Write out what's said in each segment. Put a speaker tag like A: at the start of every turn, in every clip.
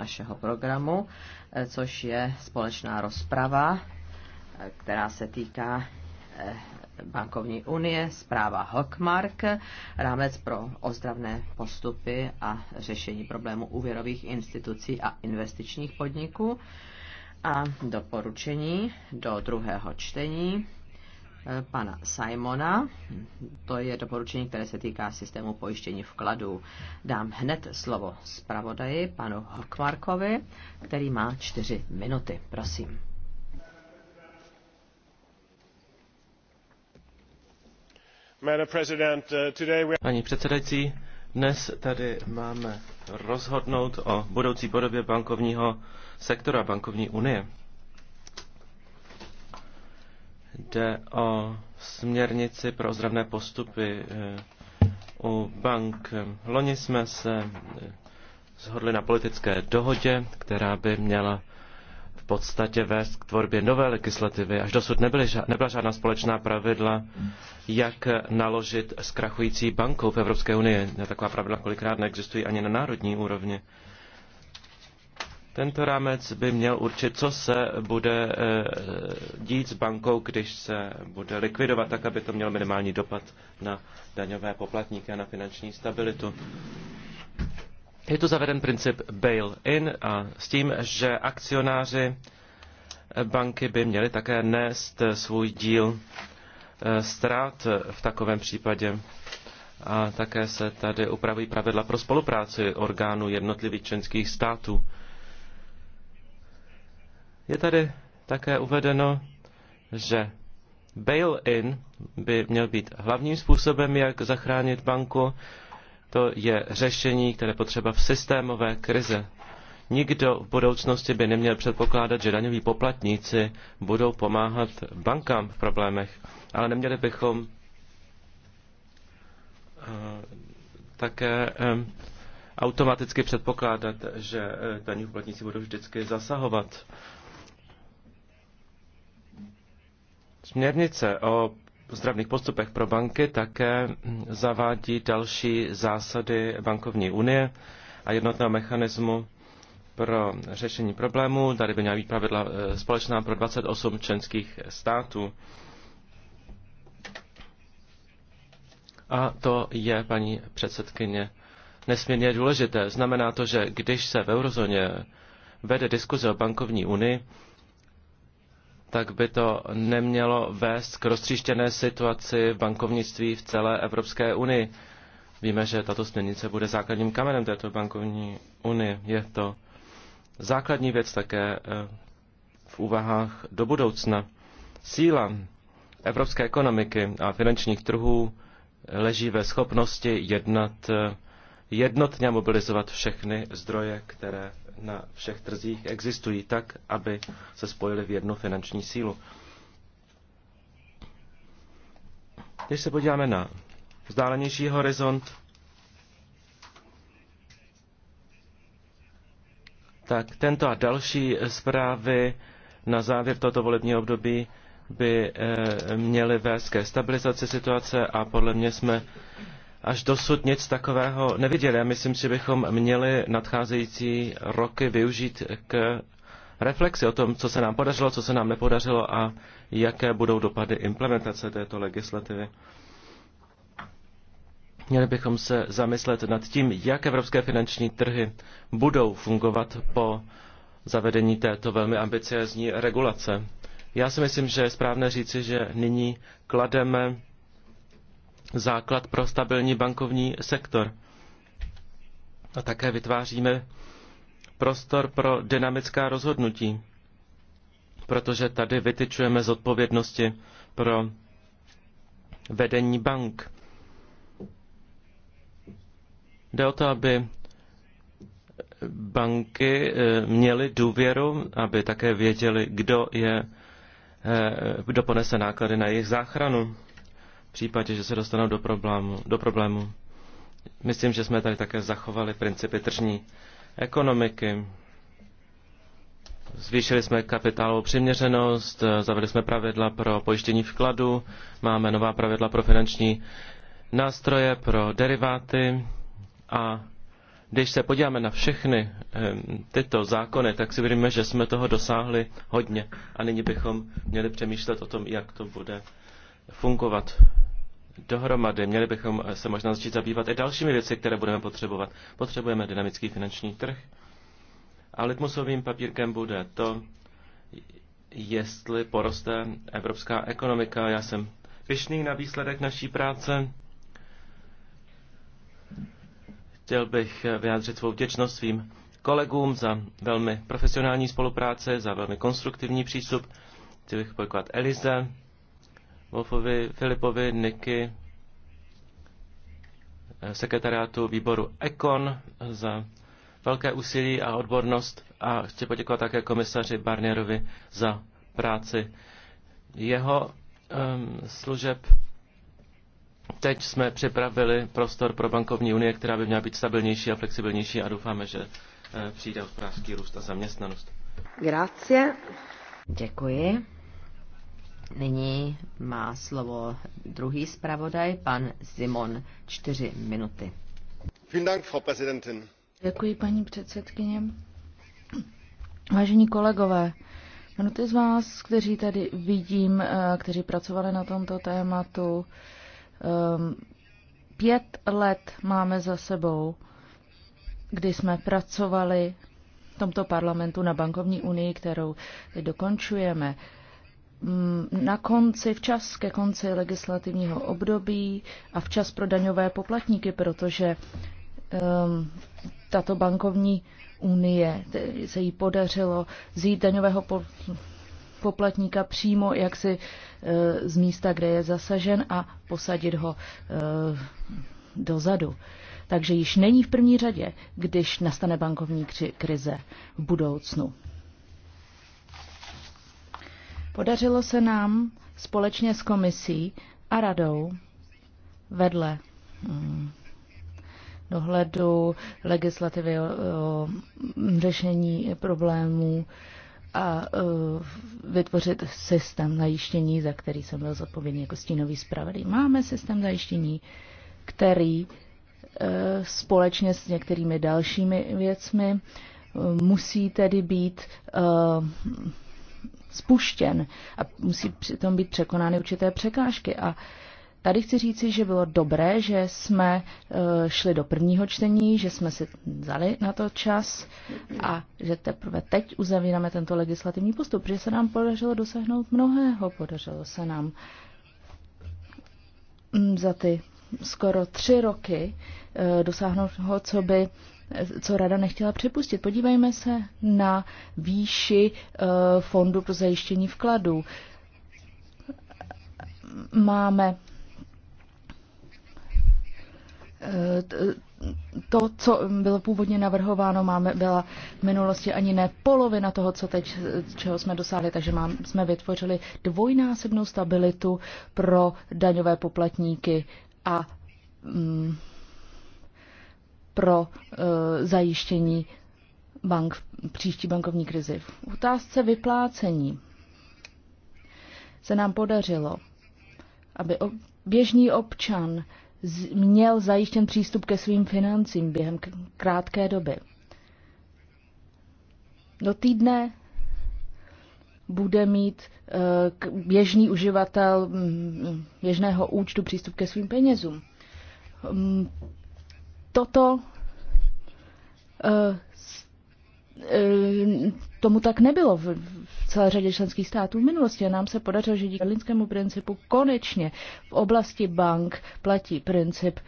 A: našeho programu, eh, což je společná rozprava, eh, která se týká eh, bankovní unie, zpráva Hockmark, rámec pro ozdravné postupy a řešení problémů úvěrových institucí a investičních podniků a doporučení do druhého čtení Eh, pana Simona. To je doporučení, které se týká systému pojištění vkladů. Dám hned slovo zpravodaji panu Hokmarkovi, který má čtyři minuty. Prosím.
B: Eh,
C: Paní předsedající, dnes tady máme rozhodnout o budoucí podobě bankovního sektora, bankovní unie. Jde o směrnici pro ozdravné postupy eh, u bank. Loni jsme se eh, shodli na politické dohodě, která by měla v podstatě vést k tvorbě nové legislativy. Až dosud nebyly, nebyla žádná společná pravidla, jak naložit zkrachující bankou v Evropské unii. Taková pravidla kolikrát neexistují ani na národní úrovni. Tento rámec by měl určit, co se bude eh, dít s bankou, když se bude likvidovat, tak aby to mělo minimální dopad na daňové poplatníky a na finanční stabilitu. Je tu zaveden princip bail-in a s tím, že akcionáři banky by měli také nést eh, svůj díl eh, ztrát v takovém případě. A také se tady upravují pravidla pro spolupráci orgánů jednotlivých členských států je tady také uvedeno, že bail-in by měl být hlavním způsobem, jak zachránit banku. To je řešení, které potřeba v systémové krize. Nikdo v budoucnosti by neměl předpokládat, že daňoví poplatníci budou pomáhat bankám v problémech, ale neměli bychom eh, také eh, automaticky předpokládat, že eh, daní poplatníci budou vždycky zasahovat Směrnice o zdravných postupech pro banky také zavádí další zásady bankovní unie a jednotného mechanismu pro řešení problémů. Tady by měla být pravidla e, společná pro 28 členských států. A to je, paní předsedkyně, nesmírně důležité. Znamená to, že když se v eurozóně vede diskuze o bankovní unii, tak by to nemělo vést k roztříštěné situaci v bankovnictví v celé Evropské unii. Víme, že tato směrnice bude základním kamenem této bankovní unie. Je to základní věc také eh, v úvahách do budoucna. Síla evropské ekonomiky a finančních trhů leží ve schopnosti jednat eh, jednotně mobilizovat všechny zdroje, které na všech trzích existují tak, aby se spojili v jednu finanční sílu. Když se podíváme na vzdálenější horizont, tak tento a další zprávy na závěr tohoto volebního období by eh, měly vést ke stabilizaci situace a podle mě jsme až dosud nic takového neviděli Já myslím, že bychom měli nadcházející roky využít k reflexi o tom, co se nám podařilo, co se nám nepodařilo a jaké budou dopady implementace této legislativy. Měli bychom se zamyslet nad tím, jak evropské finanční trhy budou fungovat po zavedení této velmi ambiciozní regulace. Já si myslím, že je správné říci, že nyní klademe základ pro stabilní bankovní sektor. A také vytváříme prostor pro dynamická rozhodnutí, protože tady vytyčujeme zodpovědnosti pro vedení bank. Jde o to, aby banky eh, měly důvěru, aby také věděli, kdo, je, eh, kdo ponese náklady na jejich záchranu v případě, že se dostanou do problému. Do problému. Myslím, že jsme tady také zachovali principy tržní ekonomiky. Zvýšili jsme kapitálovou přiměřenost, zavedli jsme pravidla pro pojištění vkladu, máme nová pravidla pro finanční nástroje, pro deriváty a když se podíváme na všechny tyto zákony, tak si uvědomíme, že jsme toho dosáhli hodně a nyní bychom měli přemýšlet o tom, jak to bude fungovat dohromady. Měli bychom se možná začít zabývat i dalšími věci, které budeme potřebovat. Potřebujeme dynamický finanční trh. A litmusovým papírkem bude to, jestli poroste evropská ekonomika. Já jsem pyšný na výsledek naší práce. Chtěl bych vyjádřit svou vděčnost svým kolegům za velmi profesionální spolupráce, za velmi konstruktivní přístup. Chtěl bych poděkovat Elize, Wolfovi, Filipovi, Niky, eh, sekretariátu výboru Econ za velké úsilí a odbornost a chci poděkovat také komisaři Barnierovi za práci jeho um, služeb. Teď jsme připravili prostor pro bankovní unie, která by měla být stabilnější a flexibilnější a doufáme, že eh, přijde hospodářský růst a zaměstnanost.
A: Grazie. Děkuji. Nyní má slovo druhý zpravodaj, pan Simon, čtyři minuty.
D: Děkuji, paní předsedkyně. Vážení kolegové, no ty z vás, kteří tady vidím, eh, kteří pracovali na tomto tématu, ehm, pět let máme za sebou, kdy jsme pracovali v tomto parlamentu na bankovní unii, kterou dokončujeme. Mm, na konci, včas ke konci legislativního období a včas pro daňové poplatníky, protože um, tato bankovní unie se jí podařilo zjít daňového po, poplatníka přímo jaksi uh, z místa, kde je zasažen a posadit ho uh, dozadu. Takže již není v první řadě, když nastane bankovní krize v budoucnu. Podařilo se nám společně s komisí a radou vedle mm, dohledu legislativy o řešení problémů a e, vytvořit systém zajištění, za který jsem byl zodpovědný jako stínový zpravodaj. Máme systém zajištění, který e, společně s některými dalšími věcmi e, musí tedy být spuštěn a musí přitom být překonány určité překážky. A tady chci říci, že bylo dobré, že jsme eh, šli do prvního čtení, že jsme si vzali na to čas a že teprve teď uzavíráme tento legislativní postup, že se nám podařilo dosáhnout mnohého, podařilo se nám mm, za ty skoro tři roky eh, dosáhnout toho, co by co rada nechtěla připustit. Podívejme se na výši eh, fondu pro zajištění vkladů. Máme eh, to, co bylo původně navrhováno, máme, byla v minulosti ani ne polovina toho, co teď, čeho jsme dosáhli, takže mám, jsme vytvořili dvojnásobnou stabilitu pro daňové poplatníky a mm, pro eh, zajištění bank příští bankovní krizi. V otázce vyplácení se nám podařilo, aby běžný občan měl zajištěn přístup ke svým financím během krátké doby. Do týdne bude mít eh, běžný uživatel mm, mm, běžného účtu přístup ke svým penězům. Mm, toto eh, eh, tomu tak nebylo v celé řadě členských států v minulosti a nám se podařilo, že díky berlínskému principu konečně v oblasti bank platí princip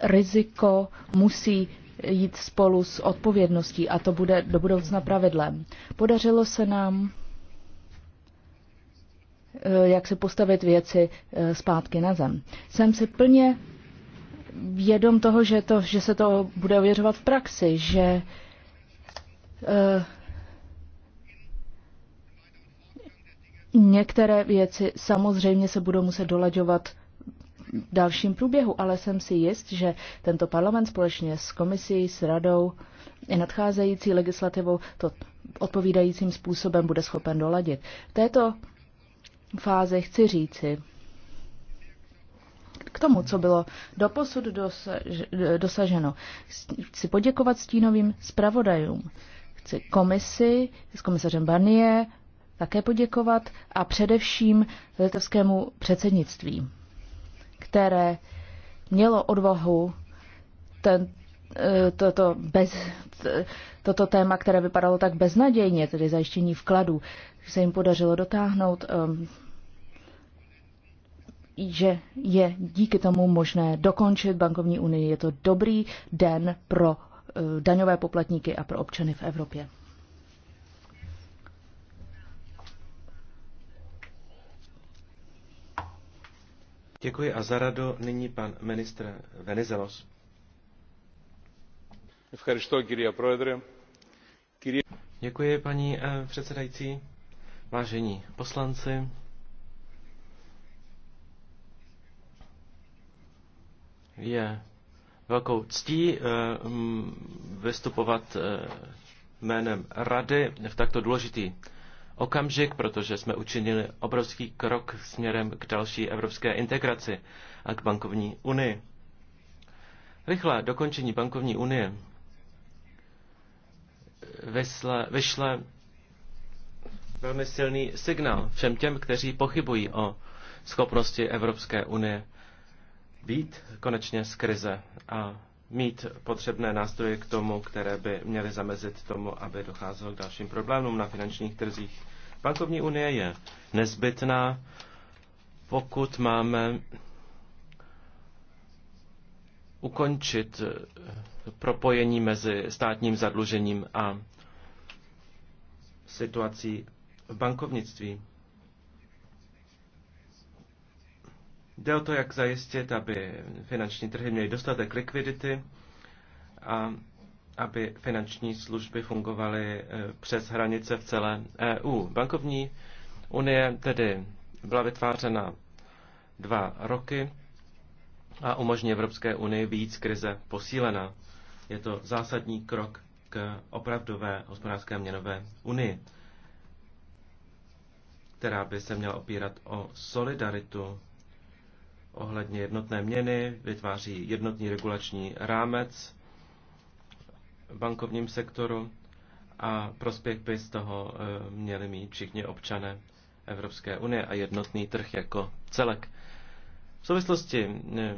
D: riziko musí jít spolu s odpovědností a to bude do budoucna pravidlem. Podařilo se nám eh, jak se postavit věci zpátky na zem. Jsem si plně vědom toho, že, to, že se to bude ověřovat v praxi, že eh, některé věci samozřejmě se budou muset dolaďovat v dalším průběhu, ale jsem si jist, že tento parlament společně s komisí, s radou i nadcházející legislativou to odpovídajícím způsobem bude schopen doladit. V této fázi chci říci, k tomu, co bylo doposud dosaženo. Chci poděkovat stínovým zpravodajům. Chci komisi s komisařem Barnier také poděkovat a především litevskému předsednictví, které mělo odvahu ten, eh, toto, bez, toto téma, které vypadalo tak beznadějně, tedy zajištění vkladů, se jim podařilo dotáhnout ehm, že je díky tomu možné dokončit bankovní unii. Je to dobrý den pro eh, daňové poplatníky a pro občany v Evropě.
C: Děkuji a za rado nyní pan ministr
E: Venizelos.
C: Děkuji, paní eh, předsedající. Vážení poslanci, je velkou ctí eh, vystupovat eh, jménem Rady v takto důležitý okamžik, protože jsme učinili obrovský krok směrem k další evropské integraci a k bankovní unii. Rychlé dokončení bankovní unie vysle, vyšle velmi silný signál všem těm, kteří pochybují o schopnosti Evropské unie být konečně z krize a mít potřebné nástroje k tomu, které by měly zamezit tomu, aby docházelo k dalším problémům na finančních trzích. Bankovní unie je nezbytná, pokud máme ukončit propojení mezi státním zadlužením a situací v bankovnictví. Jde o to, jak zajistit, aby finanční trhy měly dostatek likvidity a aby finanční služby fungovaly e, přes hranice v celé EU. Bankovní unie tedy byla vytvářena dva roky a umožní Evropské unii z krize posílena. Je to zásadní krok k opravdové hospodářské měnové unii, která by se měla opírat o solidaritu ohledně jednotné měny, vytváří jednotný regulační rámec v bankovním sektoru a prospěch by z toho eh, měli mít všichni občané Evropské unie a jednotný trh jako celek. V souvislosti eh,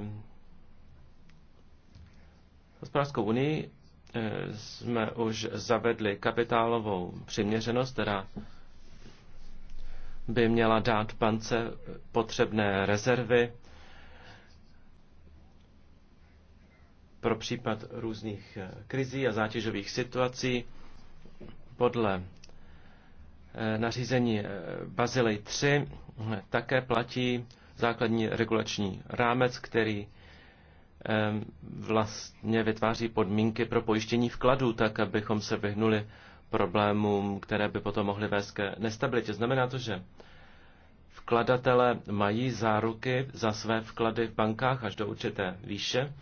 C: s hospodářskou unii eh, jsme už zavedli kapitálovou přiměřenost, která by měla dát bance potřebné rezervy pro případ různých eh, krizí a zátěžových situací podle eh, nařízení eh, Bazilej 3 také platí základní regulační rámec, který vlastně vytváří podmínky pro pojištění vkladů, tak abychom se vyhnuli problémům, které by potom mohly vést ke nestabilitě. Znamená to, že vkladatele mají záruky za své vklady v bankách až do určité výše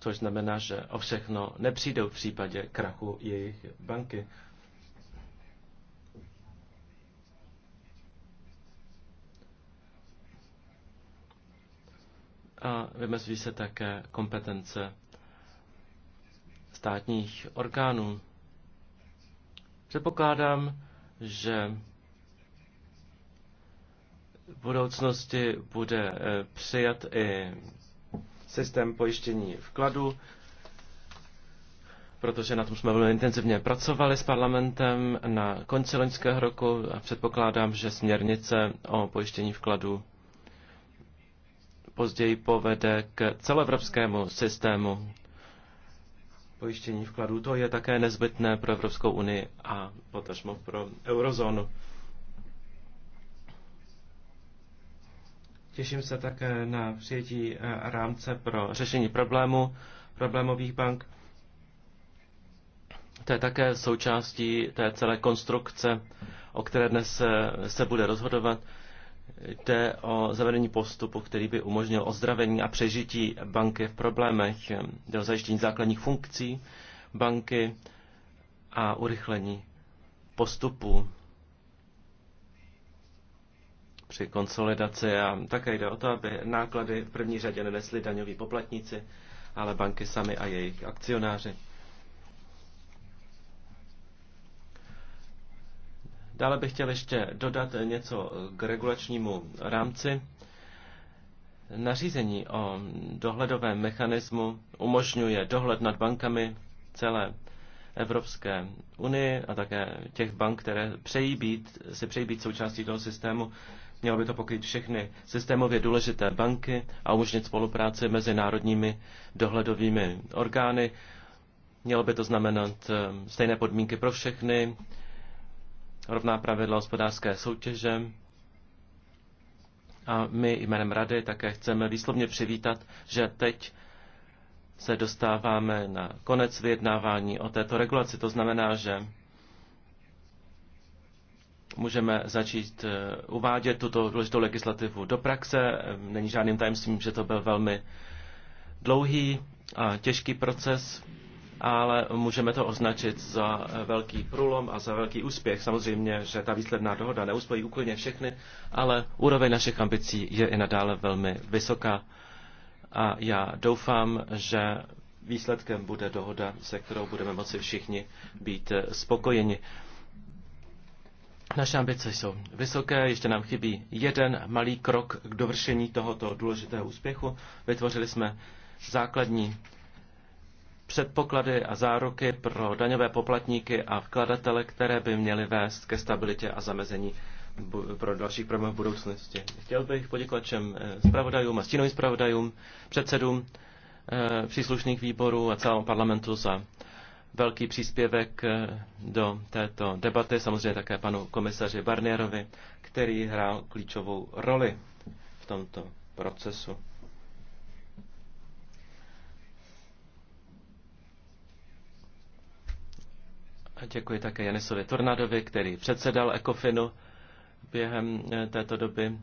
C: což znamená, že o všechno nepřijdou v případě krachu jejich banky. A vymezují se také kompetence státních orgánů. Předpokládám, že v budoucnosti bude eh, přijat i systém pojištění vkladu, protože na tom jsme velmi intenzivně pracovali s parlamentem na konci loňského roku a předpokládám, že směrnice o pojištění vkladu později povede k celoevropskému systému pojištění vkladů. To je také nezbytné pro Evropskou unii a potažmo pro eurozónu. Těším se také na přijetí eh, rámce pro řešení problému, problémových bank. To je také součástí té celé konstrukce, o které dnes se, eh, se bude rozhodovat. Jde o zavedení postupu, který by umožnil ozdravení a přežití banky v problémech, eh, jde o zajištění základních funkcí banky a urychlení postupů při konsolidaci a také jde o to, aby náklady v první řadě nenesli daňoví poplatníci, ale banky sami a jejich akcionáři. Dále bych chtěl ještě dodat něco k regulačnímu rámci. Nařízení o dohledovém mechanismu umožňuje dohled nad bankami celé Evropské unii a také těch bank, které přejí být, si přejí být součástí toho systému. Mělo by to pokrýt všechny systémově důležité banky a umožnit spolupráci mezi národními dohledovými orgány. Mělo by to znamenat eh, stejné podmínky pro všechny, rovná pravidla hospodářské soutěže. A my jménem Rady také chceme výslovně přivítat, že teď se dostáváme na konec vyjednávání o této regulaci. To znamená, že můžeme začít eh, uvádět tuto důležitou legislativu do praxe. Eh, není žádným tajemstvím, že to byl velmi dlouhý a těžký proces, ale můžeme to označit za eh, velký průlom a za velký úspěch. Samozřejmě, že ta výsledná dohoda neuspojí úplně všechny, ale úroveň našich ambicí je i nadále velmi vysoká a já doufám, že výsledkem bude dohoda, se kterou budeme moci všichni být spokojeni. Naše ambice jsou vysoké, ještě nám chybí jeden malý krok k dovršení tohoto důležitého úspěchu. Vytvořili jsme základní předpoklady a záruky pro daňové poplatníky a vkladatele, které by měly vést ke stabilitě a zamezení pro dalších problémů v budoucnosti. Chtěl bych poděkovat všem eh, zpravodajům a stínovým zpravodajům, předsedům eh, příslušných výborů a celému parlamentu za velký příspěvek eh, do této debaty, samozřejmě také panu komisaři Barnierovi, který hrál klíčovou roli v tomto procesu. A děkuji také Janisovi Tornadovi, který předsedal Ecofinu během eh, této doby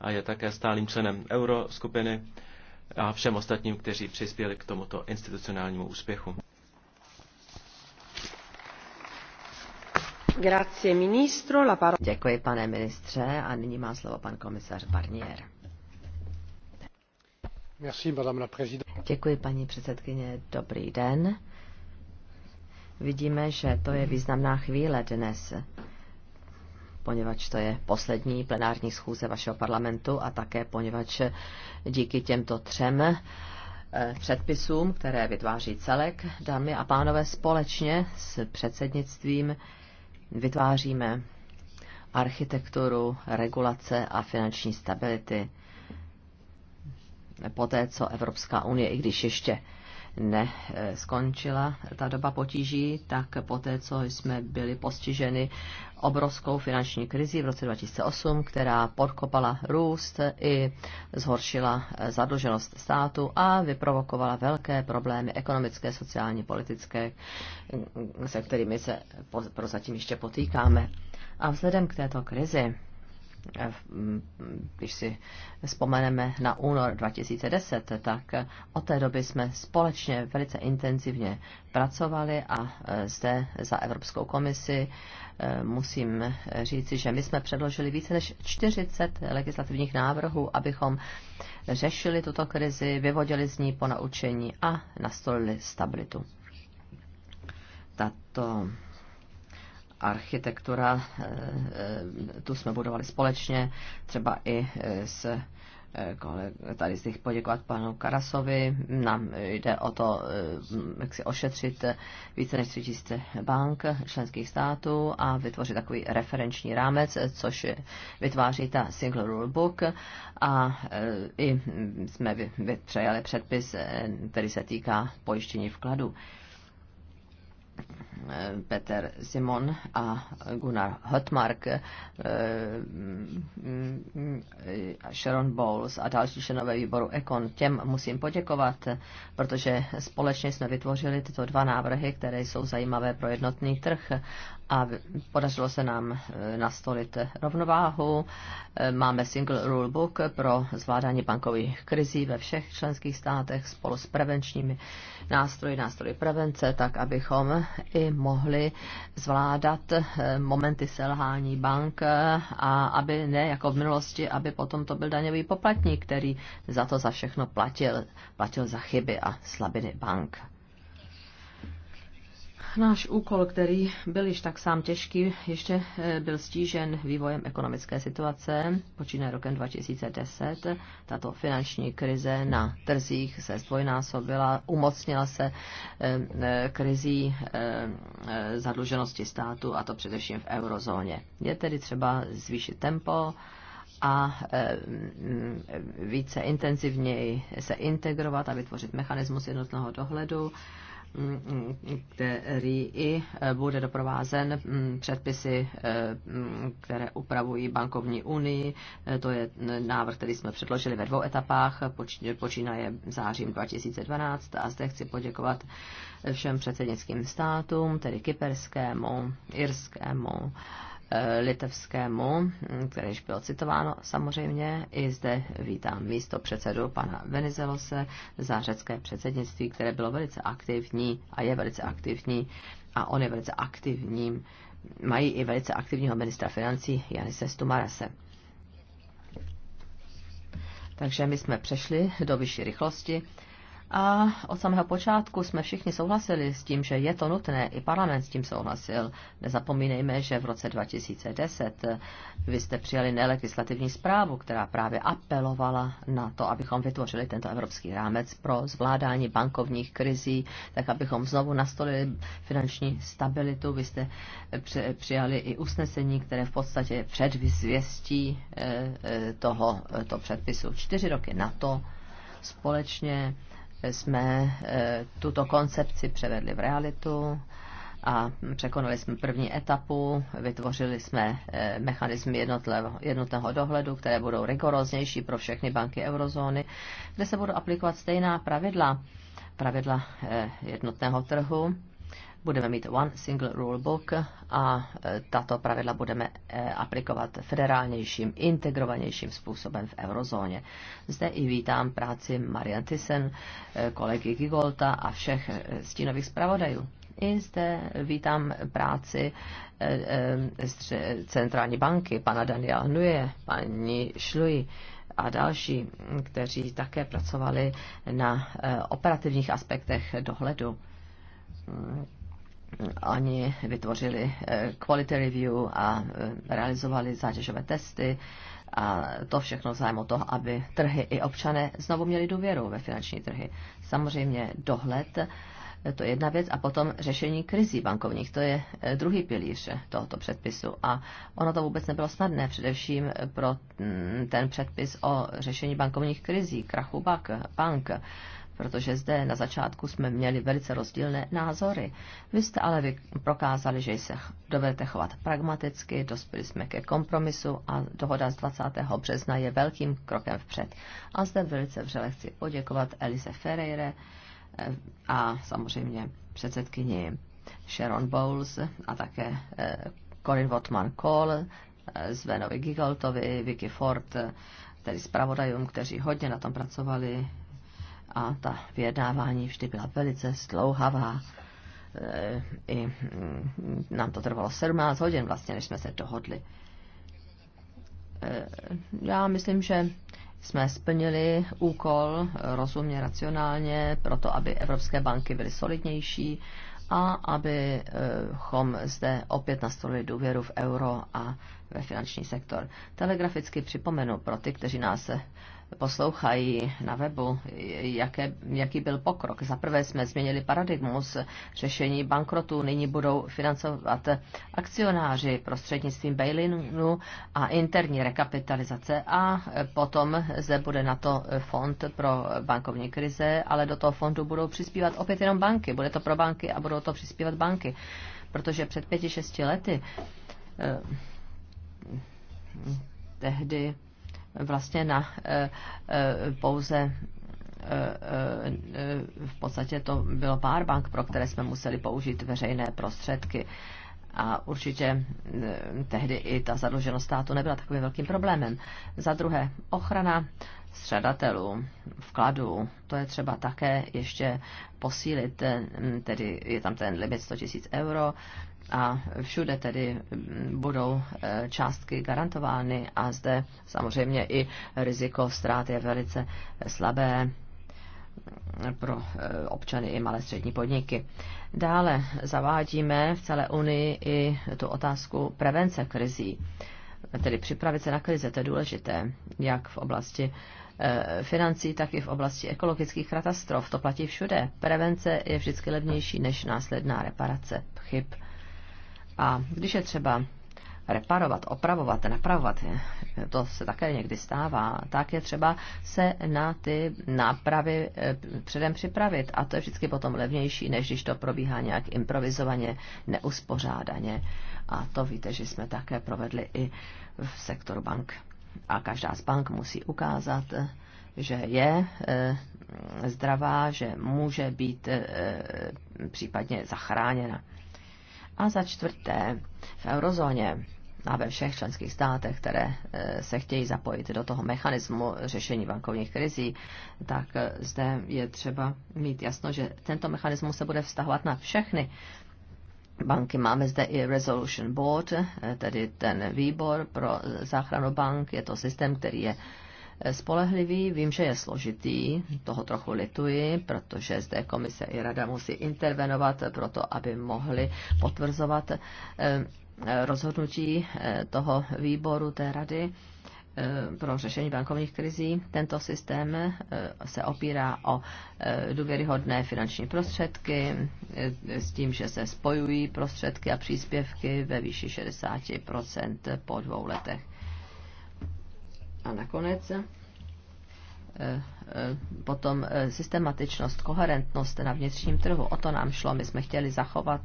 C: a je také stálým členem euroskupiny a všem ostatním, kteří přispěli k tomuto institucionálnímu úspěchu.
A: Děkuji, pane ministře. A nyní má slovo pan komisař Barnier. Děkuji, paní předsedkyně. Dobrý den. Vidíme, že to je významná chvíle dnes poněvadž to je poslední plenární schůze vašeho parlamentu a také poněvadž díky těmto třem eh, předpisům, které vytváří celek, dámy a pánové, společně s předsednictvím vytváříme architekturu regulace a finanční stability. Poté, co Evropská unie, i když ještě neskončila ta doba potíží, tak poté, co jsme byli postiženi obrovskou finanční krizi v roce 2008, která podkopala růst i zhoršila eh, zadluženost státu a vyprovokovala velké problémy ekonomické, sociální, politické, mm, se kterými se prozatím ještě potýkáme. A vzhledem k této krizi Eh, když si vzpomeneme na únor 2010, tak eh, od té doby jsme společně velice intenzivně pracovali a eh, zde za Evropskou komisi musím říci, že my jsme předložili více než 40 legislativních návrhů, abychom řešili tuto krizi, vyvodili z ní ponaučení a nastolili stabilitu. Tato architektura, eh, eh, tu jsme budovali společně, třeba i eh, s tady z těch poděkovat panu Karasovi. Nám jde o to, jak si ošetřit více než 3000 bank členských států a vytvořit takový referenční rámec, což vytváří ta Single Rule Book a i jsme přejali předpis, který se týká pojištění vkladu. Peter Simon a Gunnar Hotmark, eh, eh, Sharon Bowles a další členové výboru Econ. Těm musím poděkovat, protože společně jsme vytvořili tyto dva návrhy, které jsou zajímavé pro jednotný trh a podařilo se nám eh, nastolit rovnováhu. Eh, máme single rulebook pro zvládání bankových krizí ve všech členských státech spolu s prevenčními nástroji, nástroji prevence, tak abychom i mohli zvládat eh, momenty selhání bank a aby ne jako v minulosti, aby potom to byl daňový poplatník, který za to za všechno platil, platil za chyby a slabiny bank. Náš úkol, který byl již tak sám těžký, ještě eh, byl stížen vývojem ekonomické situace. Počíná rokem 2010 tato finanční krize na trzích se zdvojnásobila, umocnila se eh, eh, krizí zadluženosti státu, a to především v eurozóně. Je tedy třeba zvýšit tempo a více intenzivněji se integrovat a vytvořit mechanismus jednotného dohledu který i eh, bude doprovázen mm, předpisy, eh, mm, které upravují bankovní unii. Eh, to je návrh, který jsme předložili ve dvou etapách, počínaje zářím 2012 a zde chci poděkovat všem předsednickým státům, tedy kyperskému, irskému, Eh, litevskému, hm, které již bylo citováno samozřejmě. I zde vítám místo předsedu pana Venizelose za řecké předsednictví, které bylo velice aktivní a je velice aktivní a on je velice aktivním. Mají i velice aktivního ministra financí Janise Stumarase. Takže my jsme přešli do vyšší rychlosti a od samého počátku jsme všichni souhlasili s tím, že je to nutné, i parlament s tím souhlasil. Nezapomínejme, že v roce 2010 vy jste přijali nelegislativní zprávu, která právě apelovala na to, abychom vytvořili tento evropský rámec pro zvládání bankovních krizí, tak abychom znovu nastolili finanční stabilitu. Vy jste přijali i usnesení, které v podstatě je předvyzvěstí eh, eh, toho eh, to předpisu. Čtyři roky na to společně jsme eh, tuto koncepci převedli v realitu a překonali jsme první etapu, vytvořili jsme eh, mechanizmy jednotného dohledu, které budou rigoroznější pro všechny banky eurozóny, kde se budou aplikovat stejná pravidla, pravidla eh, jednotného trhu budeme mít One Single Rulebook a e, tato pravidla budeme e, aplikovat federálnějším, integrovanějším způsobem v eurozóně. Zde i vítám práci Marian Thyssen, e, kolegy Gigolta a všech stínových zpravodajů. I zde vítám práci centrální banky, pana Daniela Hnuje, paní Šluji, a další, kteří také pracovali na operativních aspektech dohledu. Oni vytvořili eh, quality review a eh, realizovali zátěžové testy a to všechno zájem o to, aby trhy i občané znovu měli důvěru ve finanční trhy. Samozřejmě dohled, eh, to je jedna věc, a potom řešení krizí bankovních, to je druhý pilíř tohoto předpisu. A ono to vůbec nebylo snadné, především pro mm, ten předpis o řešení bankovních krizí, krachu bank. bank protože zde na začátku jsme měli velice rozdílné názory. Vy jste ale vy prokázali, že se dovedete chovat pragmaticky, dospěli jsme ke kompromisu a dohoda z 20. března je velkým krokem vpřed. A zde velice vřele chci poděkovat Elise Ferreire eh, a samozřejmě předsedkyni Sharon Bowles a také eh, Corinne Wotman Cole, eh, Zvenovi Gigoltovi, Vicky Ford, tedy zpravodajům, kteří hodně na tom pracovali, a ta vyjednávání vždy byla velice zdlouhavá. Eh, I hm, nám to trvalo 17 hodin vlastně, než jsme se dohodli. Eh, já myslím, že jsme splnili úkol rozumně, racionálně, proto aby evropské banky byly solidnější a abychom eh, zde opět nastolili důvěru v euro a ve finanční sektor. Telegraficky připomenu pro ty, kteří nás poslouchají na webu, jaké, jaký byl pokrok. Za prvé jsme změnili paradigmus řešení bankrotu, nyní budou financovat akcionáři prostřednictvím bail-inu a interní rekapitalizace a potom zde bude na to fond pro bankovní krize, ale do toho fondu budou přispívat opět jenom banky. Bude to pro banky a budou to přispívat banky, protože před pěti, šesti lety eh, tehdy vlastně na e, e, pouze e, v podstatě to bylo pár bank, pro které jsme museli použít veřejné prostředky. A určitě tehdy i ta zadluženost státu nebyla takovým velkým problémem. Za druhé, ochrana střadatelů, vkladů, to je třeba také ještě posílit, tedy je tam ten limit 100 000 euro a všude tedy budou eh, částky garantovány a zde samozřejmě i riziko ztrát je velice slabé eh, pro eh, občany i malé střední podniky. Dále zavádíme v celé Unii i tu otázku prevence krizí, tedy připravit se na krize, to je důležité, jak v oblasti financí, tak i v oblasti ekologických katastrof. To platí všude. Prevence je vždycky levnější než následná reparace chyb. A když je třeba reparovat, opravovat, napravovat, to se také někdy stává, tak je třeba se na ty nápravy eh, předem připravit. A to je vždycky potom levnější, než když to probíhá nějak improvizovaně, neuspořádaně. A to víte, že jsme také provedli i v sektoru bank. A každá z bank musí ukázat, že je eh, zdravá, že může být eh, případně zachráněna. A za čtvrté, v eurozóně a ve všech členských státech, které eh, se chtějí zapojit do toho mechanismu řešení bankovních krizí, tak eh, zde je třeba mít jasno, že tento mechanismus se bude vztahovat na všechny banky. Máme zde i Resolution Board, eh, tedy ten výbor pro záchranu bank. Je to systém, který je spolehlivý. Vím, že je složitý, toho trochu lituji, protože zde komise i rada musí intervenovat pro to, aby mohli potvrzovat eh, rozhodnutí eh, toho výboru, té rady eh, pro řešení bankovních krizí. Tento systém se opírá o důvěryhodné finanční prostředky s tím, že se spojují prostředky a příspěvky ve výši 60 po dvou letech. A nakonec eh, eh, potom eh, systematičnost, koherentnost na vnitřním trhu. O to nám šlo. My jsme chtěli zachovat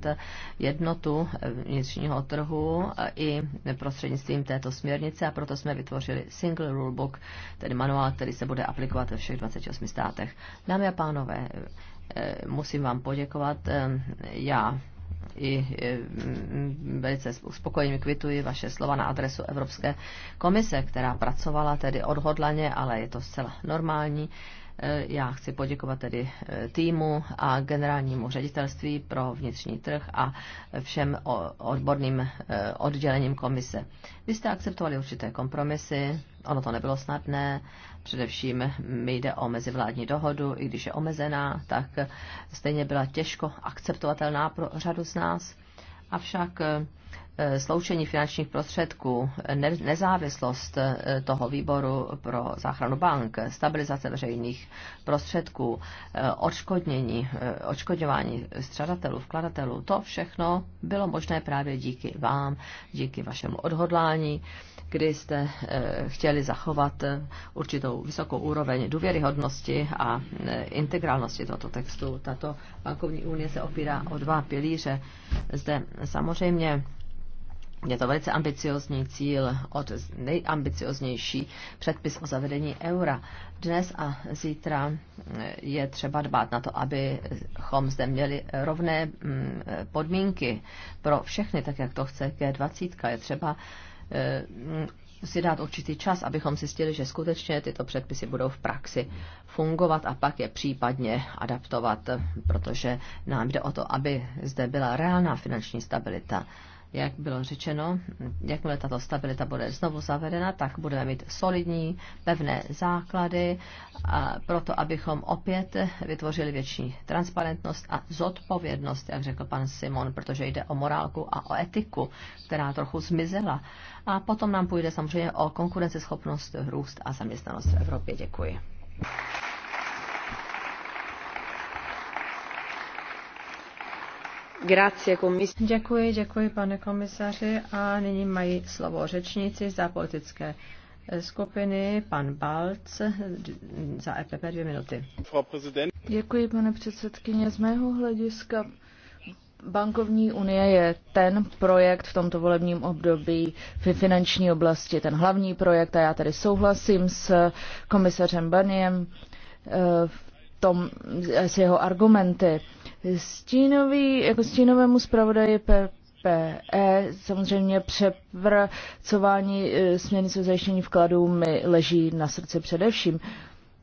A: jednotu vnitřního trhu i prostřednictvím této směrnice a proto jsme vytvořili Single Rulebook, tedy manuál, který se bude aplikovat ve všech 28 státech. Dámy a pánové, musím vám poděkovat. Já i e, velice spokojeně kvituji vaše slova na adresu Evropské komise, která pracovala tedy odhodlaně, ale je to zcela normální Eh, já chci poděkovat tedy eh, týmu a generálnímu ředitelství pro vnitřní trh a všem odborným eh, oddělením komise. Vy jste akceptovali určité kompromisy, ono to nebylo snadné, především mi jde o mezivládní dohodu, i když je omezená, tak stejně byla těžko akceptovatelná pro řadu z nás. Avšak Eh, sloučení finančních prostředků, nezávislost eh, toho výboru pro záchranu bank, stabilizace veřejných prostředků, eh, odškodnění, odškodňování střadatelů, vkladatelů, to všechno bylo možné právě díky vám, díky vašemu odhodlání, kdy jste chtěli zachovat určitou vysokou úroveň důvěryhodnosti a integrálnosti tohoto textu. Tato bankovní unie se opírá o dva pilíře. Zde samozřejmě je to velice ambiciozní cíl, od nejambicioznější předpis o zavedení eura. Dnes a zítra mm, je třeba dbát na to, abychom zde měli rovné mm, podmínky pro všechny, tak jak to chce G20. Je třeba eh, si dát určitý čas, abychom zjistili, že skutečně tyto předpisy budou v praxi fungovat a pak je případně adaptovat, protože nám jde o to, aby zde byla reálná finanční stabilita jak bylo řečeno, jakmile tato stabilita bude znovu zavedena, tak budeme mít solidní, pevné základy a proto, abychom opět vytvořili větší transparentnost a zodpovědnost, jak řekl pan Simon, protože jde o morálku a o etiku, která trochu zmizela. A potom nám půjde samozřejmě o konkurenceschopnost, růst a zaměstnanost v Evropě. Děkuji. Grazie, Děkuji, děkuji, pane komisaři. A nyní mají slovo řečníci za politické eh, skupiny. Pan Balc za EPP dvě minuty.
D: Děkuji, pane předsedkyně. Z mého hlediska Bankovní unie je ten projekt v tomto volebním období v finanční oblasti, ten hlavní projekt a já tady souhlasím s komisařem Baniem v eh, tom, eh, s jeho argumenty. Stínový, jako stínovému zpravodaji PPE, samozřejmě přepracování eh, směrnice o zajištění vkladů mi leží na srdci především.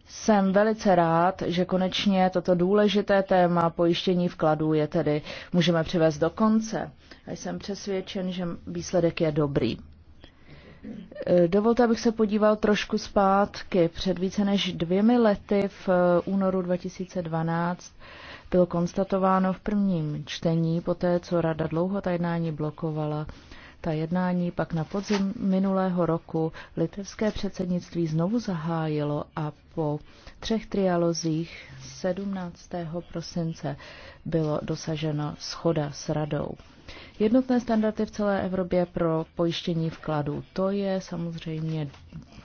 D: Jsem velice rád, že konečně toto důležité téma pojištění vkladů je tedy můžeme přivést do konce. A jsem přesvědčen, že výsledek je dobrý. Eh, dovolte, abych se podíval trošku zpátky. Před více než dvěmi lety v eh, únoru 2012 bylo konstatováno v prvním čtení, poté co rada dlouho ta jednání blokovala. Ta jednání pak na podzim minulého roku litevské předsednictví znovu zahájilo a po třech trialozích 17. prosince bylo dosaženo schoda s radou. Jednotné standardy v celé Evropě pro pojištění vkladů. To je samozřejmě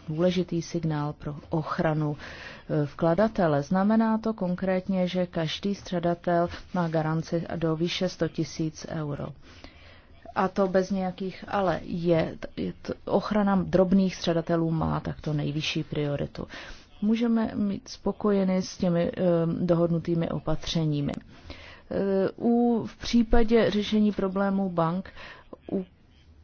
D: důležitý signál pro ochranu e, vkladatele. Znamená to konkrétně, že každý středatel má garanci do výše 100 000 euro a to bez nějakých ale. Je, je to, ochrana drobných středatelů má takto nejvyšší prioritu. Můžeme mít spokojeny s těmi e, dohodnutými opatřeními. E, u v případě řešení problémů bank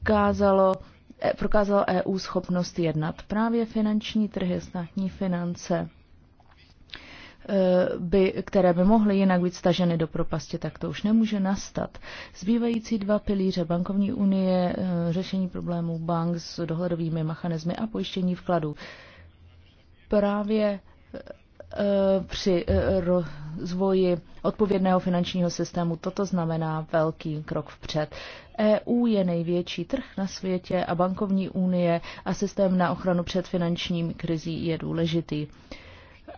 D: ukázalo, e, prokázalo EU schopnost jednat. Právě finanční trhy, státní finance, e, by, které by mohly jinak být staženy do propasti, tak to už nemůže nastat. Zbývající dva pilíře bankovní unie, e, řešení problémů bank s dohledovými mechanismy a pojištění vkladů. Právě Eh, při eh, rozvoji odpovědného finančního systému. Toto znamená velký krok vpřed. EU je největší trh na světě a bankovní unie a systém na ochranu před finančním krizí je důležitý.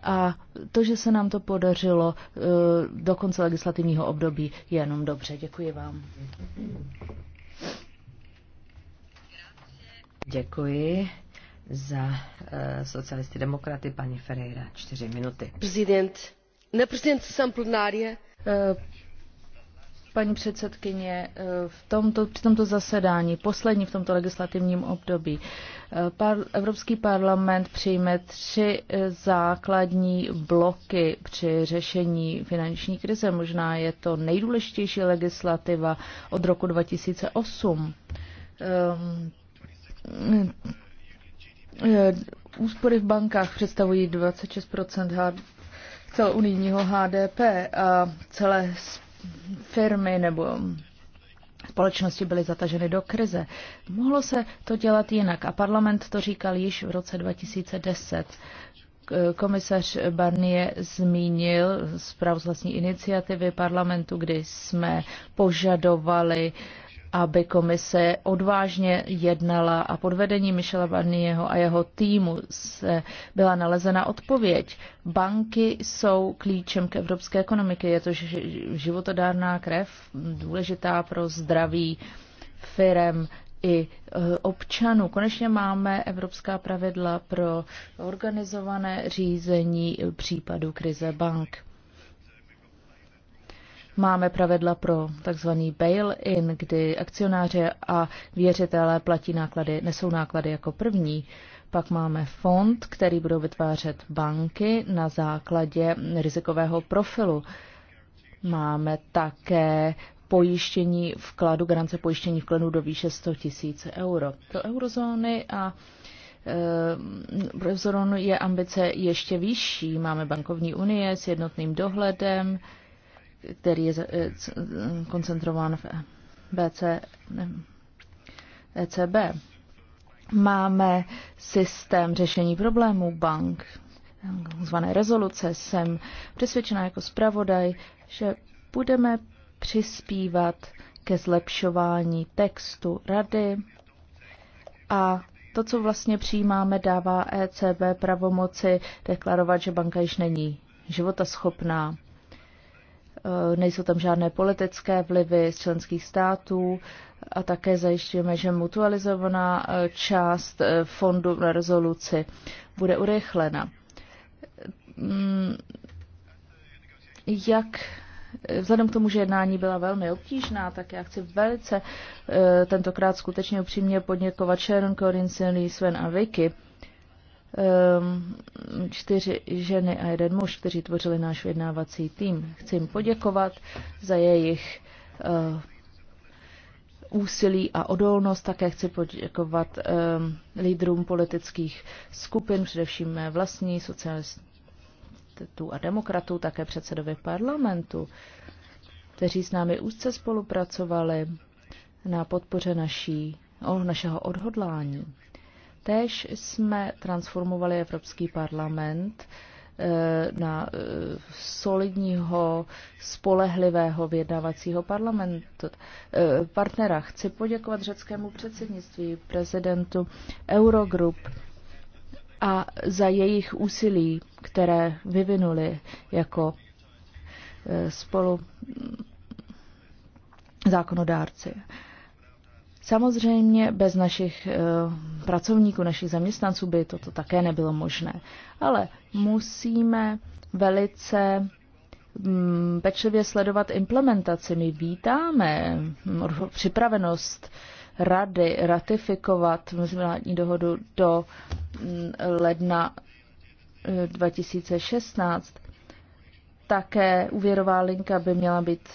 D: A to, že se nám to podařilo eh, do konce legislativního období, je jenom dobře. Děkuji vám.
A: Děkuji za e, socialisty demokraty paní Ferreira. Čtyři minuty.
D: Prezident, na prezidentação plenárie. Eh, paní předsedkyně, eh, v tomto, při tomto zasedání, poslední v tomto legislativním období, par, Evropský parlament přijme tři základní bloky při řešení finanční krize. Možná je to nejdůležitější legislativa od roku 2008. Um, Eh, úspory v bankách představují 26 celounijního HDP a celé firmy nebo společnosti byly zataženy do krize. Mohlo se to dělat jinak a parlament to říkal již v roce 2010. Komisař Barnier zmínil zprávu z vlastní iniciativy parlamentu, kdy jsme požadovali uh, aby komise odvážně jednala a pod vedením Michela Barnieho a jeho týmu se byla nalezena odpověď. Banky jsou klíčem k evropské ekonomiky, je to životodárná krev, důležitá pro zdraví firem i e, občanů. Konečně máme evropská pravidla pro organizované řízení případů krize bank. Máme pravidla pro tzv. bail-in, kdy akcionáři a věřitelé platí náklady, nesou náklady jako první. Pak máme fond, který budou vytvářet banky na základě rizikového profilu. Máme také pojištění vkladu, garance pojištění vkladu do výše 100 tisíc euro. Do eurozóny a eh, eurozónu je ambice ještě vyšší. Máme bankovní unie s jednotným dohledem, který je eh, eh, koncentrován v BC, ECB. E Máme systém řešení problémů bank, zvané rezoluce. Jsem přesvědčena jako zpravodaj, že budeme přispívat ke zlepšování textu rady a to, co vlastně přijímáme, dává ECB pravomoci deklarovat, že banka již není životaschopná. Eh, nejsou tam žádné politické vlivy z členských států a také zajišťujeme, že mutualizovaná eh, část eh, fondu na rezoluci bude urychlena. Mm, jak Vzhledem k tomu, že jednání byla velmi obtížná, tak já chci velice tentokrát skutečně upřímně poděkovat Sharon Corin, Sven a Vicky Ehm, čtyři ženy a jeden muž, kteří tvořili náš vyjednávací tým. Chci jim poděkovat za jejich eh, úsilí a odolnost. Také chci poděkovat ehm, lídrům politických skupin, především mé vlastní socialistů a demokratů, také předsedovi parlamentu, kteří s námi úzce spolupracovali na podpoře naší, našeho odhodlání. Též jsme transformovali Evropský parlament eh, na eh, solidního, spolehlivého vědavacího parlamentu. Eh, partnera chci poděkovat řeckému předsednictví, prezidentu Eurogroup a za jejich úsilí, které vyvinuli jako spolu mm, zákonodárci. Samozřejmě bez našich eh, pracovníků, našich zaměstnanců by toto také nebylo možné. Ale musíme velice mm, pečlivě sledovat implementaci. My vítáme mm, připravenost rady ratifikovat mezinárodní dohodu do mm, ledna 2016. Eh, také úvěrová linka by měla být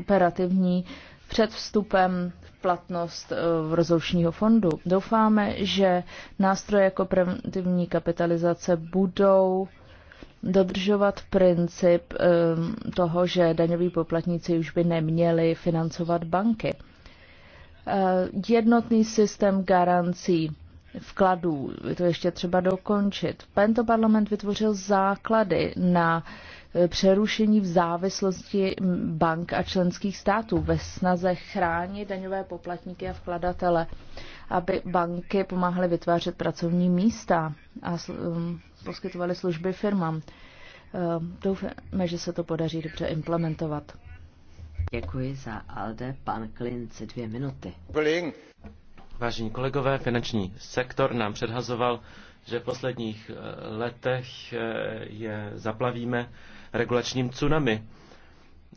D: operativní před vstupem v platnost eh, rozoušního fondu. Doufáme, že nástroje jako preventivní kapitalizace budou dodržovat princip ehm, toho, že daňoví poplatníci už by neměli financovat banky. Eh, jednotný systém garancí vkladů, to ještě třeba dokončit. Tento parlament vytvořil základy na přerušení v závislosti bank a členských států ve snaze chránit daňové poplatníky a vkladatele, aby banky pomáhaly vytvářet pracovní místa a um, poskytovaly služby firmám. Um, doufáme, že se to podaří dobře implementovat. Děkuji
A: za Alde, pan Klince, dvě minuty.
C: Vážení kolegové, finanční sektor nám předhazoval, že v posledních eh, letech eh, je zaplavíme regulačním tsunami.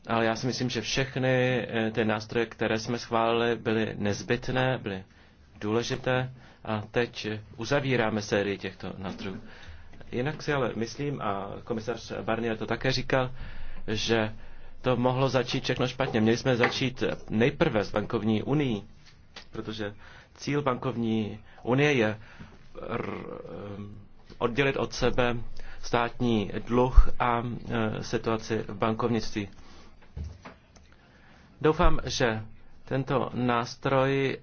C: Ale já si myslím, že všechny eh, ty nástroje, které jsme schválili, byly nezbytné, byly důležité a teď eh, uzavíráme sérii těchto nástrojů. Jinak si ale myslím, a komisař Barnier to také říkal, že to mohlo začít všechno špatně. Měli jsme začít nejprve s bankovní unii, protože cíl bankovní unie je eh, oddělit od sebe státní dluh a e, situaci v bankovnictví. Doufám, že tento nástroj e,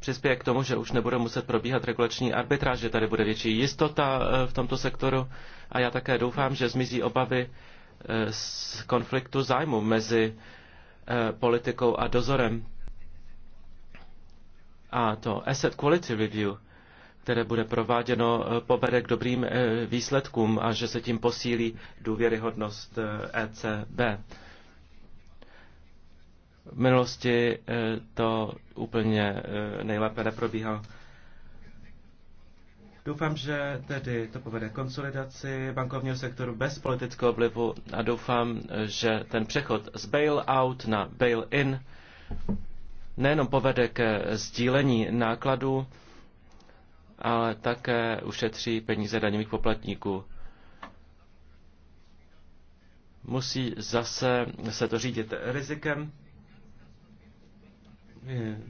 C: přispěje k tomu, že už nebude muset probíhat regulační arbitráž, že tady bude větší jistota e, v tomto sektoru a já také doufám, že zmizí obavy z konfliktu zájmu mezi politikou a dozorem. A to Asset Quality Review které bude prováděno, eh, povede k dobrým eh, výsledkům a že se tím posílí důvěryhodnost ECB. Eh, e v minulosti to úplně nejlépe neprobíhalo. Doufám, že tedy to povede konsolidaci bankovního sektoru bez politického oblivu a doufám, že ten přechod z bail-out na bail-in nejenom povede ke sdílení nákladů, ale také ušetří peníze daňových poplatníků. Musí zase se to řídit rizikem.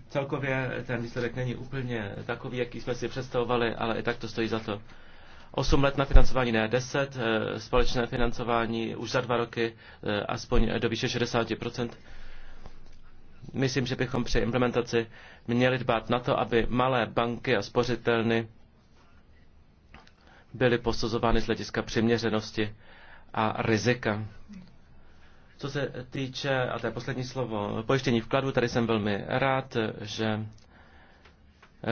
C: Celkově ten výsledek není úplně takový, jaký jsme si představovali, ale i tak to stojí za to. osm let na financování, ne 10, e, společné financování už za dva roky e, aspoň do výše 60 Myslím, že bychom při implementaci měli dbát na to, aby malé banky a spořitelny byly posuzovány z hlediska přiměřenosti a rizika. Co se týče, a to je poslední slovo, pojištění vkladu, tady jsem velmi rád, že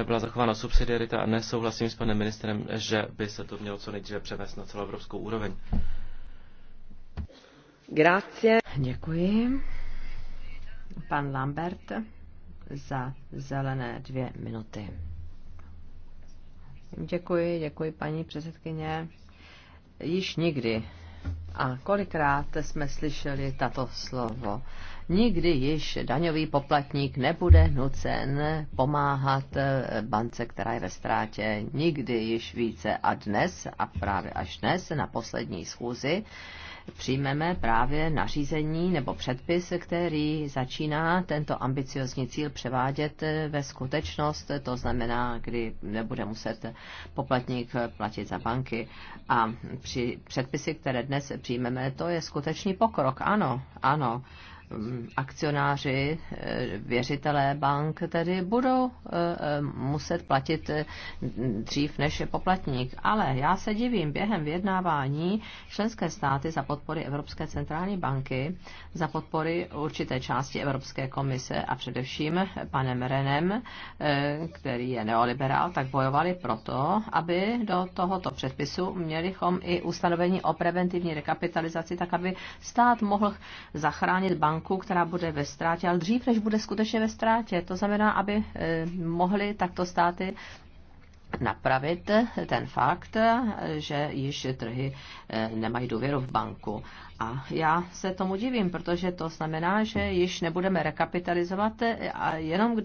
C: byla zachována subsidiarita a nesouhlasím s panem ministrem, že by se to mělo co nejdříve převést na evropskou úroveň.
A: Grazie. Děkuji. Pan Lambert za zelené dvě minuty. Děkuji, děkuji paní předsedkyně. Již nikdy a kolikrát jsme slyšeli tato slovo nikdy již daňový poplatník nebude nucen pomáhat eh, bance, která je ve ztrátě, nikdy již více. A dnes, a právě až dnes, na poslední schůzi, přijmeme právě nařízení nebo předpis, který začíná tento ambiciozní cíl převádět eh, ve skutečnost, to znamená, kdy nebude muset poplatník eh, platit za banky. A při předpisy, které dnes přijmeme, to je skutečný pokrok, ano, ano akcionáři, eh, věřitelé bank tedy budou eh, eh, muset platit dřív než je poplatník. Ale já se divím, během vyjednávání členské státy za podpory Evropské centrální banky, za podpory určité části Evropské komise a především panem Renem, který je neoliberál, tak bojovali proto, aby do tohoto předpisu mělichom i ustanovení o preventivní rekapitalizaci, tak aby stát mohl zachránit banku banku, která bude ve ztrátě, ale dřív, než bude skutečně ve ztrátě. To znamená, aby eh, mohly takto státy napravit ten fakt, eh, že již trhy eh, nemají důvěru v banku. A já se tomu divím, protože to znamená, že již nebudeme rekapitalizovat a jenom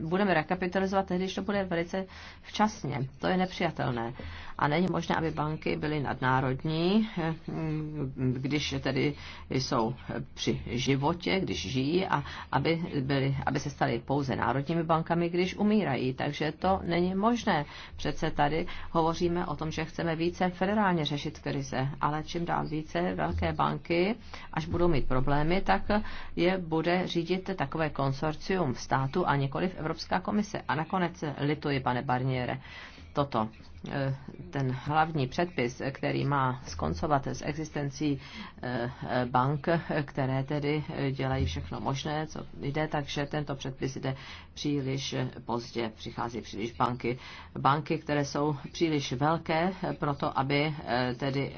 A: budeme rekapitalizovat tehdy, když to bude velice včasně. To je nepřijatelné. A není možné, aby banky byly nadnárodní, když tedy jsou při životě, když žijí a aby, byly, aby se staly pouze národními bankami, když umírají. Takže to není možné. Přece tady hovoříme o tom, že chceme více federálně řešit krize, ale čím dál více velké banky banky, až budou mít problémy, tak je bude řídit takové konsorcium státu a v Evropská komise. A nakonec lituji, pane Barniere, toto. Eh, ten hlavní předpis, který má skoncovat s existencí eh, bank, které tedy dělají všechno možné, co jde, takže tento předpis jde příliš pozdě, přichází příliš banky. Banky, které jsou příliš velké eh, pro to, aby tedy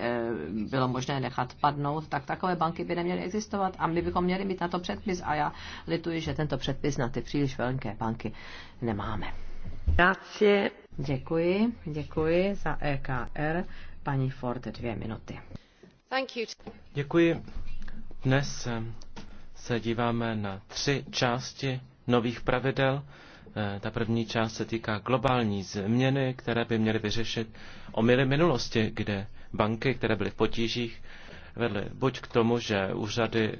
A: bylo možné nechat padnout, tak takové banky by neměly existovat a my bychom měli mít na to předpis a já lituji, že tento předpis na ty příliš velké banky nemáme. Grazie. Děkuji, děkuji za EKR. Paní Ford, dvě minuty.
E: Thank you.
C: Děkuji. Dnes eh, se díváme na tři části nových pravidel. Eh, ta první část se týká globální změny, které by měly vyřešit omily minulosti, kde banky, které byly v potížích, vedly buď k tomu, že úřady eh,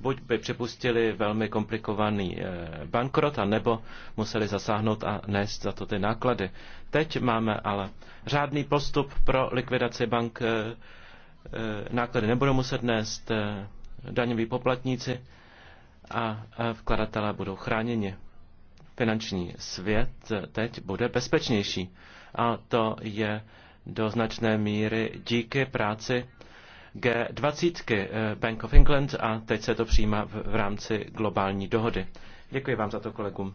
C: buď by připustili velmi komplikovaný eh, bankrot, nebo museli zasáhnout a nést za to ty náklady. Teď máme ale řádný postup pro likvidaci bank. Eh, náklady nebudou muset nést daňoví poplatníci a vkladatelé budou chráněni. Finanční svět teď bude bezpečnější a to je do značné míry díky práci G20, eh, Bank of England a teď se to přijímá v rámci globální dohody. Děkuji vám za to, kolegům.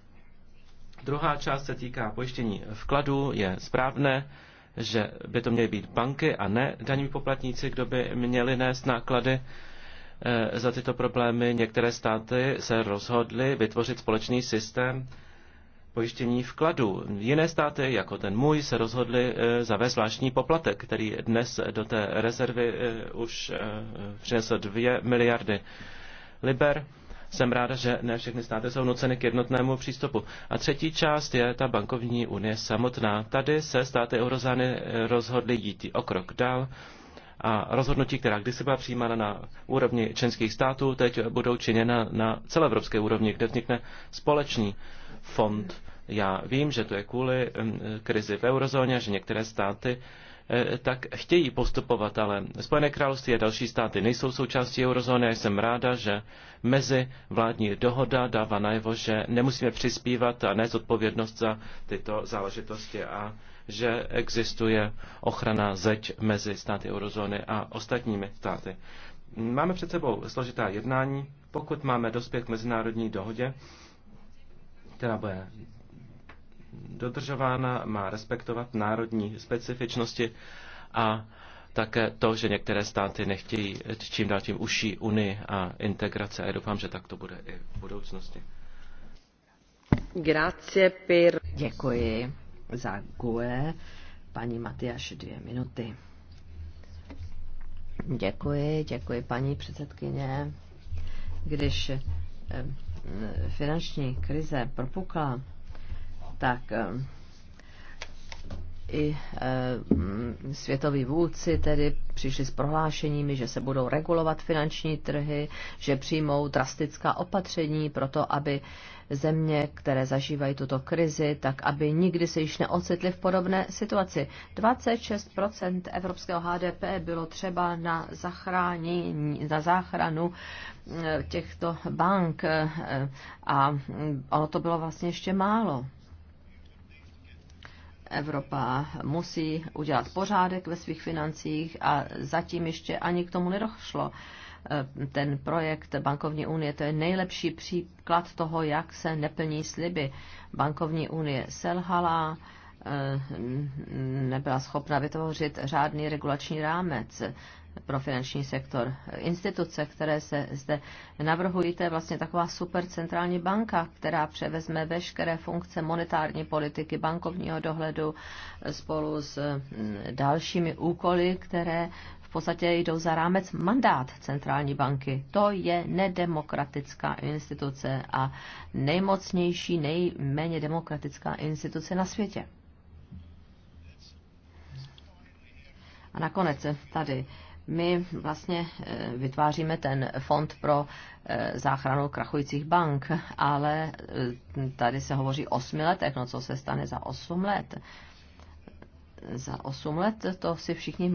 C: Druhá část se týká pojištění vkladů. Je správné, že by to měly být banky a ne daní poplatníci, kdo by měli nést náklady eh, za tyto problémy. Některé státy se rozhodly vytvořit společný systém pojištění vkladů. Jiné státy, jako ten můj, se rozhodly eh, zavést zvláštní poplatek, který dnes do té rezervy eh, už eh, přinesl 2 miliardy liber. Jsem ráda, že ne všechny státy jsou nuceny k jednotnému přístupu. A třetí část je ta bankovní unie samotná. Tady se státy eurozóny rozhodly jít o krok dál a rozhodnutí, která kdysi byla přijímána na úrovni členských států, teď budou činěna na celoevropské úrovni, kde vznikne společný fond. Já vím, že to je kvůli mm, krizi v eurozóně, že některé státy eh, tak chtějí postupovat, ale Spojené království a další státy nejsou součástí eurozóny a jsem ráda, že mezi vládní dohoda dává najevo, že nemusíme přispívat a nést odpovědnost za tyto záležitosti a že existuje ochrana zeď mezi státy eurozóny a ostatními státy. Máme před sebou složitá jednání. Pokud máme dospět k mezinárodní dohodě, která bude dodržována, má respektovat národní specifičnosti a také to, že některé státy nechtějí čím dál tím užší unii a integrace. A já doufám, že tak to bude i v budoucnosti.
A: Grazie per... Děkuji za GUE. Paní Matyáš, dvě minuty. Děkuji, děkuji paní předsedkyně. Když eh, finanční krize propukla, tak eh, i eh, světoví vůdci tedy přišli s prohlášeními, že se budou regulovat finanční trhy, že přijmou drastická opatření pro to, aby země, které zažívají tuto krizi, tak aby nikdy se již neocitli v podobné situaci. 26 evropského HDP bylo třeba na, zachránění, na záchranu eh, těchto bank eh, a ono to bylo vlastně ještě málo. Evropa musí udělat pořádek ve svých financích a zatím ještě ani k tomu nedošlo. Eh, ten projekt bankovní unie, to je nejlepší příklad toho, jak se neplní sliby. Bankovní unie selhala, eh, nebyla schopna vytvořit řádný regulační rámec pro finanční sektor. Instituce, které se zde navrhují, to je vlastně taková super centrální banka, která převezme veškeré funkce monetární politiky, bankovního dohledu spolu s mm, dalšími úkoly, které v podstatě jdou za rámec mandát centrální banky. To je nedemokratická instituce a nejmocnější, nejméně demokratická instituce na světě. A nakonec tady my vlastně eh, vytváříme ten fond pro eh, záchranu krachujících bank, ale eh, tady se hovoří o osmi letech, no co se stane za osm let za 8 let to si všichni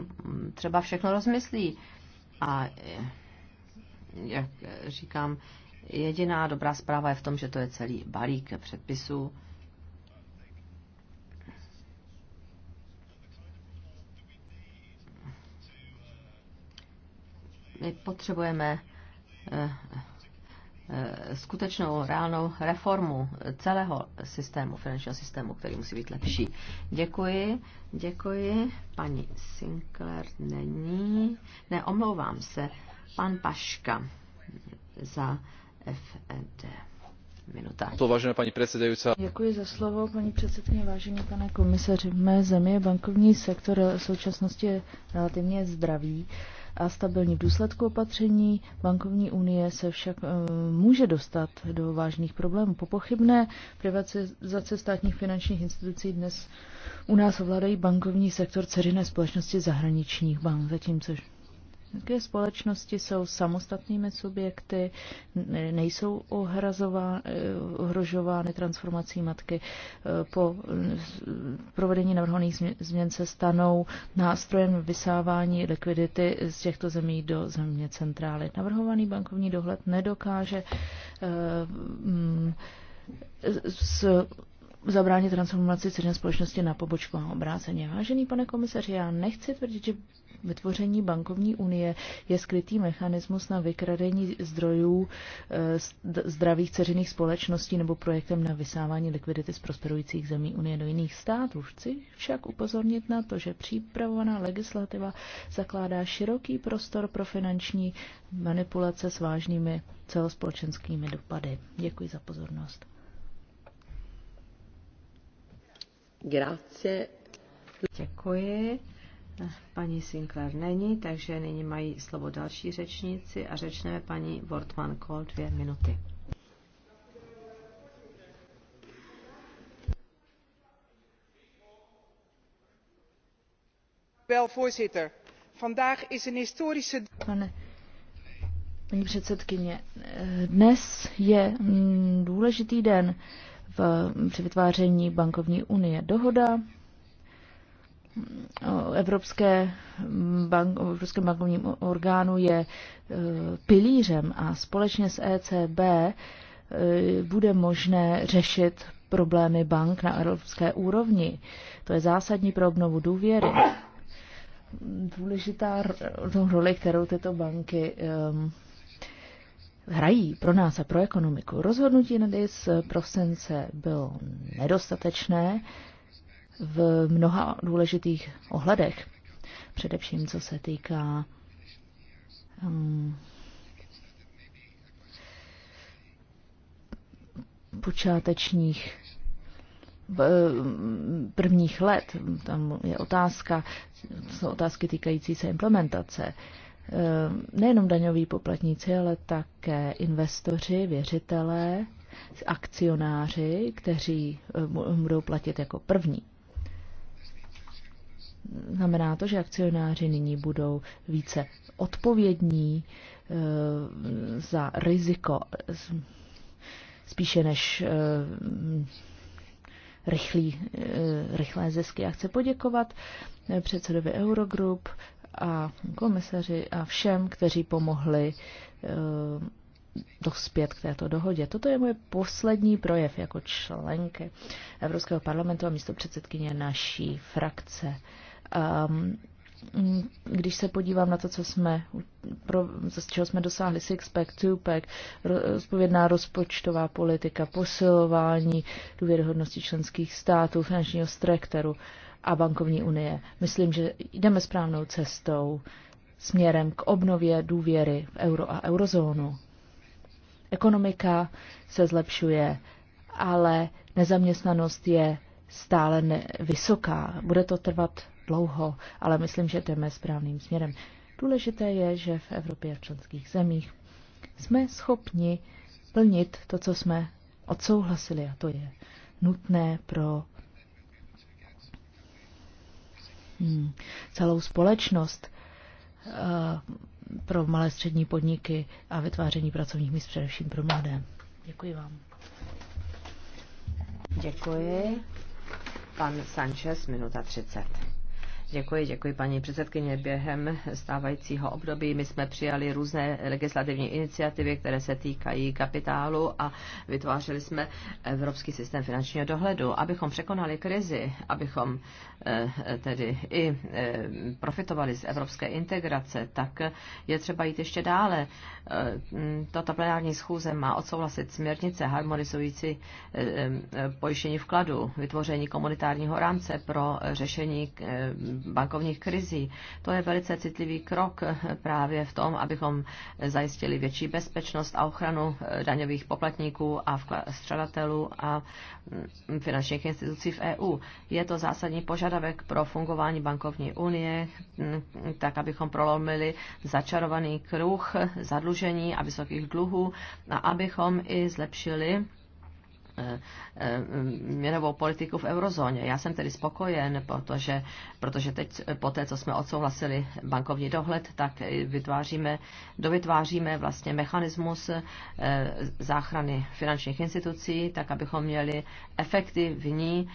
A: třeba všechno rozmyslí. A eh, jak říkám, jediná dobrá zpráva je v tom, že to je celý balík předpisů. My potřebujeme eh, Eh, skutečnou reálnou reformu celého systému, finančního systému, který musí být lepší. Děkuji, děkuji. Paní Sinclair není. Ne, omlouvám se. Pan Paška za FND. Minuta.
C: Vážená paní předsedající.
D: Děkuji za slovo, paní předsedkyně, vážený pane komisaři. V mé zemi bankovní sektor v současnosti je relativně zdravý a stabilní. V důsledku opatření bankovní unie se však eh, může dostat do vážných problémů. Po pochybné privatizace státních finančních institucí dnes u nás ovládají bankovní sektor ceřiné společnosti zahraničních bank, zatímco také společnosti jsou samostatnými subjekty, nejsou eh, ohrožovány transformací matky. Eh, po eh, provedení navrhovaných změn se stanou nástrojem vysávání likvidity z těchto zemí do země centrály. Navrhovaný bankovní dohled nedokáže mm, s zabránit transformaci civilní společnosti na pobočku a obráceně. Vážený pane komisaři, já nechci tvrdit, že vytvoření bankovní unie je skrytý mechanismus na vykradení zdrojů eh, zdravých ceřiných společností nebo projektem na vysávání likvidity z prosperujících zemí unie do jiných států. Chci však upozornit na to, že připravovaná legislativa zakládá široký prostor pro finanční manipulace s vážnými celospolečenskými dopady. Děkuji za pozornost.
A: Grazie. Děkuji. Paní Sinclair není, takže nyní mají slovo další řečníci a řečneme paní Wortman Kohl dvě minuty.
B: voorzitter vandaag is een historische
D: Paní předsedkyně, dnes je mm, důležitý den v, při vytváření bankovní unie. Dohoda Evropské bank, Evropském bankovním orgánu je e, pilířem a společně s ECB e, bude možné řešit problémy bank na evropské úrovni. To je zásadní pro obnovu důvěry. Důležitá no, roli, kterou tyto banky um, hrají pro nás a pro ekonomiku. Rozhodnutí nady z prosince bylo nedostatečné, v mnoha důležitých ohledech. Především co se týká um, počátečních um, prvních let. Tam je otázka, jsou otázky týkající se implementace. Um, nejenom daňoví poplatníci, ale také investoři, věřitelé, akcionáři, kteří um, budou platit jako první. Znamená to, že akcionáři nyní budou více odpovědní eh, za riziko spíše než eh, rychlý, eh, rychlé zisky. Já chci poděkovat předsedovi Eurogroup a komisaři a všem, kteří pomohli dospět k této dohodě. Toto je můj poslední projev jako členky Evropského parlamentu a místo předsedkyně naší frakce. Um, když se podívám na to, co jsme, pro, z čeho jsme dosáhli, six-pack, two-pack, rozpovědná rozpočtová politika, posilování důvěryhodnosti členských států, finančního strektoru a bankovní unie. Myslím, že jdeme správnou cestou směrem k obnově důvěry v euro a eurozónu. Ekonomika se zlepšuje, ale nezaměstnanost je stále ne- vysoká. Bude to trvat dlouho, ale myslím, že jdeme správným směrem. Důležité je, že v Evropě a v členských zemích jsme schopni plnit to, co jsme odsouhlasili, a to je nutné pro hmm, celou společnost, eh, pro malé střední podniky a vytváření pracovních míst především pro mladé. Děkuji vám.
A: Děkuji. Pan Sanchez, minuta 30. Děkuji, děkuji paní předsedkyně. Během stávajícího období my jsme přijali různé legislativní iniciativy, které se týkají kapitálu a vytvářeli jsme Evropský systém finančního dohledu. Abychom překonali krizi, abychom eh, tedy i eh, profitovali z evropské integrace, tak je třeba jít ještě dále. Eh, Tato plenární schůze má odsouhlasit směrnice harmonizující pojištění vkladu, vytvoření komunitárního rámce pro řešení bankovních krizí. To je velice citlivý krok právě v tom, abychom zajistili větší bezpečnost a ochranu eh, daňových poplatníků a střadatelů a mm, finančních institucí v EU. Je to zásadní požadavek pro fungování bankovní unie, mm, tak abychom prolomili začarovaný kruh zadlužení a vysokých dluhů a abychom i zlepšili Eh, eh, měnovou politiku v eurozóně. Já jsem tedy spokojen, protože, protože teď po té, co jsme odsouhlasili bankovní dohled, tak vytváříme, dovytváříme vlastně mechanismus eh, záchrany finančních institucí, tak abychom měli efektivní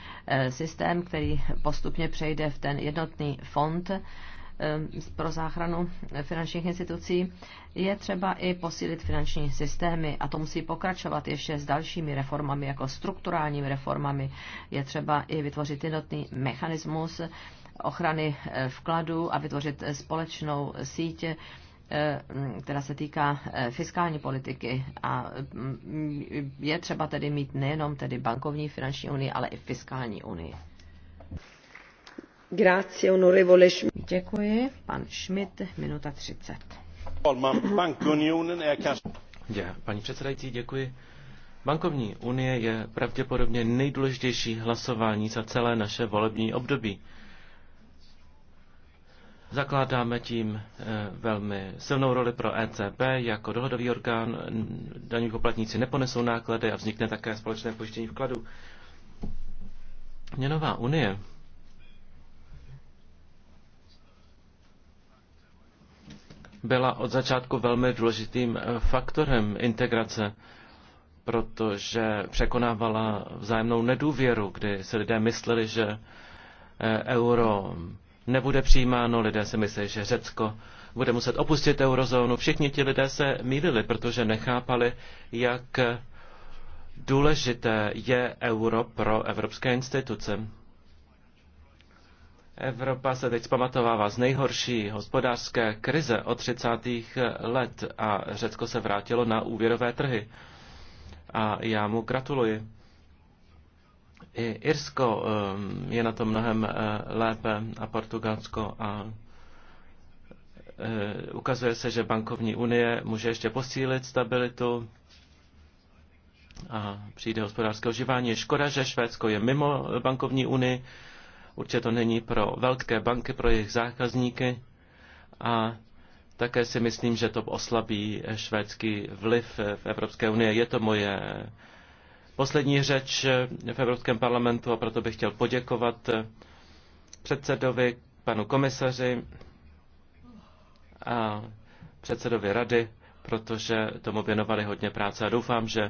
A: systém, který postupně přejde v ten jednotný fond, Ehm, pro záchranu finančních institucí, je třeba i posílit finanční systémy a to musí pokračovat ještě s dalšími reformami, jako strukturálními reformami. Je třeba i vytvořit jednotný mechanismus ochrany eh, vkladů a vytvořit eh, společnou síť eh, která se týká fiskální politiky a mm, je třeba tedy mít nejenom tedy bankovní finanční unii, ale i fiskální unii. Děkuji, pan Schmidt, minuta 30.
C: paní předsedající, děkuji. Bankovní unie je pravděpodobně nejdůležitější hlasování za celé naše volební období. Zakládáme tím eh, velmi silnou roli pro ECB. Jako dohodový orgán daní poplatníci neponesou náklady a vznikne také společné pojištění vkladu. Měnová unie byla od začátku velmi důležitým eh, faktorem integrace, protože překonávala vzájemnou nedůvěru, kdy si lidé mysleli, že eh, euro nebude přijímáno, lidé si mysleli, že Řecko bude muset opustit eurozónu. Všichni ti lidé se mýlili, protože nechápali, jak důležité je euro pro evropské instituce. Evropa se teď zpamatovává z nejhorší hospodářské krize od 30. let a Řecko se vrátilo na úvěrové trhy. A já mu gratuluji. I Irsko ehm, je na tom mnohem eh, lépe a Portugalsko a eh, ukazuje se, že bankovní unie může ještě posílit stabilitu a přijde hospodářské oživání. Škoda, že Švédsko je mimo bankovní unii Určitě to není pro velké banky, pro jejich zákazníky a také si myslím, že to oslabí švédský vliv v Evropské unii. Je to moje poslední řeč v Evropském parlamentu a proto bych chtěl poděkovat předsedovi, panu komisaři a předsedovi rady, protože tomu věnovali hodně práce a doufám, že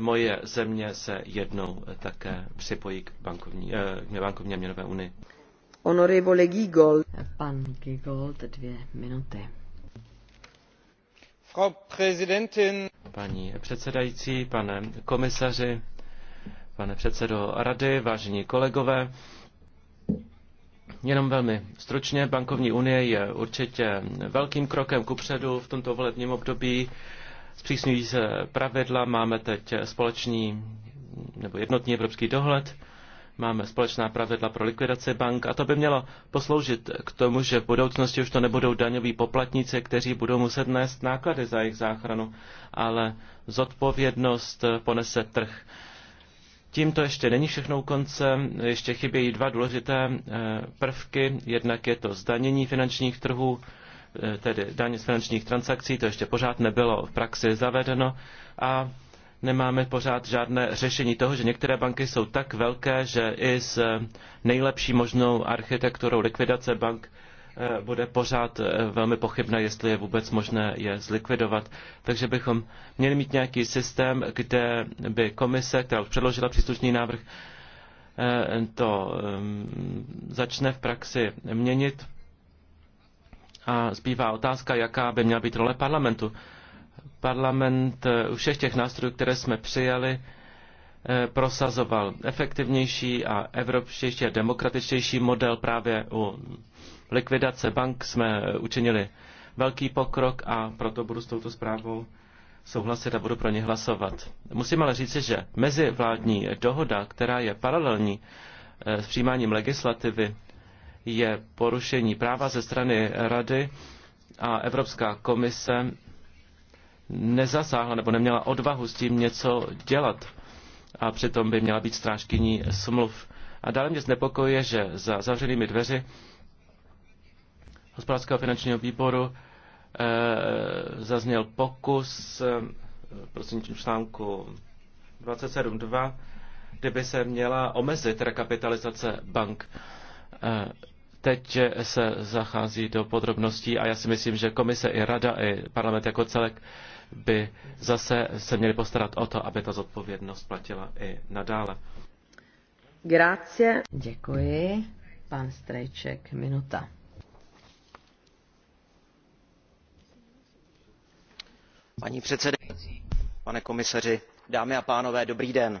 C: moje země se jednou také připojí k bankovní, eh, k bankovní a měnové unii.
A: Honorable Gigold. Pan Gigold, dvě minuty.
B: Frau Präsidentin.
C: Paní předsedající, pane komisaři, pane předsedo rady, vážení kolegové, Jenom velmi stručně, bankovní unie je určitě velkým krokem kupředu v tomto volebním období. Zpřísňují se pravidla, máme teď společný nebo jednotný evropský dohled, máme společná pravidla pro likvidaci bank a to by mělo posloužit k tomu, že v budoucnosti už to nebudou daňoví poplatníci, kteří budou muset nést náklady za jejich záchranu, ale zodpovědnost ponese trh. Tím to ještě není všechno u konce, ještě chybějí dva důležité eh, prvky, jednak je to zdanění finančních trhů, Eh, tedy daň z finančních transakcí, to ještě pořád nebylo v praxi zavedeno a nemáme pořád žádné řešení toho, že některé banky jsou tak velké, že i s eh, nejlepší možnou architekturou likvidace bank eh, bude pořád velmi pochybné, jestli je vůbec možné je zlikvidovat. Takže bychom měli mít nějaký systém, kde by komise, která už předložila příslušný návrh, to ehm, začne v praxi měnit a zbývá otázka, jaká by měla být role parlamentu. Parlament eh, u všech těch nástrojů, které jsme přijali, eh, prosazoval efektivnější a evropštější a demokratičtější model právě u likvidace bank jsme eh, učinili velký pokrok a proto budu s touto zprávou souhlasit a budu pro ně hlasovat. Musím ale říci, že mezivládní dohoda, která je paralelní s přijímáním legislativy, je porušení práva ze strany Rady a Evropská komise nezasáhla nebo neměla odvahu s tím něco dělat a přitom by měla být strážkyní smluv. A dále mě znepokojuje, že za zavřenými dveři hospodářského finančního výboru e, zazněl pokus e, eh, tím článku 27.2, kdyby se měla omezit rekapitalizace bank. E, Teď se zachází do podrobností a já si myslím, že komise i rada i parlament jako celek by zase se měli postarat o to, aby ta zodpovědnost platila i nadále.
A: Grazie. Děkuji. Pan Strejček, minuta.
B: Paní předsedající, pane komisaři, dámy a pánové, dobrý den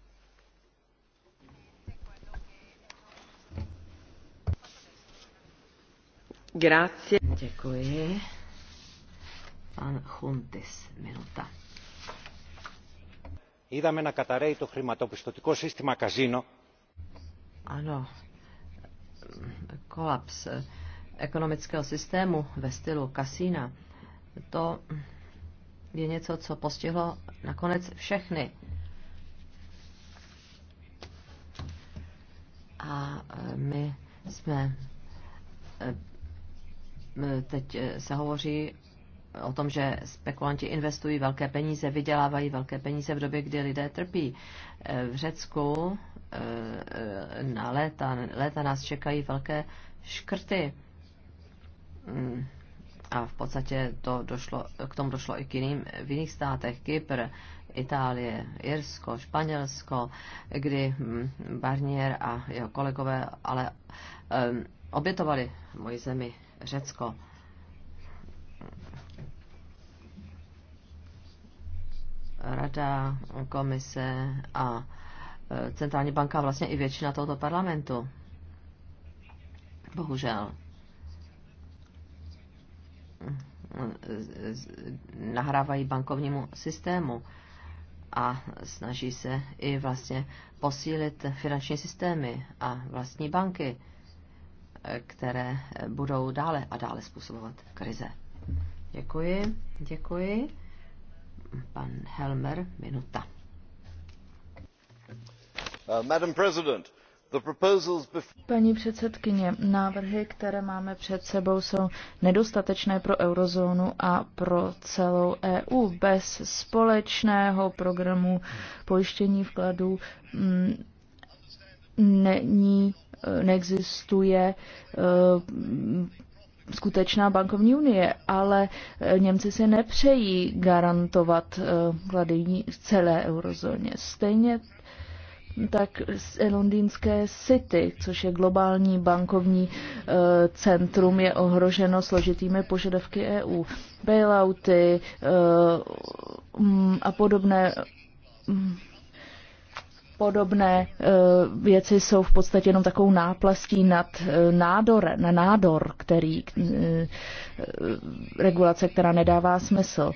A: Grazie. Děkuji. Pan Chuntis, minuta.
B: Είδαμε να καταραίει το χρηματοπιστωτικό σύστημα καζίνο.
A: Ano, kolaps ekonomického systému ve stylu kasína, to je něco, co postihlo nakonec všechny. A my jsme Eh, teď eh, se hovoří o tom, že spekulanti investují velké peníze, vydělávají velké peníze v době, kdy lidé trpí. Eh, v Řecku na léta, léta nás čekají velké škrty. Mm, a v podstatě to došlo, k tomu došlo i k jiným, v jiných státech, Kypr, Itálie, Irsko, Španělsko, kdy mm, Barnier a jeho kolegové ale um, obětovali moji zemi Řecko. Rada, komise a e, centrální banka vlastně i většina tohoto parlamentu. Bohužel. Nahrávají bankovnímu systému a snaží se i vlastně posílit finanční systémy a vlastní banky které budou dále a dále způsobovat krize. Děkuji, děkuji. Pan Helmer, minuta.
D: Uh, Paní předsedkyně, návrhy, které máme před sebou, jsou nedostatečné pro eurozónu a pro celou EU. Bez společného programu pojištění vkladů mm, není neexistuje eh, skutečná bankovní unie, ale eh, Němci si nepřejí garantovat eh, v celé eurozóně. Stejně tak londýnské City, což je globální bankovní centrum, je ohroženo složitými požadavky EU. Bailouty mm, a podobné mm, Podobné eh, věci jsou v podstatě jenom takovou náplastí nad eh, nádor, na nádor, který eh, regulace, která nedává smysl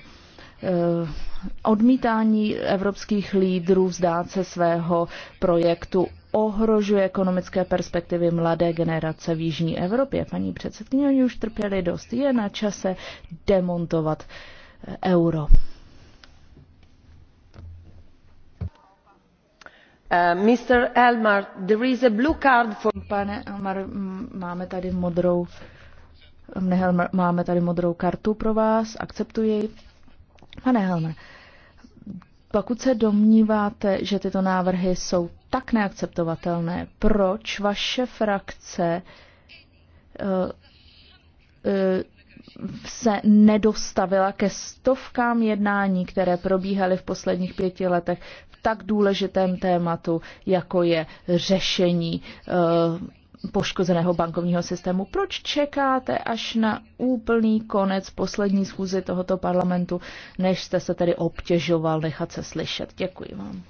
D: odmítání evropských lídrů vzdát se svého projektu ohrožuje ekonomické perspektivy mladé generace v Jižní Evropě. Paní předsedkyně, oni už trpěli dost. Je na čase demontovat euro. Uh, Pane Elmar, máme tady modrou Helmer, máme tady modrou kartu pro vás, akceptuji Pane Helmer, pokud se domníváte, že tyto návrhy jsou tak neakceptovatelné, proč vaše frakce eh, eh, se nedostavila ke stovkám jednání, které probíhaly v posledních pěti letech tak důležitém tématu, jako je řešení eh, poškozeného bankovního systému. Proč čekáte až na úplný konec poslední schůzy tohoto parlamentu, než jste se tedy obtěžoval nechat se slyšet? Děkuji vám.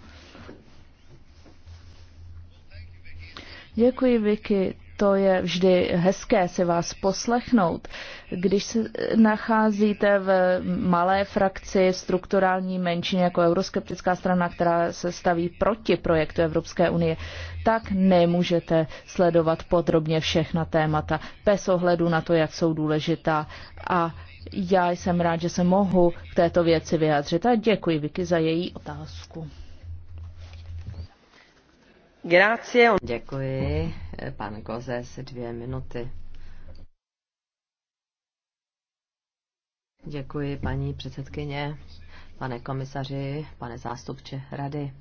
D: Děkuji, Vicky to je vždy hezké si vás poslechnout. Když se nacházíte v malé frakci strukturální menšině jako euroskeptická strana, která se staví proti projektu Evropské unie, tak nemůžete sledovat podrobně všechna témata bez ohledu na to, jak jsou důležitá. A já jsem rád, že se mohu k této věci vyjádřit a děkuji Vicky za její otázku.
A: Děkuji. Pan Gozes, dvě minuty. Děkuji, paní předsedkyně, pane komisaři, pane zástupče rady.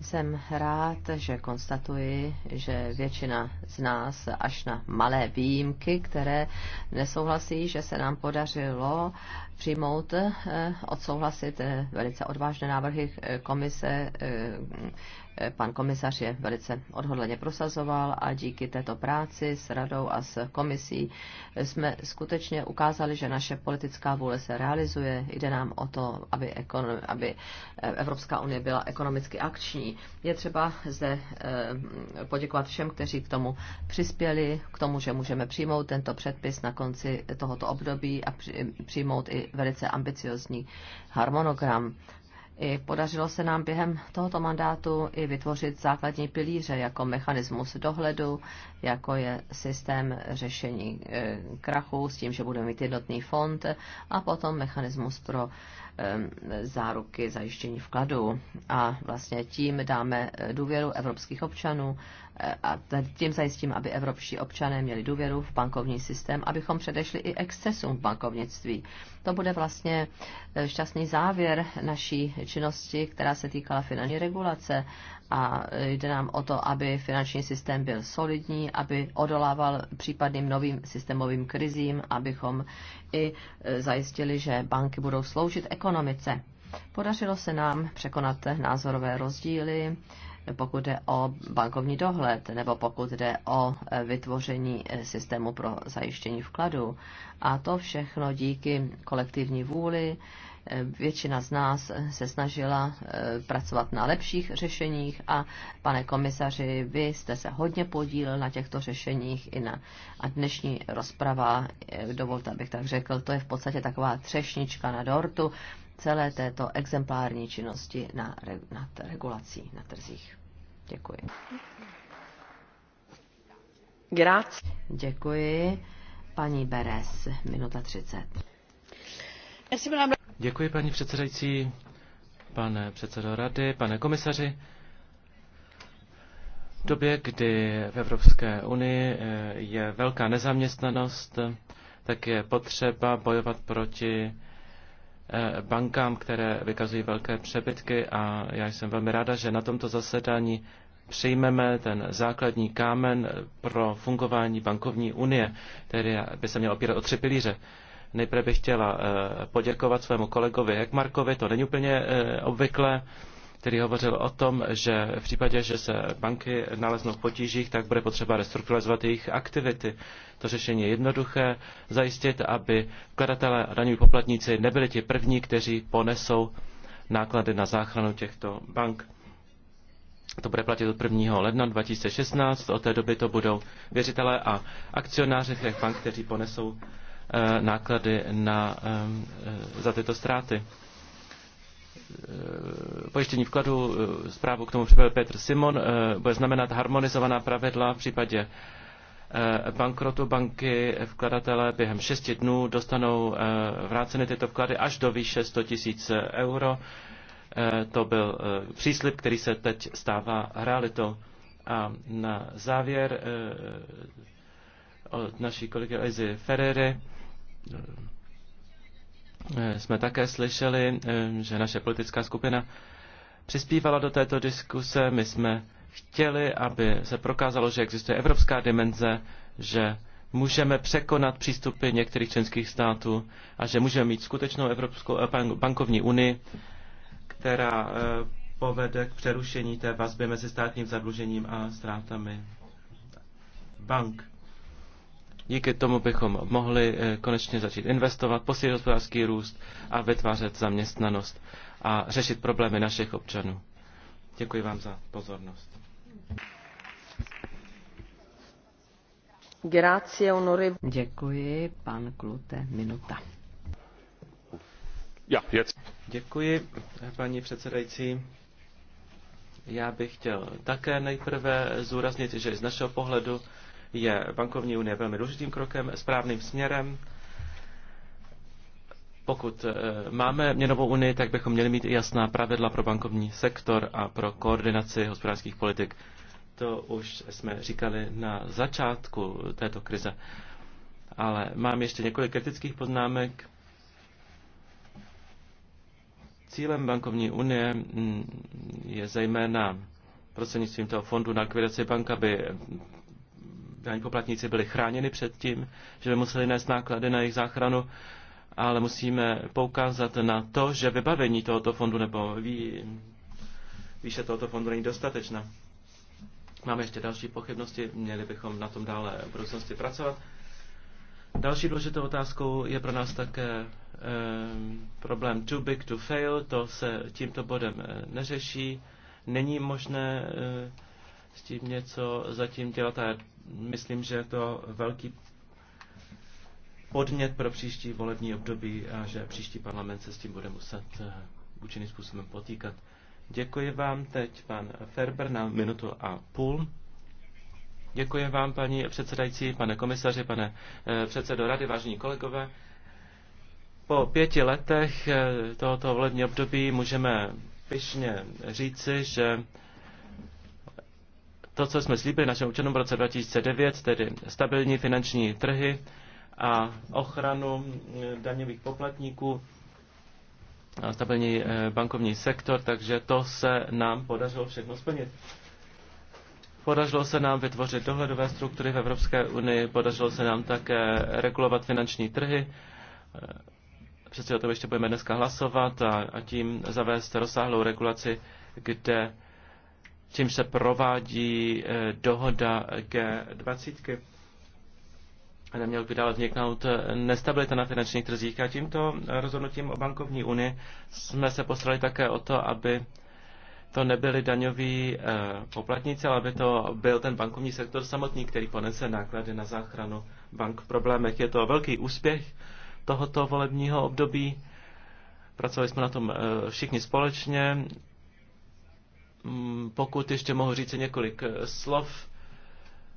A: Jsem rád, že konstatuji, že většina z nás, až na malé výjimky, které nesouhlasí, že se nám podařilo přijmout, eh, odsouhlasit eh, velice odvážné návrhy eh, komise, pan komisař je velice odhodleně prosazoval a díky této práci s radou a s komisí jsme skutečně ukázali, že naše politická vůle se realizuje. Jde nám o to, aby, ekonom, aby eh, Evropská unie byla ekonomicky akční. Je třeba zde eh, poděkovat všem, kteří k tomu přispěli, k tomu, že můžeme přijmout tento předpis na konci tohoto období a přijmout i velice ambiciozní harmonogram i podařilo se nám během tohoto mandátu i vytvořit základní pilíře jako mechanismus dohledu, jako je systém řešení eh, krachu s tím, že budeme mít jednotný fond a potom mechanismus pro záruky zajištění vkladu a vlastně tím dáme eh, důvěru evropských občanů eh, a tím zajistím, aby evropští občané měli důvěru v bankovní systém, abychom předešli i excesům v bankovnictví. To bude vlastně eh, šťastný závěr naší činnosti, která se týkala finanční regulace a jde nám o to, aby finanční systém byl solidní, aby odolával případným novým systémovým krizím, abychom i e, zajistili, že banky budou sloužit ekonomice. Podařilo se nám překonat názorové rozdíly, pokud jde o bankovní dohled nebo pokud jde o e, vytvoření e, systému pro zajištění vkladu. A to všechno díky kolektivní vůli Většina z nás se snažila eh, pracovat na lepších řešeních a pane komisaři, vy jste se hodně podílel na těchto řešeních i na a dnešní rozprava, eh, dovolte, abych tak řekl, to je v podstatě taková třešnička na dortu celé této exemplární činnosti na, nad regulací na trzích. Děkuji. Grazie. Děkuji. Paní Beres, minuta 30.
C: Děkuji, paní předsedající, pane předsedo rady, pane komisaři. V době, kdy v Evropské unii eh, je velká nezaměstnanost, tak je potřeba bojovat proti eh, bankám, které vykazují velké přebytky a já jsem velmi ráda, že na tomto zasedání přijmeme ten základní kámen pro fungování bankovní unie, který eh, by se měl opírat o tři pilíře. Nejprve bych chtěla eh, poděkovat svému kolegovi Hekmarkovi, to není úplně eh, obvyklé, který hovořil o tom, že v případě, že se banky naleznou v potížích, tak bude potřeba restrukturalizovat jejich aktivity. To řešení je jednoduché, zajistit, aby vkladatelé a daňoví poplatníci nebyli ti první, kteří ponesou náklady na záchranu těchto bank. To bude platit od 1. ledna 2016, od té doby to budou věřitelé a akcionáři těch bank, kteří ponesou Eh, náklady na, eh, za tyto ztráty. Eh, pojištění vkladu, zprávu k tomu připravil Petr Simon, bude znamenat harmonizovaná pravidla v případě bankrotu banky vkladatele během šesti dnů dostanou vráceny tyto vklady až do výše 100 tisíc euro. To byl příslip, který se teď stává realitou. A na závěr od naší kolegy Elizy Ferrery Eh, jsme také slyšeli, eh, že naše politická skupina přispívala do této diskuse. My jsme chtěli, aby se prokázalo, že existuje evropská dimenze, že můžeme překonat přístupy některých členských států a že můžeme mít skutečnou Evropskou eh, bankovní unii, která povede k přerušení té vazby mezi státním zadlužením a ztrátami bank. Díky tomu bychom mohli eh, konečně začít investovat, posílit hospodářský růst a vytvářet zaměstnanost a řešit problémy našich občanů. Děkuji vám za pozornost.
A: Grazie, onore. Děkuji, pan Klute, minuta.
C: Ja, Děkuji, paní předsedající. Já bych chtěl také nejprve zúraznit, že z našeho pohledu je bankovní unie velmi důležitým krokem, správným směrem. Pokud eh, máme měnovou unii, tak bychom měli mít i jasná pravidla pro bankovní sektor a pro koordinaci hospodářských politik. To už jsme říkali na začátku této krize. Ale mám ještě několik kritických poznámek. Cílem bankovní unie mm, je zejména prostřednictvím toho fondu na likvidaci bank, aby daní poplatníci byli chráněni před tím, že by museli nést náklady na jejich záchranu, ale musíme poukázat na to, že vybavení tohoto fondu nebo ví, výše tohoto fondu není dostatečná. Máme ještě další pochybnosti, měli bychom na tom dále v budoucnosti pracovat. Další důležitou otázkou je pro nás také ehm, problém too big to fail, to se tímto bodem eh, neřeší. Není možné eh, s tím něco zatím dělat a myslím, že je to velký podnět pro příští volební období a že příští parlament se s tím bude muset eh, účinným způsobem potýkat. Děkuji vám teď, pan Ferber, na minutu a půl. Děkuji vám, paní předsedající, pane komisaři, pane eh, předsedo rady, vážení kolegové. Po pěti letech eh, tohoto volebního období můžeme pyšně říci, že to, co jsme slíbili našim občanům v roce 2009, tedy stabilní finanční trhy a ochranu eh, daňových poplatníků a stabilní eh, bankovní sektor, takže to se nám podařilo všechno splnit. Podařilo se nám vytvořit dohledové struktury v Evropské unii, podařilo se nám také regulovat finanční trhy, eh, přeci o tom ještě budeme dneska hlasovat a, a tím zavést rozsáhlou regulaci, kde tím se provádí eh, dohoda G20. A neměl by dále vzniknout eh, nestabilita na finančních trzích. A tímto rozhodnutím o bankovní unii jsme se postarali také o to, aby to nebyli daňoví eh, poplatníci, ale aby to byl ten bankovní sektor samotný, který ponese náklady na záchranu bank v problémech. Je to velký úspěch tohoto volebního období. Pracovali jsme na tom všichni společně Mm, pokud ještě mohu říct několik eh, slov,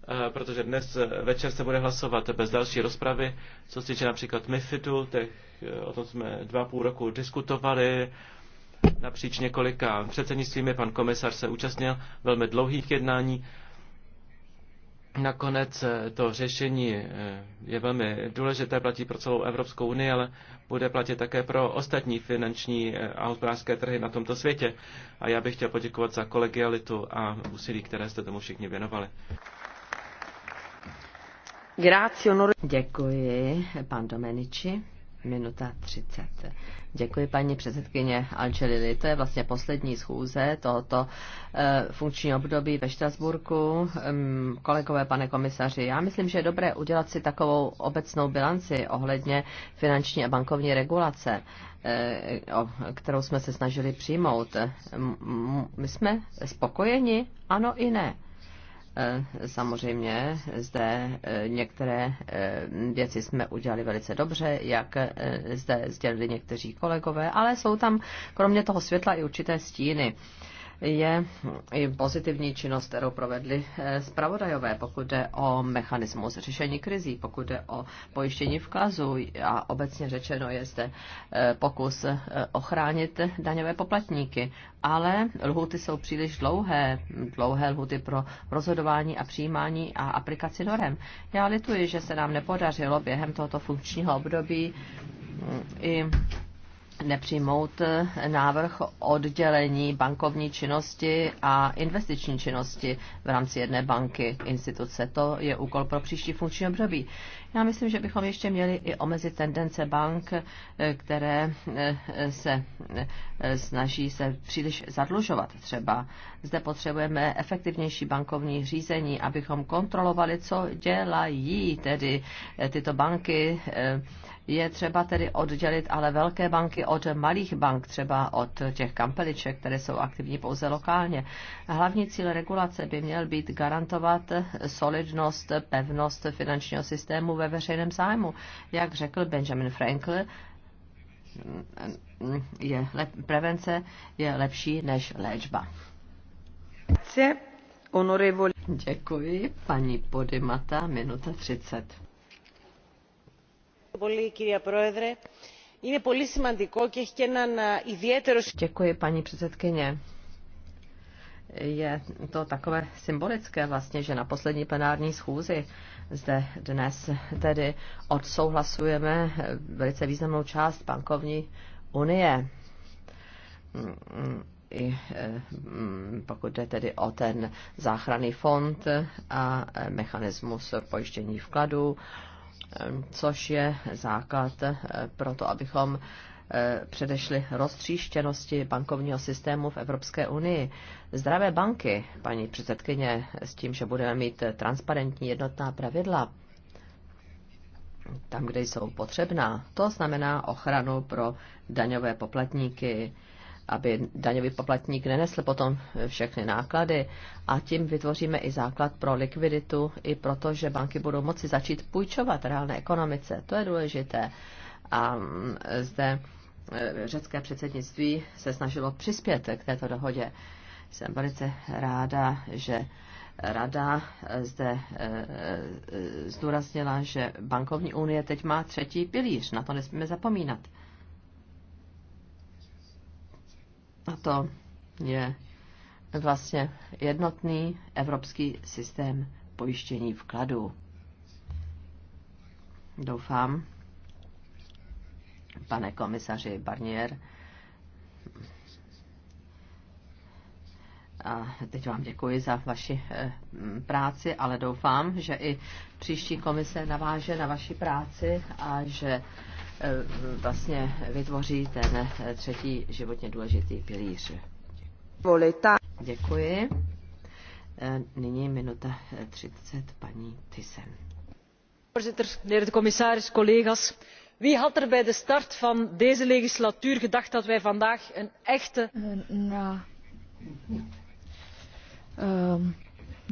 C: eh, protože dnes eh, večer se bude hlasovat bez další rozpravy, co se týče například MIFIDu, těch, o tom jsme dva půl roku diskutovali, napříč několika předsednictvími, pan komisař se účastnil velmi dlouhých jednání, Nakonec eh, to řešení eh, je velmi důležité, platí pro celou Evropskou unii, ale bude platit také pro ostatní finanční eh, a hospodářské trhy na tomto světě. A já bych chtěl poděkovat za kolegialitu a úsilí, které jste tomu všichni věnovali.
A: Děkuji, pan Domenici minuta 30. Děkuji paní předsedkyně Alčelili. To je vlastně poslední schůze tohoto e, eh, funkční období ve Štrasburku. E, kolegové, pane komisaři, já myslím, že je dobré udělat si takovou obecnou bilanci ohledně finanční a bankovní regulace, e, o, kterou jsme se snažili přijmout. My jsme spokojeni? Ano i ne. E, samozřejmě zde e, některé e, věci jsme udělali velice dobře, jak zde sdělili někteří kolegové, ale jsou tam kromě toho světla i určité stíny je i pozitivní činnost, kterou provedli eh, zpravodajové, pokud jde o mechanismus řešení krizí, pokud jde o pojištění vkazu a obecně řečeno je zde eh, pokus eh, ochránit daňové poplatníky. Ale lhuty jsou příliš dlouhé, dlouhé lhuty pro rozhodování a přijímání a aplikaci norem. Já lituji, že se nám nepodařilo během tohoto funkčního období mm, i nepřijmout eh, návrh oddělení bankovní činnosti a investiční činnosti v rámci jedné banky instituce. To je úkol pro příští funkční období. Já myslím, že bychom ještě měli i omezit tendence bank, eh, které eh, se snaží se příliš zadlužovat třeba. Zde potřebujeme efektivnější bankovní řízení, abychom kontrolovali, co dělají tedy tyto banky je třeba tedy oddělit ale velké banky od malých bank, třeba od těch kampeliček, které jsou aktivní pouze lokálně. Hlavní cíl regulace by měl být garantovat solidnost, pevnost finančního systému ve veřejném zájmu. Jak řekl Benjamin Franklin, je lep, prevence je lepší než léčba. Děkuji, paní Podimata, minuta 30 paní předsedkyně. Je to takové symbolické vlastně, že na poslední plenární schůzi zde dnes tedy odsouhlasujeme eh, velice významnou část bankovní unie mm, i eh, mm, pokud jde tedy o ten záchranný fond a eh, mechanismus pojištění vkladů Ehm, což je základ eh, pro to, abychom eh, předešli roztříštěnosti bankovního systému v Evropské unii. Zdravé banky, paní předsedkyně, s tím, že budeme mít transparentní jednotná pravidla, tam, kde jsou potřebná. To znamená ochranu pro daňové poplatníky, aby daňový poplatník nenesl potom všechny náklady a tím vytvoříme i základ pro likviditu, i proto, že banky budou moci začít půjčovat reálné ekonomice. To je důležité. A mm, zde e, řecké předsednictví se snažilo přispět k této dohodě. Jsem velice ráda, že Rada e, zde e, zdůraznila, že bankovní unie teď má třetí pilíř, na to nesmíme zapomínat. A to je vlastně jednotný evropský systém pojištění vkladů. Doufám, pane komisaři Barnier, A teď vám děkuji za vaši eh, práci, ale doufám, že i příští komise naváže na vaši práci a že E, vlastně vytvoří ten třetí životně důležitý pilíř. Děkuji. E, nyní minuta 30, paní Tysen.
D: Voorzitter, meneer de commissaris, collega's. Wie had er bij de start van deze legislatuur gedacht dat wij vandaag een echte... Eh, na um,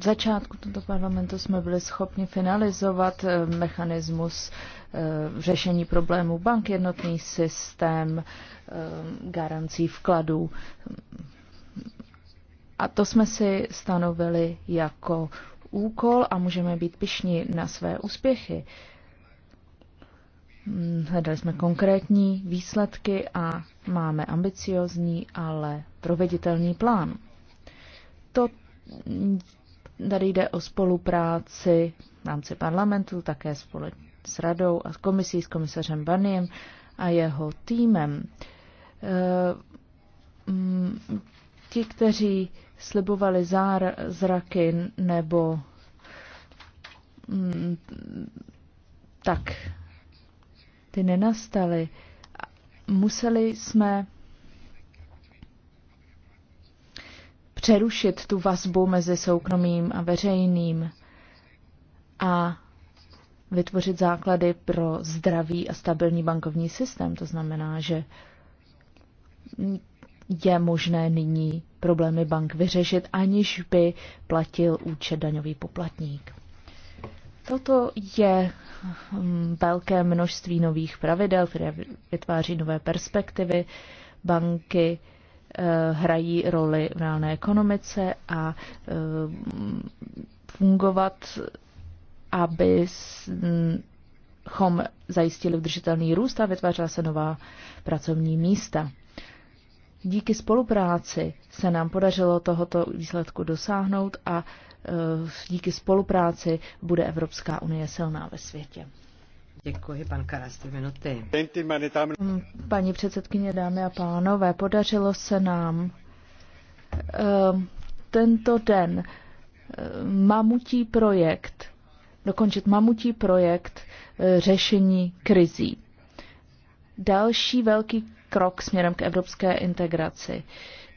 D: začátku tohoto parlamentu jsme byli schopni finalizovat eh, mechanismus Eh, řešení problémů bank, jednotný systém eh, garancí vkladů. A to jsme si stanovili jako úkol a můžeme být pišní na své úspěchy. Mm, hledali jsme konkrétní výsledky a máme ambiciozní, ale proveditelný plán. To tady jde o spolupráci v rámci parlamentu, také společně s radou a s komisí, s komisařem Baniem a jeho týmem. Eh, mm, ti, kteří slibovali zár, zraky nebo mm, tak ty nenastaly. Museli jsme přerušit tu vazbu mezi soukromým a veřejným a vytvořit základy pro zdravý a stabilní bankovní systém. To znamená, že je možné nyní problémy bank vyřešit, aniž by platil účet daňový poplatník. Toto je hm, velké množství nových pravidel, které vytváří nové perspektivy. Banky eh, hrají roli v reálné ekonomice a hm, fungovat chom zajistili udržitelný růst a vytvářela se nová pracovní místa. Díky spolupráci se nám podařilo tohoto výsledku dosáhnout a e, díky spolupráci bude Evropská unie silná ve světě.
A: Děkuji, pan Karas, minuty.
D: Paní předsedkyně, dámy a pánové, podařilo se nám e, tento den e, mamutí projekt dokončit mamutí projekt e, řešení krizí. Další velký krok směrem k evropské integraci.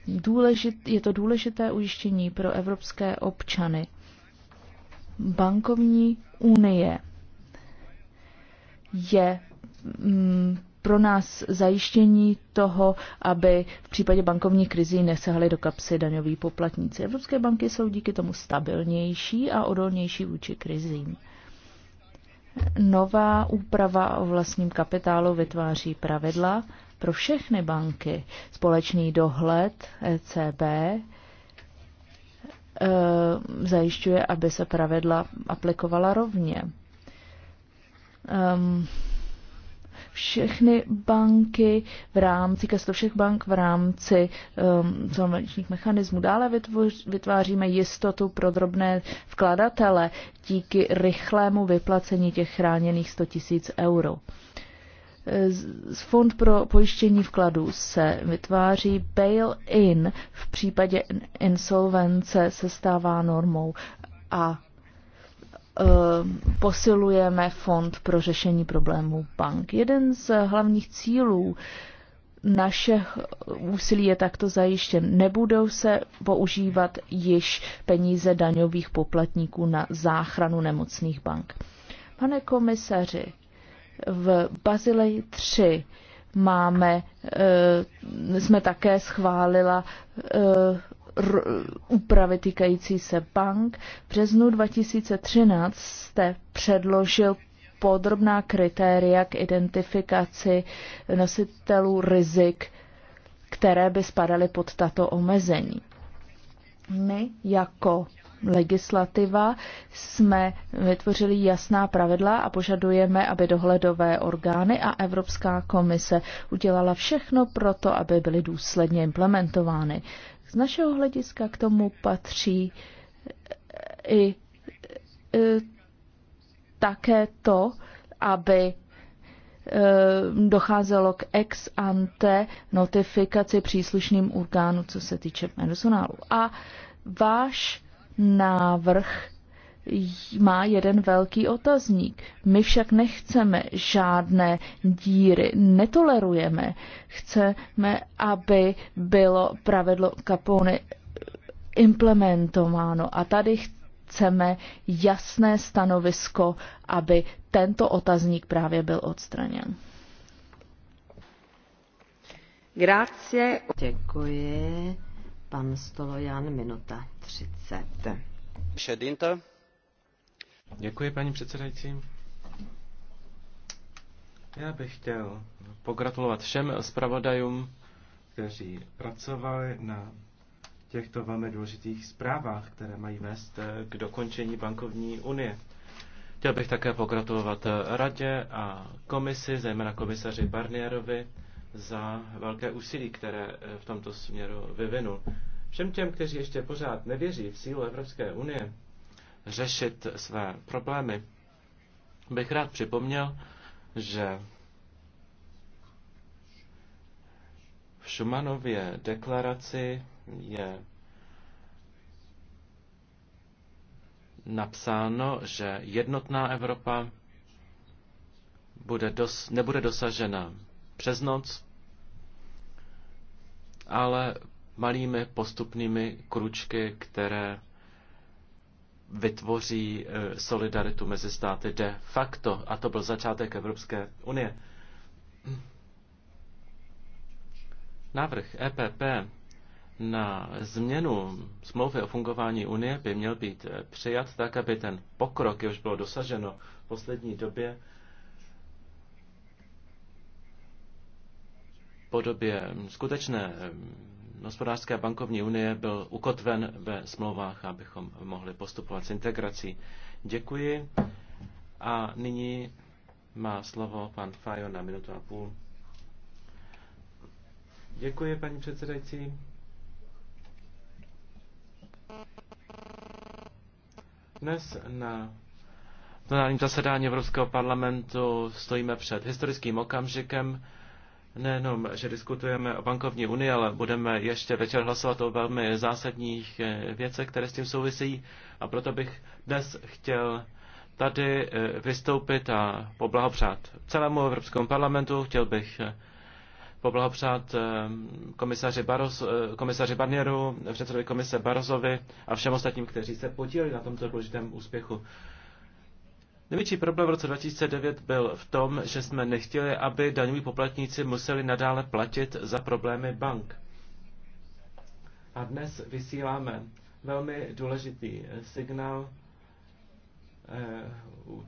D: Důležit, je to důležité ujištění pro evropské občany. Bankovní unie je mm, pro nás zajištění toho, aby v případě bankovní krizi nesahali do kapsy daňoví poplatníci. Evropské banky jsou díky tomu stabilnější a odolnější vůči krizím. Nová úprava o vlastním kapitálu vytváří pravidla pro všechny banky. Společný dohled ECB e, zajišťuje, aby se pravidla aplikovala rovně. Ehm, všechny banky v rámci, ke všech bank v rámci um, mechanismů. Dále vytvoř, vytváříme jistotu pro drobné vkladatele díky rychlému vyplacení těch chráněných 100 tisíc euro. Fond pro pojištění vkladů se vytváří bail-in v případě insolvence se stává normou a Eh, posilujeme fond pro řešení problémů bank. Jeden z hlavních cílů našich úsilí je takto zajištěn. Nebudou se používat již peníze daňových poplatníků na záchranu nemocných bank. Pane komisaři, v Bazileji 3 máme, eh, jsme také schválila eh, úpravy týkající se bank. V březnu 2013 jste předložil podrobná kritéria k identifikaci nositelů rizik, které by spadaly pod tato omezení. My jako legislativa jsme vytvořili jasná pravidla a požadujeme, aby dohledové orgány a Evropská komise udělala všechno pro to, aby byly důsledně implementovány. Z našeho hlediska k tomu patří eh, i eh, také to, aby eh, docházelo k ex ante notifikaci příslušným orgánu, co se týče personálu. A váš návrh má jeden velký otazník. My však nechceme žádné díry, netolerujeme. Chceme, aby bylo pravidlo Capone implementováno. A tady chceme jasné stanovisko, aby tento otazník právě byl odstraněn.
A: Grazie. Děkuji. Pan Stolojan, minuta
C: 30. Předinte. Děkuji, paní předsedající. Já bych chtěl pogratulovat všem zpravodajům, kteří pracovali na těchto velmi důležitých zprávách, které mají vést eh, k dokončení bankovní unie. Chtěl bych také pogratulovat eh, radě a komisi, zejména komisaři Barnierovi, za velké úsilí, které eh, v tomto směru vyvinul. Všem těm, kteří ještě pořád nevěří v sílu Evropské unie, řešit své problémy. Bych rád připomněl, že v Šumanově deklaraci je napsáno, že jednotná Evropa bude dos, nebude dosažena přes noc, ale malými postupnými kručky, které vytvoří eh, solidaritu mezi státy de facto. A to byl začátek Evropské unie. Návrh EPP na změnu smlouvy o fungování Unie by měl být eh, přijat tak, aby ten pokrok, jehož bylo dosaženo v poslední době, podobě hm, skutečné hm, hospodářské bankovní unie byl ukotven ve smlouvách, abychom mohli postupovat s integrací. Děkuji. A nyní má slovo pan Fajon na minutu a půl. Děkuji, paní předsedající. Dnes na plenárním zasedání Evropského parlamentu stojíme před historickým okamžikem, nejenom, že diskutujeme o bankovní unii, ale budeme ještě večer hlasovat o velmi zásadních eh, věcech, které s tím souvisí. A proto bych dnes chtěl tady eh, vystoupit a poblahopřát celému Evropskému parlamentu. Chtěl bych eh, poblahopřát komisaři, Baros, komisaři Barnieru, předsedovi komise Barozovi a všem ostatním, kteří se podíleli na tomto důležitém úspěchu. Největší problém v roce 2009 byl v tom, že jsme nechtěli, aby daňoví poplatníci museli nadále platit za problémy bank. A dnes vysíláme velmi důležitý eh, signál. Eh,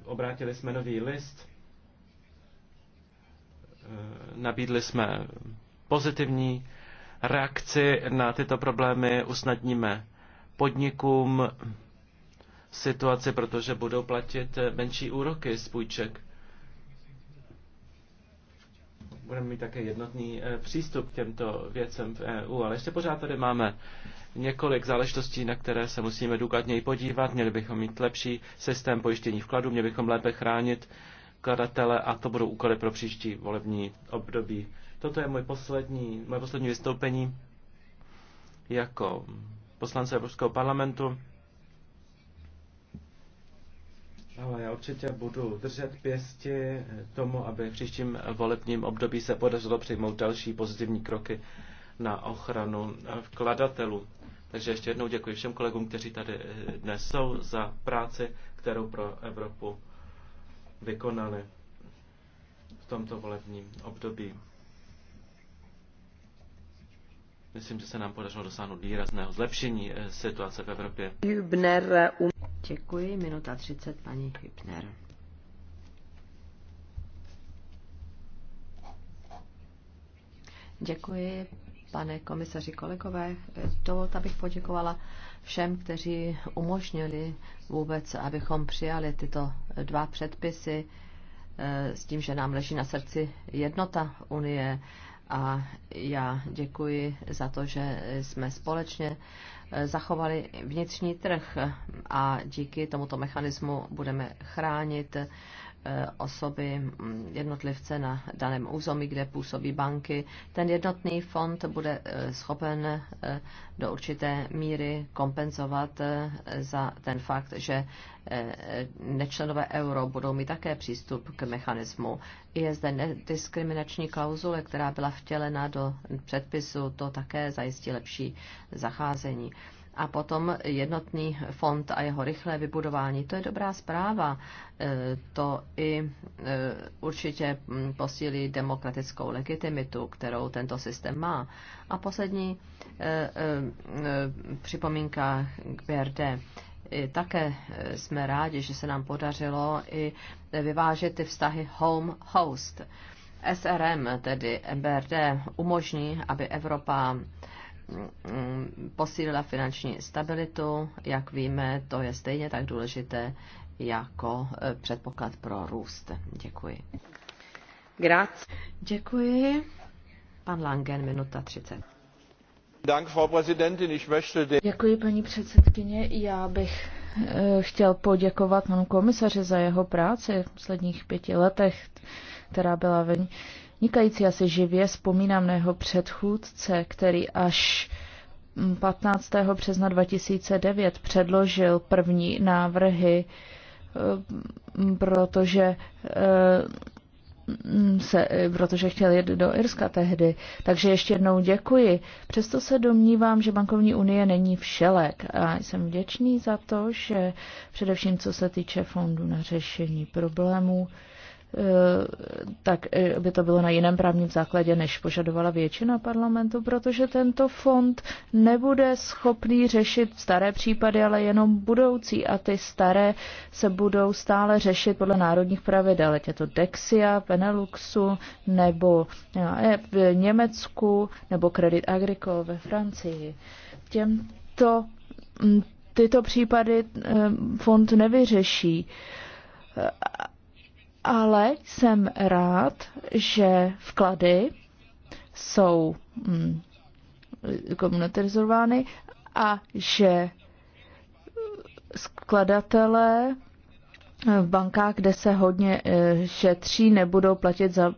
C: obrátili jsme nový list, eh, nabídli jsme pozitivní reakci na tyto problémy, usnadníme podnikům situaci, protože budou platit eh, menší úroky z půjček. Budeme mít také jednotný eh, přístup k těmto věcem v EU, ale ještě pořád tady máme několik záležitostí, na které se musíme důkladněji podívat. Měli bychom mít lepší systém pojištění vkladů. měli bychom lépe chránit kladatele a to budou úkoly pro příští volební období. Toto je můj poslední, moje poslední vystoupení jako poslance Evropského parlamentu. Ale já určitě budu držet pěsti tomu, aby v příštím volebním období se podařilo přijmout další pozitivní kroky na ochranu vkladatelů. Takže ještě jednou děkuji všem kolegům, kteří tady dnes jsou, za práci, kterou pro Evropu vykonali v tomto volebním období. Myslím, že se nám podařilo dosáhnout výrazného zlepšení eh, situace v Evropě.
A: Hübner, eh, um... Děkuji, minuta 30, paní Hübner. Děkuji, pane komisaři, kolegové. Dovolte, abych poděkovala všem, kteří umožnili vůbec, abychom přijali tyto dva předpisy eh, s tím, že nám leží na srdci jednota Unie a já děkuji za to, že jsme společně eh, zachovali vnitřní trh a díky tomuto mechanismu budeme chránit Eh, osoby, mm, jednotlivce na daném území, kde působí banky. Ten jednotný fond bude eh, schopen eh, do určité míry kompenzovat za ten fakt, že nečlenové euro budou mít také přístup k mechanismu. Je zde nediskriminační klauzule, která byla vtělena do předpisu, to také zajistí lepší zacházení a potom jednotný fond a jeho rychlé vybudování. To je dobrá zpráva. E, to i e, určitě posílí demokratickou legitimitu, kterou tento systém má. A poslední e, připomínka k BRD. Také jsme rádi, že se nám podařilo i vyvážet ty vztahy home-host. SRM, tedy MBRD, umožní, aby Evropa Mm, posílila finanční stabilitu. Jak víme, to je stejně tak důležité jako e, předpoklad pro růst. Děkuji. Grac. Děkuji. Pan
D: Langen, minuta 30. Děkuji, paní předsedkyně. Já bych e, chtěl poděkovat panu komisaři za jeho práci v posledních pěti letech, která byla ve Nikající já si živě vzpomínám na jeho předchůdce, který až 15. Mm, března 2009 předložil první návrhy, e, protože e, se, e, protože chtěl jít do Irska tehdy. Takže ještě jednou děkuji. Přesto se domnívám, že bankovní unie není všelek a jsem vděčný za to, že především co se týče fondu na řešení problémů, Eh, tak eh, by to bylo na jiném právním základě, než požadovala většina parlamentu, protože tento fond nebude schopný řešit staré případy, ale jenom budoucí a ty staré se budou stále řešit podle národních pravidel, ať je to Dexia, Beneluxu nebo eh, v Německu nebo Credit Agricole ve Francii. Těmto mm, tyto případy fond nevyřeší ale jsem rád, že vklady jsou mm, komunitarizovány a že skladatelé v bankách, kde se hodně eh, šetří, nebudou platit za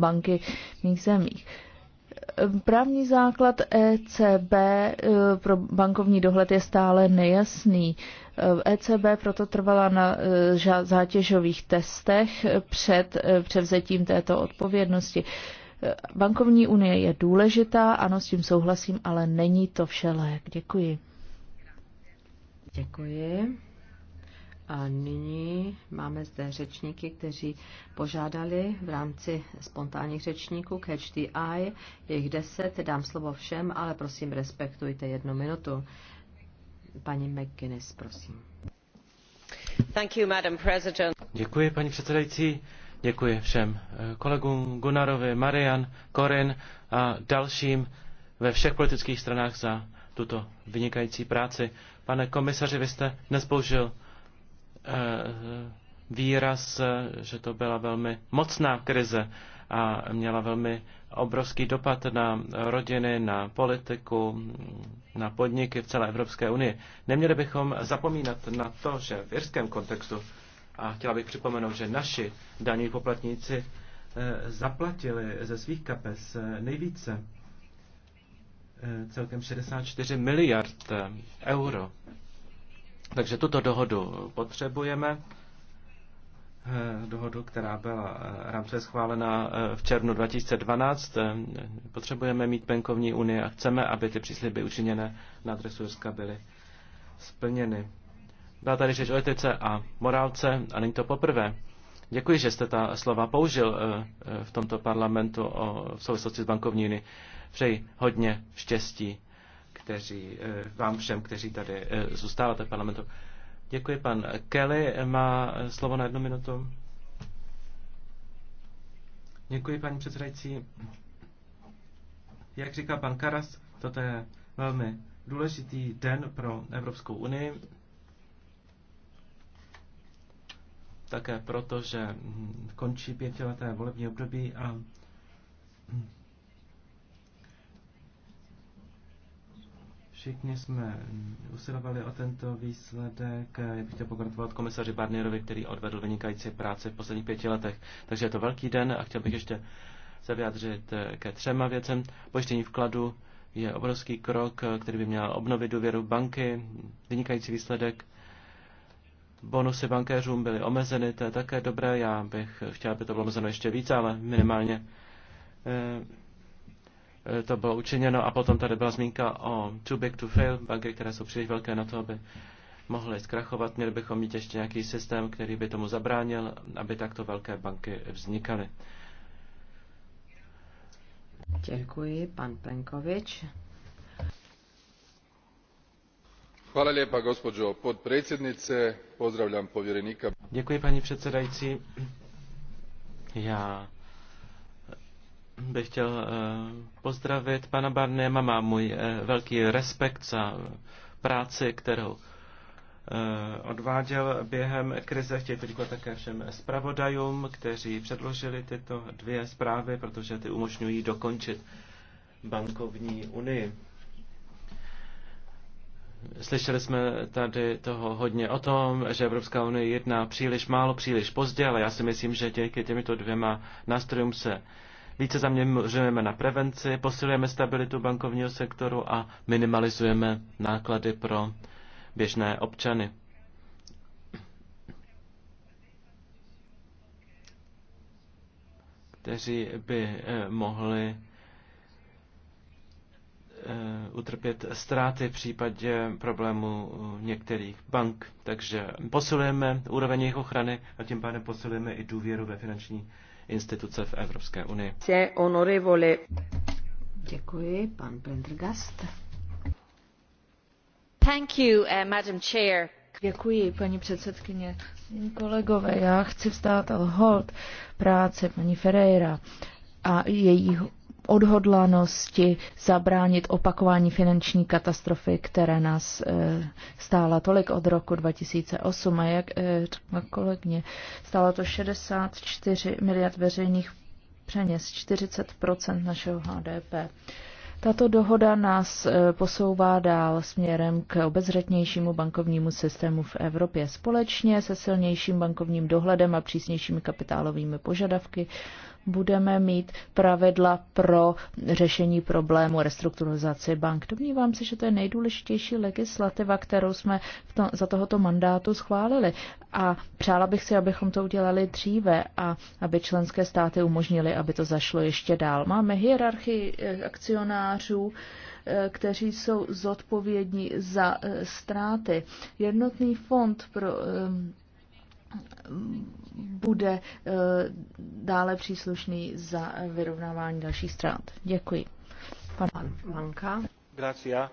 D: banky v mých zemích. Právní základ ECB eh, pro bankovní dohled je stále nejasný. ECB eh, e proto trvala na eh, zátěžových testech před převzetím této odpovědnosti. Bankovní unie je důležitá, ano, s tím souhlasím, ale není to všelé. Děkuji.
A: Děkuji. A nyní máme zde řečníky, kteří požádali v rámci spontánních řečníků Catch the Eye. Je jich deset, dám slovo všem, ale prosím respektujte jednu minutu. Paní McGuinness, prosím. Thank you, Madam President.
C: Děkuji, paní předsedající. Děkuji všem eh, kolegům Gunarovi, Marian, Korin a dalším ve všech politických stranách za tuto vynikající práci. Pane komisaři, vy jste dnes použil Eh, výraz, že to byla velmi mocná krize a měla velmi obrovský dopad na rodiny, na politiku, na podniky v celé Evropské unii. Neměli bychom zapomínat na to, že v irském kontextu, a chtěla bych připomenout, že naši daní poplatníci eh, zaplatili ze svých kapes eh, nejvíce, celkem 64 miliard euro takže tuto dohodu potřebujeme. Eh, dohodu, která byla eh, rámce schválena eh, v červnu 2012. Potřebujeme mít bankovní unie a chceme, aby ty přísliby učiněné na adresu Ruska byly splněny. Byla tady řeč o etice a morálce a není to poprvé. Děkuji, že jste ta slova použil v tomto parlamentu v souvislosti s bankovní unii. Přeji hodně štěstí kteří, eh, vám všem, kteří tady eh, zůstáváte v parlamentu. Děkuji, pan Kelly má eh, slovo na jednu minutu. Děkuji, paní předsedající. Jak říká pan Karas, toto je velmi důležitý den pro Evropskou unii. Také proto, že končí pětileté volební období a Všichni jsme usilovali o tento výsledek. Já bych chtěl pogratulovat komisaři Barnierovi, který odvedl vynikající práci v posledních pěti letech. Takže je to velký den a chtěl bych ještě se vyjádřit ke třema věcem. Pojištění vkladu je obrovský krok, který by měl obnovit důvěru banky. Vynikající výsledek. Bonusy bankéřům byly omezeny, to je také dobré. Já bych chtěl, aby to bylo omezeno ještě více, ale minimálně eh, Eh, to bylo učiněno. A potom tady byla zmínka o too big to fail, banky, které jsou příliš velké na to, aby mohly zkrachovat. Měli bychom mít ještě nějaký systém, který by tomu zabránil, aby takto velké banky vznikaly. Děkuji, pan Penkovič.
E: Hvala lijepa, gospođo podpredsjednice. Pozdravljam povjerenika.
C: Děkuji, paní předsedající. Já bych chtěl eh, pozdravit pana Barnema, má můj eh, velký respekt za práci, kterou eh, odváděl během krize. Chtěl poděkovat také všem zpravodajům, kteří předložili tyto dvě zprávy, protože ty umožňují dokončit bankovní unii. Slyšeli jsme tady toho hodně o tom, že Evropská unie jedná příliš málo, příliš pozdě, ale já si myslím, že díky těmito dvěma nástrojům se více zaměřujeme na prevenci, posilujeme stabilitu bankovního sektoru a minimalizujeme náklady pro běžné občany. kteří by eh, mohli eh, utrpět ztráty v případě problému některých bank. Takže posilujeme úroveň jejich ochrany a tím pádem posilujeme i důvěru ve finanční instituce v Evropské unii.
A: Děkuji, pan Prendergast.
D: Thank you, uh, Madam Chair. Děkuji, paní předsedkyně. Kolegové, já chci vzdát hold práce paní Ferreira a jejího odhodlanosti zabránit opakování finanční katastrofy, které nás eh, stála tolik od roku 2008. A jak eh, řekla kolegyně, stálo to 64 miliard veřejných přeněz, 40 našeho HDP. Tato dohoda nás eh, posouvá dál směrem k obezřetnějšímu bankovnímu systému v Evropě. Společně se silnějším bankovním dohledem a přísnějšími kapitálovými požadavky budeme mít pravidla pro řešení problému restrukturalizace bank. Domnívám se, že to je nejdůležitější legislativa, kterou jsme to, za tohoto mandátu schválili. A přála bych si, abychom to udělali dříve a aby členské státy umožnili, aby to zašlo ještě dál. Máme hierarchii eh, akcionářů, eh, kteří jsou zodpovědní za eh, ztráty. Jednotný fond pro bude eh, dále příslušný za vyrovnávání dalších ztrát. Děkuji. Pan Manka.
C: Gracia.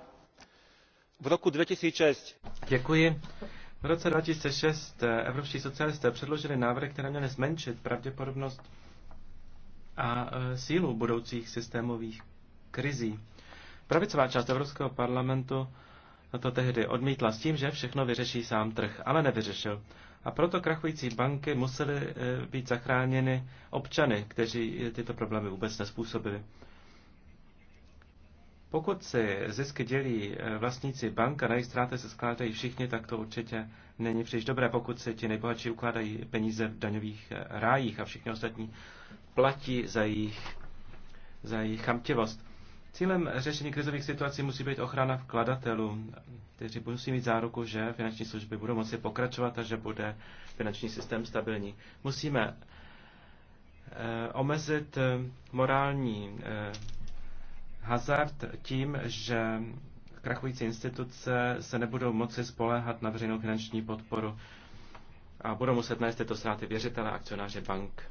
C: V roku 2006. Děkuji. V roce 2006 eh, evropští socialisté předložili návrh, které měly zmenšit pravděpodobnost a eh, sílu budoucích systémových krizí. Pravicová část Evropského parlamentu to tehdy odmítla s tím, že všechno vyřeší sám trh, ale nevyřešil. A proto krachující banky musely eh, být zachráněny občany, kteří eh, tyto problémy vůbec nespůsobili. Pokud si zisky dělí eh, vlastníci bank a na jejich ztráty se skládají všichni, tak to určitě není příliš dobré, pokud si ti nejbohatší ukládají peníze v daňových rájích a všichni ostatní platí za jejich, za jejich chamtivost. Cílem řešení krizových situací musí být ochrana vkladatelů, kteří musí mít záruku, že finanční služby budou moci pokračovat a že bude finanční systém stabilní. Musíme eh, omezit eh, morální eh, hazard tím, že krachující instituce se nebudou moci spoléhat na veřejnou finanční podporu a budou muset nést tyto ztráty věřitele akcionáři bank.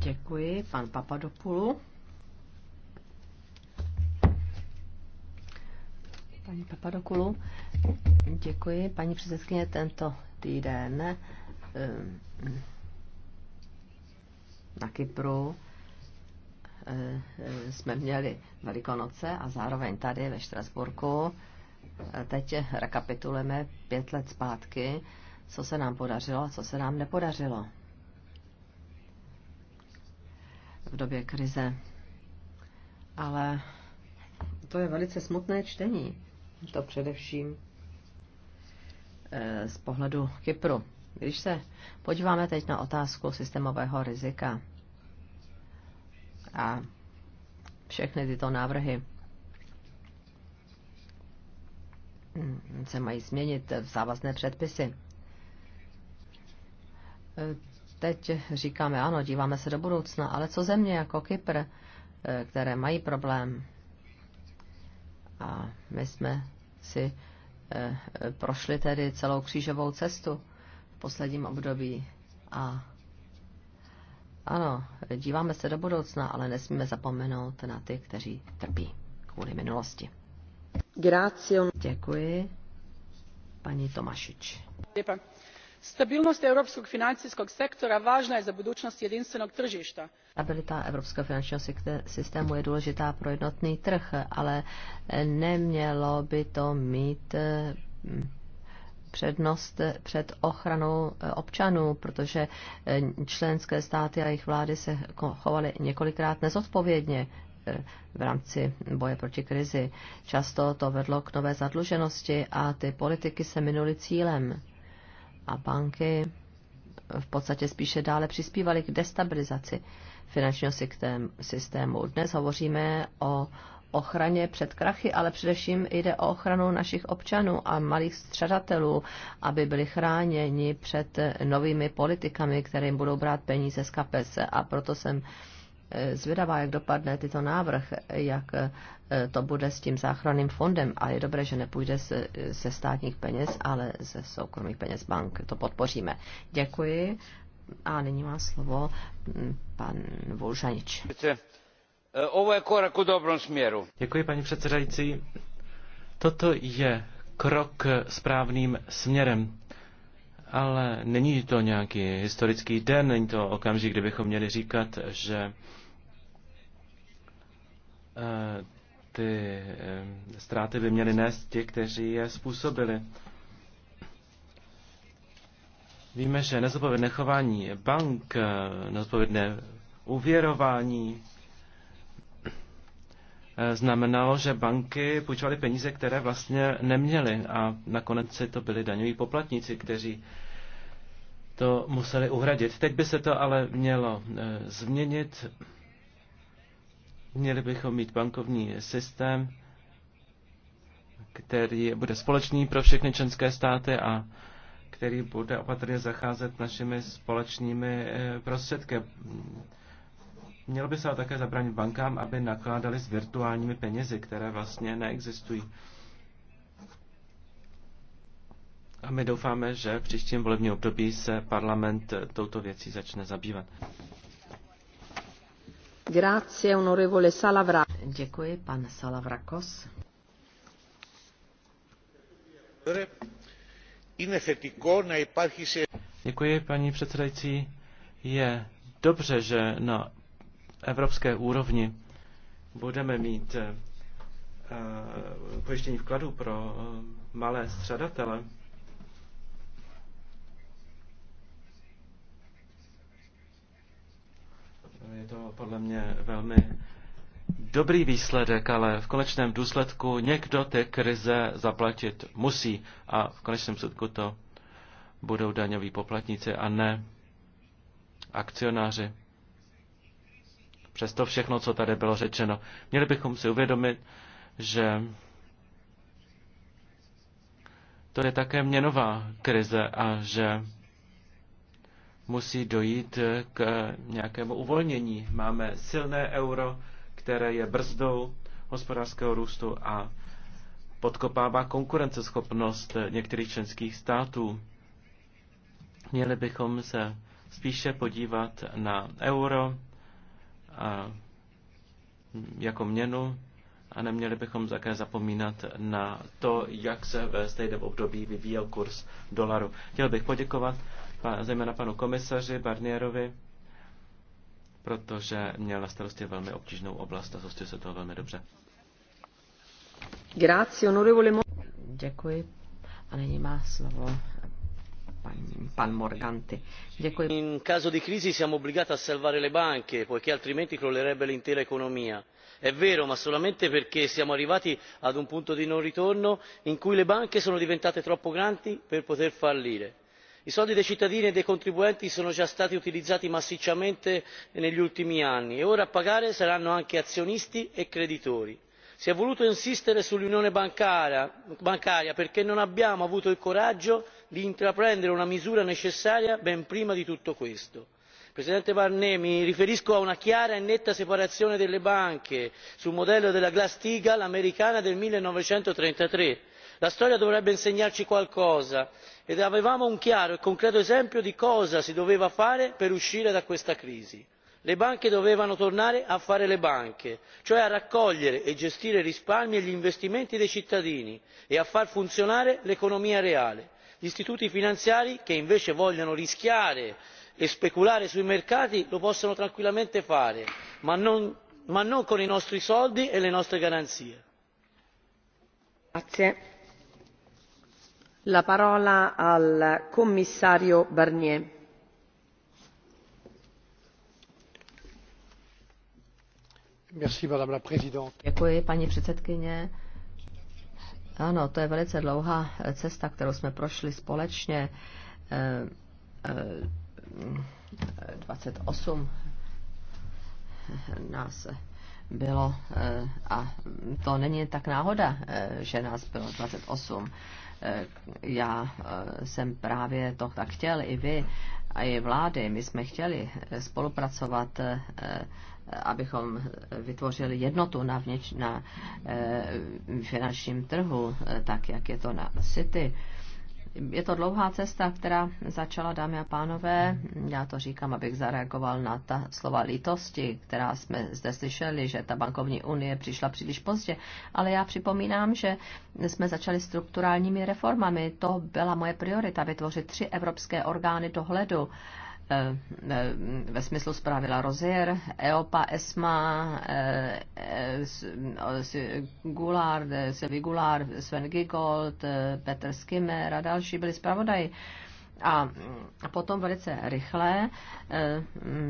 A: Děkuji, pan Papadopoulou. Paní Papadokulu, děkuji. Paní předsedkyně, tento týden ehm, na Kypru ehm, jsme měli Velikonoce a zároveň tady ve Štrasburku. Teď rekapitulujeme pět let zpátky, co se nám podařilo a co se nám nepodařilo. v době krize. Ale to je velice smutné čtení. To především eh, z pohledu Kypru. Když se podíváme teď na otázku systémového rizika a všechny tyto návrhy mm, se mají změnit v závazné předpisy. Eh, teď říkáme, ano, díváme se do budoucna, ale co země jako Kypr, eh, které mají problém? A my jsme si eh, prošli tedy celou křížovou cestu v posledním období. A ano, díváme se do budoucna, ale nesmíme zapomenout na ty, kteří trpí kvůli minulosti. Grazie. Děkuji. Paní Tomašič.
E: Děkuji stabilnost europskog financijskog sektora važna je za budućnost jedinstvenog tržišta.
A: Stabilita evropského finančního systému je důležitá pro jednotný trh, ale nemělo by to mít eh, přednost před ochranou eh, občanů, protože eh, členské státy a jejich vlády se chovaly několikrát nezodpovědně v rámci boje proti krizi. Často to vedlo k nové zadluženosti a ty politiky se minuly cílem a banky v podstatě spíše dále přispívaly k destabilizaci finančního systému. Dnes hovoříme o ochraně před krachy, ale především jde o ochranu našich občanů a malých střadatelů, aby byli chráněni před novými politikami, kterým budou brát peníze z kapese. A proto jsem eh, zvědavá, jak dopadne tyto návrh, jak Eh, to bude s tím záchranným fondem a je dobré, že nepůjde se, eh, se státních peněz, ale ze soukromých peněz bank. To podpoříme. Děkuji. A nyní má slovo
C: hm, pan Volžanič. Eh, Děkuji, paní předsedající. Toto je krok správným směrem. Ale není to nějaký historický den, není to okamžik, kdybychom měli říkat, že ty eh, ztráty by měli nést ti, kteří je způsobili. Víme, že nezodpovědné chování bank, eh, nezodpovědné uvěrování eh, znamenalo, že banky půjčovaly peníze, které vlastně neměly a nakonec si to byli daňoví poplatníci, kteří to museli uhradit. Teď by se to ale mělo změnit. Měli bychom mít bankovní systém, který bude společný pro všechny členské státy a který bude opatrně zacházet našimi společnými eh, prostředky. Mělo by se ale také zabránit bankám, aby nakládali s virtuálními penězi, které vlastně neexistují. A my doufáme, že v příštím volebním období se parlament touto věcí začne zabývat.
A: Děkuji, pan
C: Salavrakos. Děkuji, paní předsedající. Je dobře, že na evropské úrovni budeme mít eh, pojištění vkladů pro eh, malé střadatele. Je to podle mě velmi dobrý výsledek, ale v konečném důsledku někdo ty krize zaplatit musí a v konečném důsledku to budou daňoví poplatníci a ne akcionáři. Přesto všechno, co tady bylo řečeno, měli bychom si uvědomit, že to je také měnová krize a že musí dojít k nějakému uvolnění. Máme silné euro, které je brzdou hospodářského růstu a podkopává konkurenceschopnost některých členských států. Měli bychom se spíše podívat na euro a jako měnu a neměli bychom také zapomínat na to, jak se ve stejném období vyvíjel kurz dolaru. Chtěl bych poděkovat zejména panu komisaři Barnierovi, protože měl na starosti velmi obtížnou oblast a zhostil se toho velmi dobře.
A: Děkuji. A nyní má slovo
E: paní, pan Morganti. Děkuji. In caso di crisi siamo obbligati a salvare le banche, poiché altrimenti crollerebbe l'intera economia. È vero, ma solamente perché siamo arrivati ad un punto di non ritorno in cui le banche sono diventate troppo grandi per poter fallire i soldi dei cittadini e dei contribuenti sono già stati utilizzati massicciamente negli ultimi anni e ora a pagare saranno anche azionisti e creditori. si è voluto insistere sull'unione bancaria perché non abbiamo avuto il coraggio di intraprendere una misura necessaria ben prima di tutto questo. presidente barnier mi riferisco a una chiara e netta separazione delle banche sul modello della glass steagall americana del millenovecentotrentatré la storia dovrebbe insegnarci qualcosa ed avevamo un chiaro e concreto esempio di cosa si doveva fare per uscire da questa crisi le banche dovevano tornare a fare le banche cioè a raccogliere e gestire i risparmi e gli investimenti dei cittadini e a far funzionare l'economia reale gli istituti finanziari che invece vogliono rischiare e speculare sui mercati lo possono tranquillamente fare ma non con i nostri soldi e le nostre garanzie madame
A: la présidente. Děkuji, paní předsedkyně. Ano, to je velice dlouhá cesta, kterou jsme prošli společně. 28 eh, eh, nás bylo eh, a to není tak náhoda, že nás bylo 28 Eh, já eh, jsem právě to tak chtěl, i vy, a i vlády, my jsme chtěli eh, spolupracovat abychom vytvořili jednotu na, vněč, na finančním trhu, tak jak je to na City. Je to dlouhá cesta, která začala, dámy a pánové. Já to říkám, abych zareagoval na ta slova lítosti, která jsme zde slyšeli, že ta bankovní unie přišla příliš pozdě. Ale já připomínám, že jsme začali strukturálními reformami. To byla moje priorita, vytvořit tři evropské orgány dohledu. Eh, eh, ve smyslu zprávy Rozier, EOPA, ESMA, eh, Goulard, Sylvie Goulard, Sven Gigold, Petr Skimmer a další byli zpravodaji. A potom velice rychle e,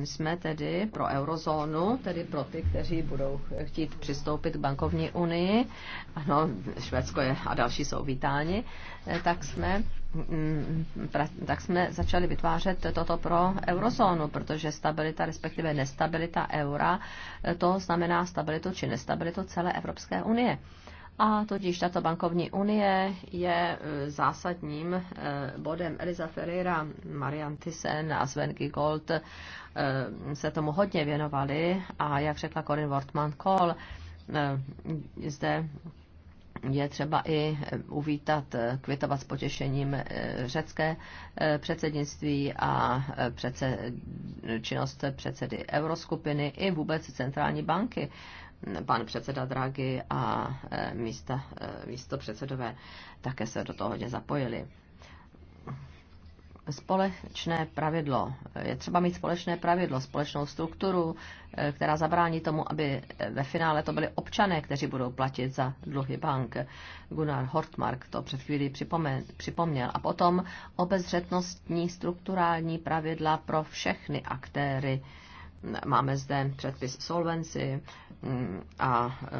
A: jsme tedy pro eurozónu, tedy pro ty, kteří budou chtít přistoupit k bankovní unii, ano, Švédsko je a další jsou vítáni, e, tak jsme tak jsme začali vytvářet toto pro eurozónu, protože stabilita, respektive nestabilita eura, e, to znamená stabilitu či nestabilitu celé Evropské unie. A totiž tato bankovní unie je e, zásadním e, bodem. Eliza Ferreira, Marian Thyssen a Sven Gold e, se tomu hodně věnovali a jak řekla Corinne Wortmann Kohl, zde je třeba i uvítat, kvitovat s potěšením řecké předsednictví a přece, činnost předsedy Euroskupiny i vůbec centrální banky pan předseda Draghi a e, místa, e, místo předsedové také se do toho hodně zapojili. Společné pravidlo. Je třeba mít společné pravidlo, společnou strukturu, e, která zabrání tomu, aby ve finále to byli občané, kteří budou platit za dluhy bank. Gunnar Hortmark to před chvílí připomněl. A potom obezřetnostní strukturální pravidla pro všechny aktéry Máme zde předpis solvenci mm, a eh,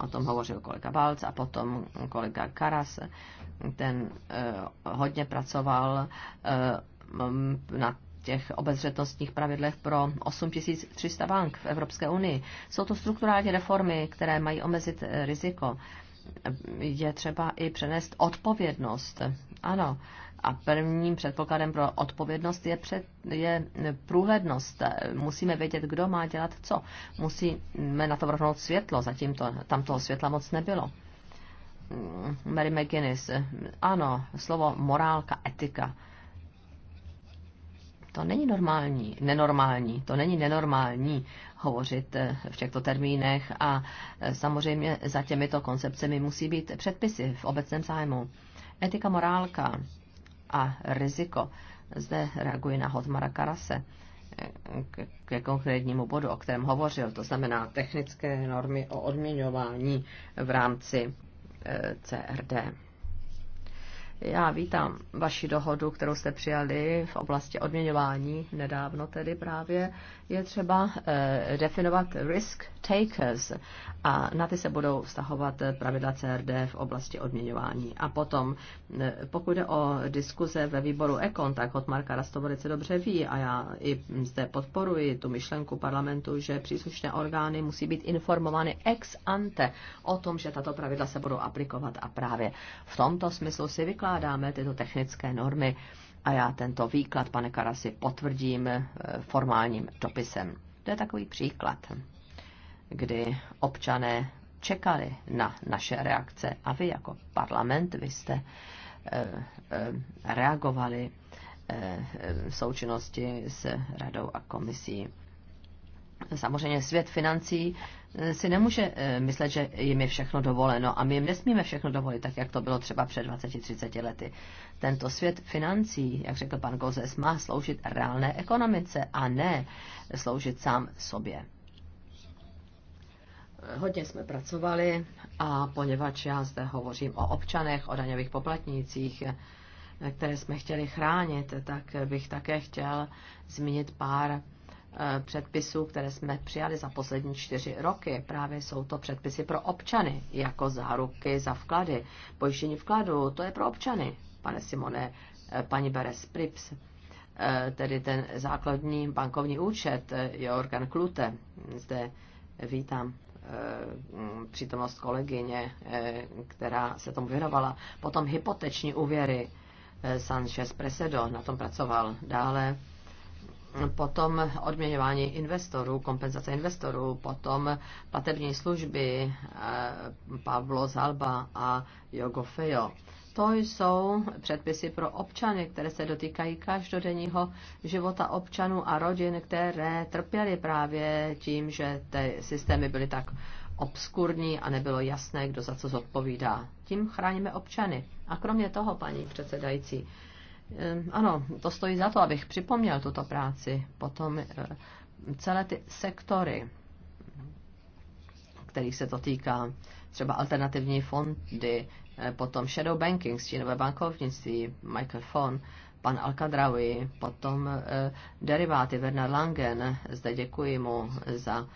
A: o tom hovořil kolega Balc a potom kolega Karas. Ten eh, hodně pracoval eh, na těch obezřetnostních pravidlech pro 8300 bank v Evropské unii. Jsou to strukturální reformy, které mají omezit riziko. Je třeba i přenést odpovědnost. Ano, a prvním předpokladem pro odpovědnost je, před, je průhlednost. Musíme vědět, kdo má dělat co. Musíme na to vrhnout světlo, zatím to, tam toho světla moc nebylo. Mary McGuinness, ano, slovo morálka, etika. To není normální, nenormální, to není nenormální hovořit eh, v těchto termínech a eh, samozřejmě za těmito koncepcemi musí být předpisy v obecném zájmu. Etika, morálka, a riziko. Zde reaguji na Hotmara Karase ke konkrétnímu bodu, o kterém hovořil, to znamená technické normy o odměňování v rámci eh, CRD. Já vítám vaši dohodu, kterou jste přijali v oblasti odměňování nedávno tedy právě. Je třeba eh, definovat risk takers a na ty se budou vztahovat pravidla CRD v oblasti odměňování. A potom, eh, pokud jde o diskuze ve výboru Econ, tak od Marka Rastovorice dobře ví a já i zde podporuji tu myšlenku parlamentu, že příslušné orgány musí být informovány ex ante o tom, že tato pravidla se budou aplikovat a právě v tomto smyslu si vykládám překládáme tyto technické normy a já tento výklad, pane Karasi, potvrdím eh, formálním dopisem. To je takový příklad, kdy občané čekali na naše reakce a vy jako parlament, vy jste eh, eh, reagovali v součinnosti s radou a komisí. Samozřejmě svět financí si nemůže eh, myslet, že jim je všechno dovoleno a my jim nesmíme všechno dovolit, tak jak to bylo třeba před 20-30 lety. Tento svět financí, jak řekl pan Gozes, má sloužit reálné ekonomice a ne sloužit sám sobě. Hodně jsme pracovali a poněvadž já zde hovořím o občanech, o daňových poplatnících, které jsme chtěli chránit, tak bych také chtěl zmínit pár Eh, předpisů, které jsme přijali za poslední čtyři roky. Právě jsou to předpisy pro občany, jako záruky za vklady, pojištění vkladu, to je pro občany, pane Simone, eh, paní Beres Prips, eh, tedy ten základní bankovní účet je organ Klute. Zde vítám přítomnost kolegyně, která se tomu věnovala. Potom hypoteční úvěry Sanchez Presedo na tom pracoval. Dále potom odměňování investorů, kompenzace investorů, potom platební služby eh, Pablo Zalba a Jogo Fejo. To jsou předpisy pro občany, které se dotýkají každodenního života občanů a rodin, které trpěly právě tím, že ty systémy byly tak obskurní a nebylo jasné, kdo za co zodpovídá. Tím chráníme občany. A kromě toho, paní předsedající, ano, to stojí za to, abych připomněl tuto práci. Potom eh, celé ty sektory, kterých se to týká, třeba alternativní fondy, eh, potom shadow banking, stínové bankovnictví, Michael Fon, pan Alkadrawi, potom eh, deriváty Werner Langen, zde děkuji mu za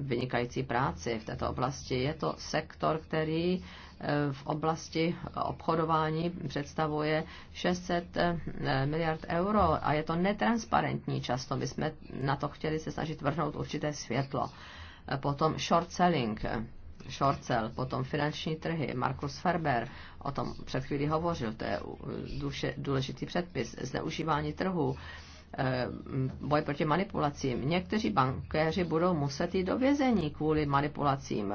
A: vynikající práci v této oblasti. Je to sektor, který v oblasti obchodování představuje 600 eh, miliard euro a je to netransparentní často. My jsme na to chtěli se snažit vrhnout určité světlo. Eh, potom short selling, eh, short sell, potom finanční trhy, Markus Ferber, o tom před chvíli hovořil, to je důležitý předpis, zneužívání trhu, boj proti manipulacím. Někteří bankéři budou muset jít do vězení kvůli manipulacím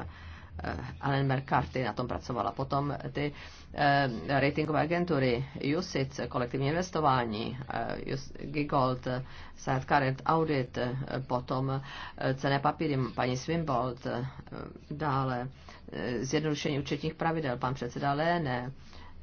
A: Ellen eh, McCarthy na tom pracovala. Potom ty eh, ratingové agentury, USIC, kolektivní investování, eh, Gigold, Sad Current Audit, potom cené papíry, paní Swimbold, dále zjednodušení účetních pravidel, pan předseda Léne,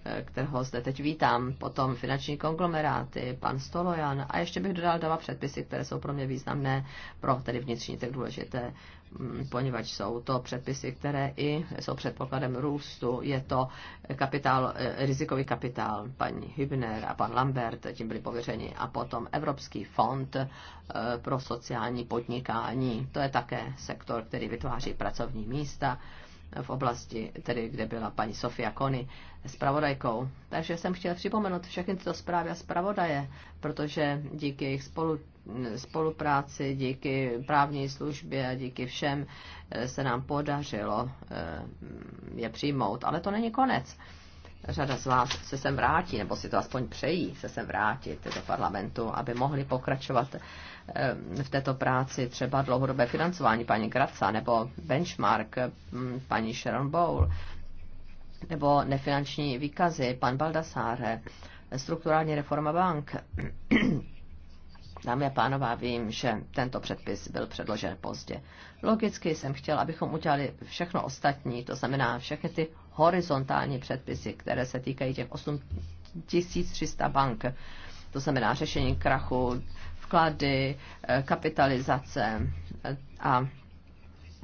A: Eh, kterého zde teď vítám, potom finanční konglomeráty, pan Stolojan a ještě bych dodal dva předpisy, které jsou pro mě významné, pro tedy vnitřní tak důležité, mm, poněvadž jsou to předpisy, které i jsou předpokladem růstu. Je to kapitál, eh, rizikový kapitál, paní Hübner a pan Lambert, tím byli pověřeni, a potom Evropský fond eh, pro sociální podnikání. To je také sektor, který vytváří pracovní místa v oblasti, tedy kde byla paní Sofia Kony zpravodajkou. Takže jsem chtěl připomenout všechny tyto zprávy a zpravodaje, protože díky jejich spolu, spolupráci, díky právní službě a díky všem eh, se nám podařilo eh, je přijmout. Ale to není konec. Řada z vás se sem vrátí, nebo si to aspoň přejí se sem vrátit do parlamentu, aby mohli pokračovat eh, v této práci třeba dlouhodobé financování paní Graca nebo benchmark hm, paní Sharon Bowl nebo nefinanční výkazy, pan Baldasáre, strukturální reforma bank. Dámy a pánová, vím, že tento předpis byl předložen pozdě. Logicky jsem chtěl, abychom udělali všechno ostatní, to znamená všechny ty horizontální předpisy, které se týkají těch 8300 bank. To znamená řešení krachu, vklady, eh, kapitalizace eh, a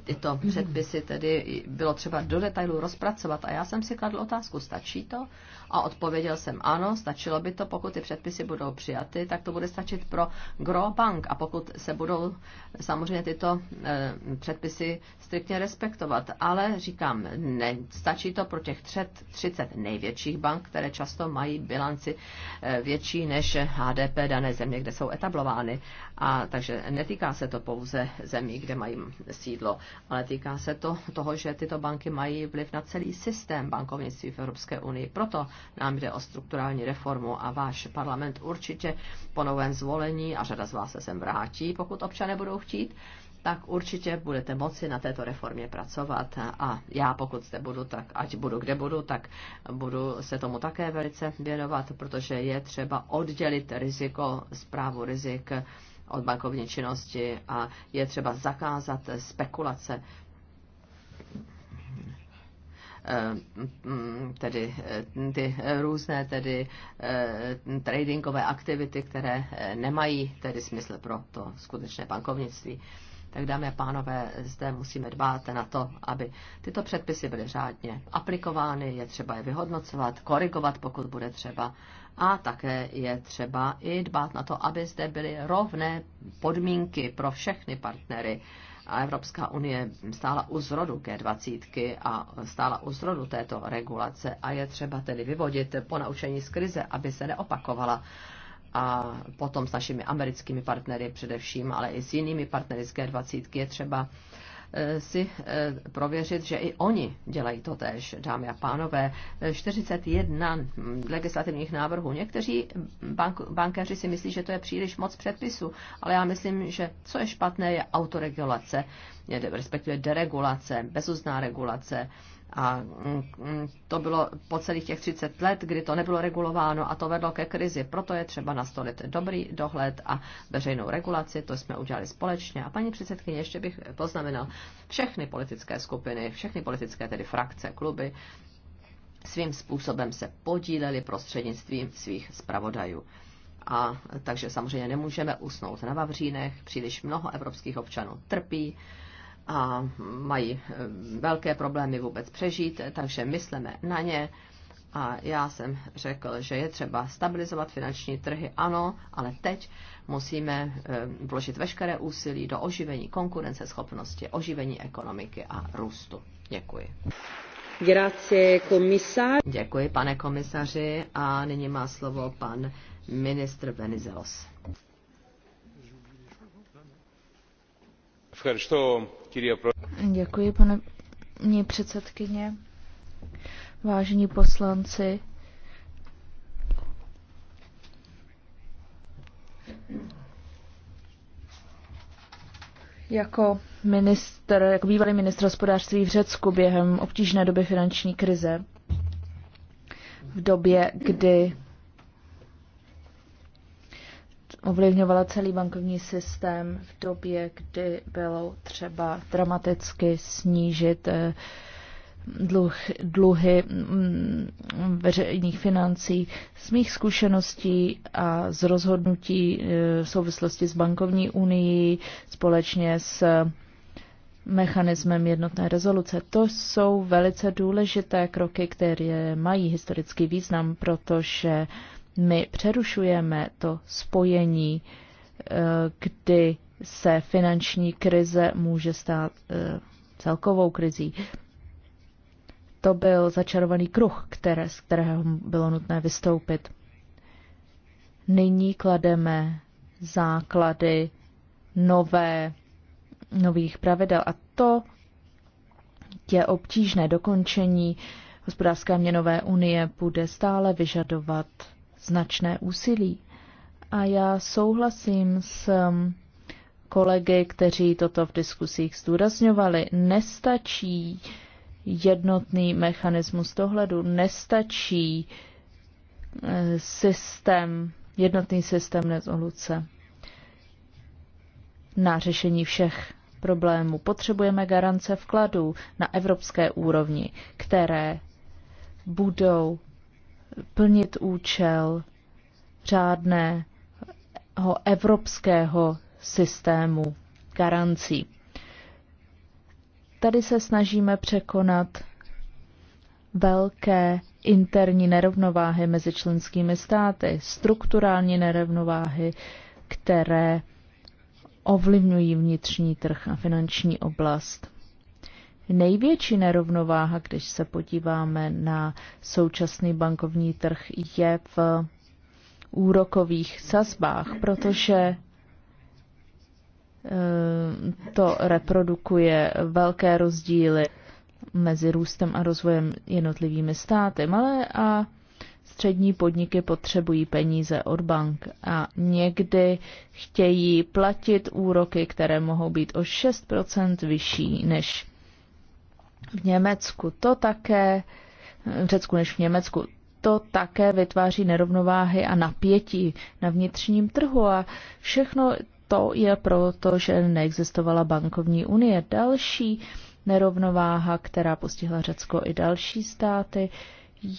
A: tyto předpisy tedy bylo třeba do detailu rozpracovat. A já jsem si kladl otázku, stačí to? A odpověděl jsem ano, stačilo by to, pokud ty předpisy budou přijaty, tak to bude stačit pro Gro Bank. A pokud se budou samozřejmě tyto e, předpisy striktně respektovat. Ale říkám, ne, stačí to pro těch 30 největších bank, které často mají bilanci eh, větší než HDP dané země, kde jsou etablovány. A takže netýká se to pouze zemí, kde mají sídlo, ale týká se to toho, že tyto banky mají vliv na celý systém bankovnictví v Evropské unii. Proto nám jde o strukturální reformu a váš parlament určitě po novém zvolení, a řada z vás se sem vrátí, pokud občané budou chtít, tak určitě budete moci na této reformě pracovat. A já, pokud zde budu, tak ať budu kde budu, tak budu se tomu také velice věnovat, protože je třeba oddělit riziko, zprávu rizik od bankovní činnosti a je třeba zakázat spekulace Eh, tedy eh, ty různé tedy eh, tradingové aktivity, které nemají tedy smysl pro to skutečné bankovnictví. Tak dámy a pánové, zde musíme dbát na to, aby tyto předpisy byly řádně aplikovány, je třeba je vyhodnocovat, korigovat, pokud bude třeba. A také je třeba i dbát na to, aby zde byly rovné podmínky pro všechny partnery a Evropská unie stála u zrodu G20 a stála u zrodu této regulace a je třeba tedy vyvodit po naučení z krize, aby se neopakovala a potom s našimi americkými partnery především, ale i s jinými partnery z G20 je třeba uh, Eh, si eh, prověřit, že i oni dělají to tež, dámy a pánové. 41 hm, legislativních návrhů. Někteří bank, bankéři si myslí, že to je příliš moc předpisů, ale já myslím, že co je špatné, je autoregulace, respektive deregulace, bezuzná regulace a mm, mm, to bylo po celých těch 30 let, kdy to nebylo regulováno a to vedlo ke krizi. Proto je třeba nastolit dobrý dohled a veřejnou regulaci. To jsme udělali společně. A paní předsedkyně, ještě bych poznamenal všechny politické skupiny, všechny politické tedy frakce, kluby, svým způsobem se podíleli prostřednictvím svých zpravodajů. A takže samozřejmě nemůžeme usnout na Vavřínech, příliš mnoho evropských občanů trpí, a mají eh, velké problémy vůbec přežít, takže myslíme na ně. A já jsem řekl, že je třeba stabilizovat finanční trhy, ano, ale teď musíme eh, vložit veškeré úsilí do oživení konkurenceschopnosti, oživení ekonomiky a růstu. Děkuji. Grazie, Děkuji, pane komisaři. A nyní má slovo pan ministr Venizelos.
D: Děkuji, pane předsedkyně. Vážení poslanci, jako minister, jako bývalý ministr hospodářství v Řecku během obtížné doby finanční krize, v době, kdy ovlivňovala celý bankovní systém v době, kdy bylo třeba dramaticky snížit eh, dluh, dluhy mm, veřejných financí. Z mých zkušeností a z rozhodnutí eh, v souvislosti s bankovní unii společně s mechanismem jednotné rezoluce. To jsou velice důležité kroky, které mají historický význam, protože uh, my přerušujeme to spojení, eh, kdy se finanční krize může stát eh, celkovou krizí. To byl začarovaný kruh, které, z kterého bylo nutné vystoupit. Nyní klademe základy nové, nových pravidel a to je obtížné dokončení hospodářské měnové unie bude stále vyžadovat značné úsilí. A já souhlasím s um, kolegy, kteří toto v diskusích zdůrazňovali. Nestačí jednotný mechanismus dohledu, nestačí eh, systém, jednotný systém rezoluce na řešení všech problémů. Potřebujeme garance vkladů na evropské úrovni, které budou plnit účel řádného evropského systému garancí. Tady se snažíme překonat velké interní nerovnováhy mezi členskými státy, strukturální nerovnováhy, které ovlivňují vnitřní trh a finanční oblast největší nerovnováha, když se podíváme na současný bankovní trh, je v úrokových sazbách, protože eh, to reprodukuje velké rozdíly mezi růstem a rozvojem jednotlivými státy. Malé a střední podniky potřebují peníze od bank a někdy chtějí platit úroky, které mohou být o 6 vyšší než v Německu. To také, v Řecku než v Německu, to také vytváří nerovnováhy a napětí na vnitřním trhu a všechno to je proto, že neexistovala bankovní unie. Další nerovnováha, která postihla Řecko i další státy,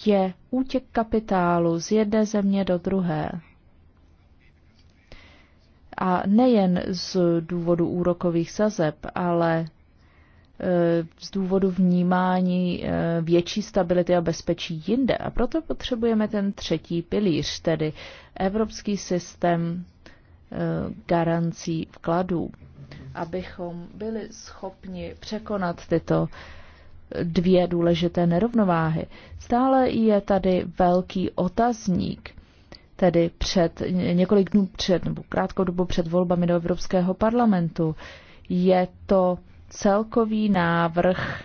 D: je útěk kapitálu z jedné země do druhé. A nejen z důvodu úrokových sazeb, ale Eh, z důvodu vnímání eh, větší stability a bezpečí jinde. A proto potřebujeme ten třetí pilíř, tedy evropský systém eh, garancí vkladů, abychom byli schopni překonat tyto dvě důležité nerovnováhy. Stále je tady velký otazník, tedy před několik dnů před, nebo krátkou dobu před volbami do Evropského parlamentu. Je to celkový návrh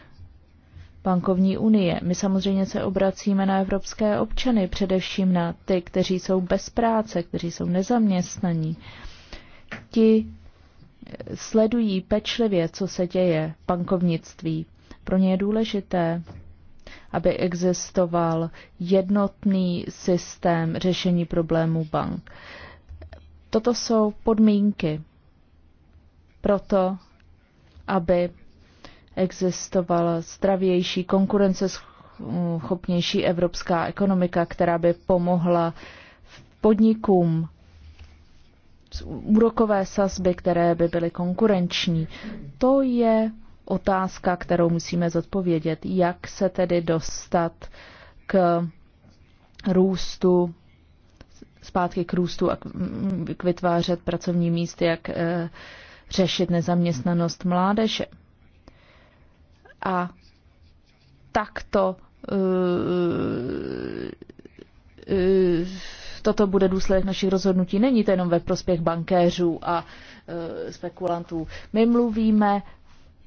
D: bankovní unie. My samozřejmě se obracíme na evropské občany, především na ty, kteří jsou bez práce, kteří jsou nezaměstnaní. Ti sledují pečlivě, co se děje v bankovnictví. Pro ně je důležité, aby existoval jednotný systém řešení problémů bank. Toto jsou podmínky pro to, aby existovala zdravější, konkurenceschopnější evropská ekonomika, která by pomohla podnikům úrokové sazby, které by byly konkurenční. To je otázka, kterou musíme zodpovědět. Jak se tedy dostat k růstu, zpátky k růstu a k mm, vytvářet pracovní míst, jak eh, řešit nezaměstnanost mládeže. A takto eh, eh, toto bude důsledek našich rozhodnutí. Není to jenom ve prospěch bankéřů a eh, spekulantů. My mluvíme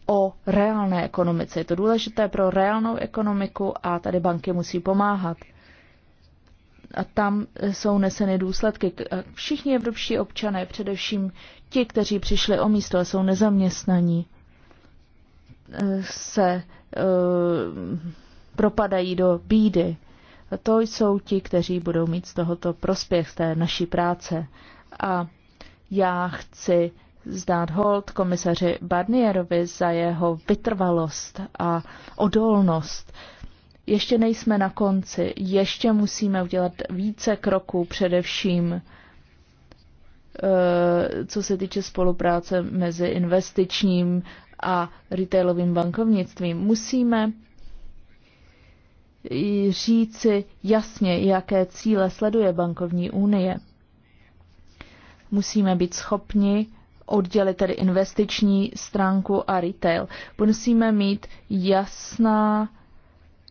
D: o reálné ekonomice. Je to důležité pro reálnou ekonomiku a tady banky musí pomáhat a tam jsou neseny důsledky. Všichni evropští občané, především ti, kteří přišli o místo a jsou nezaměstnaní, e, se e, propadají do bídy. A to jsou ti, kteří budou mít z tohoto prospěch, z té naší práce. A já chci zdát hold komisaři Barnierovi za jeho vytrvalost a odolnost. E, ještě nejsme na konci, ještě musíme udělat více kroků, především eh, co se týče spolupráce mezi investičním a retailovým bankovnictvím. Musíme říci jasně, jaké cíle sleduje bankovní unie. Musíme být schopni oddělit tedy investiční stránku a retail. Musíme mít jasná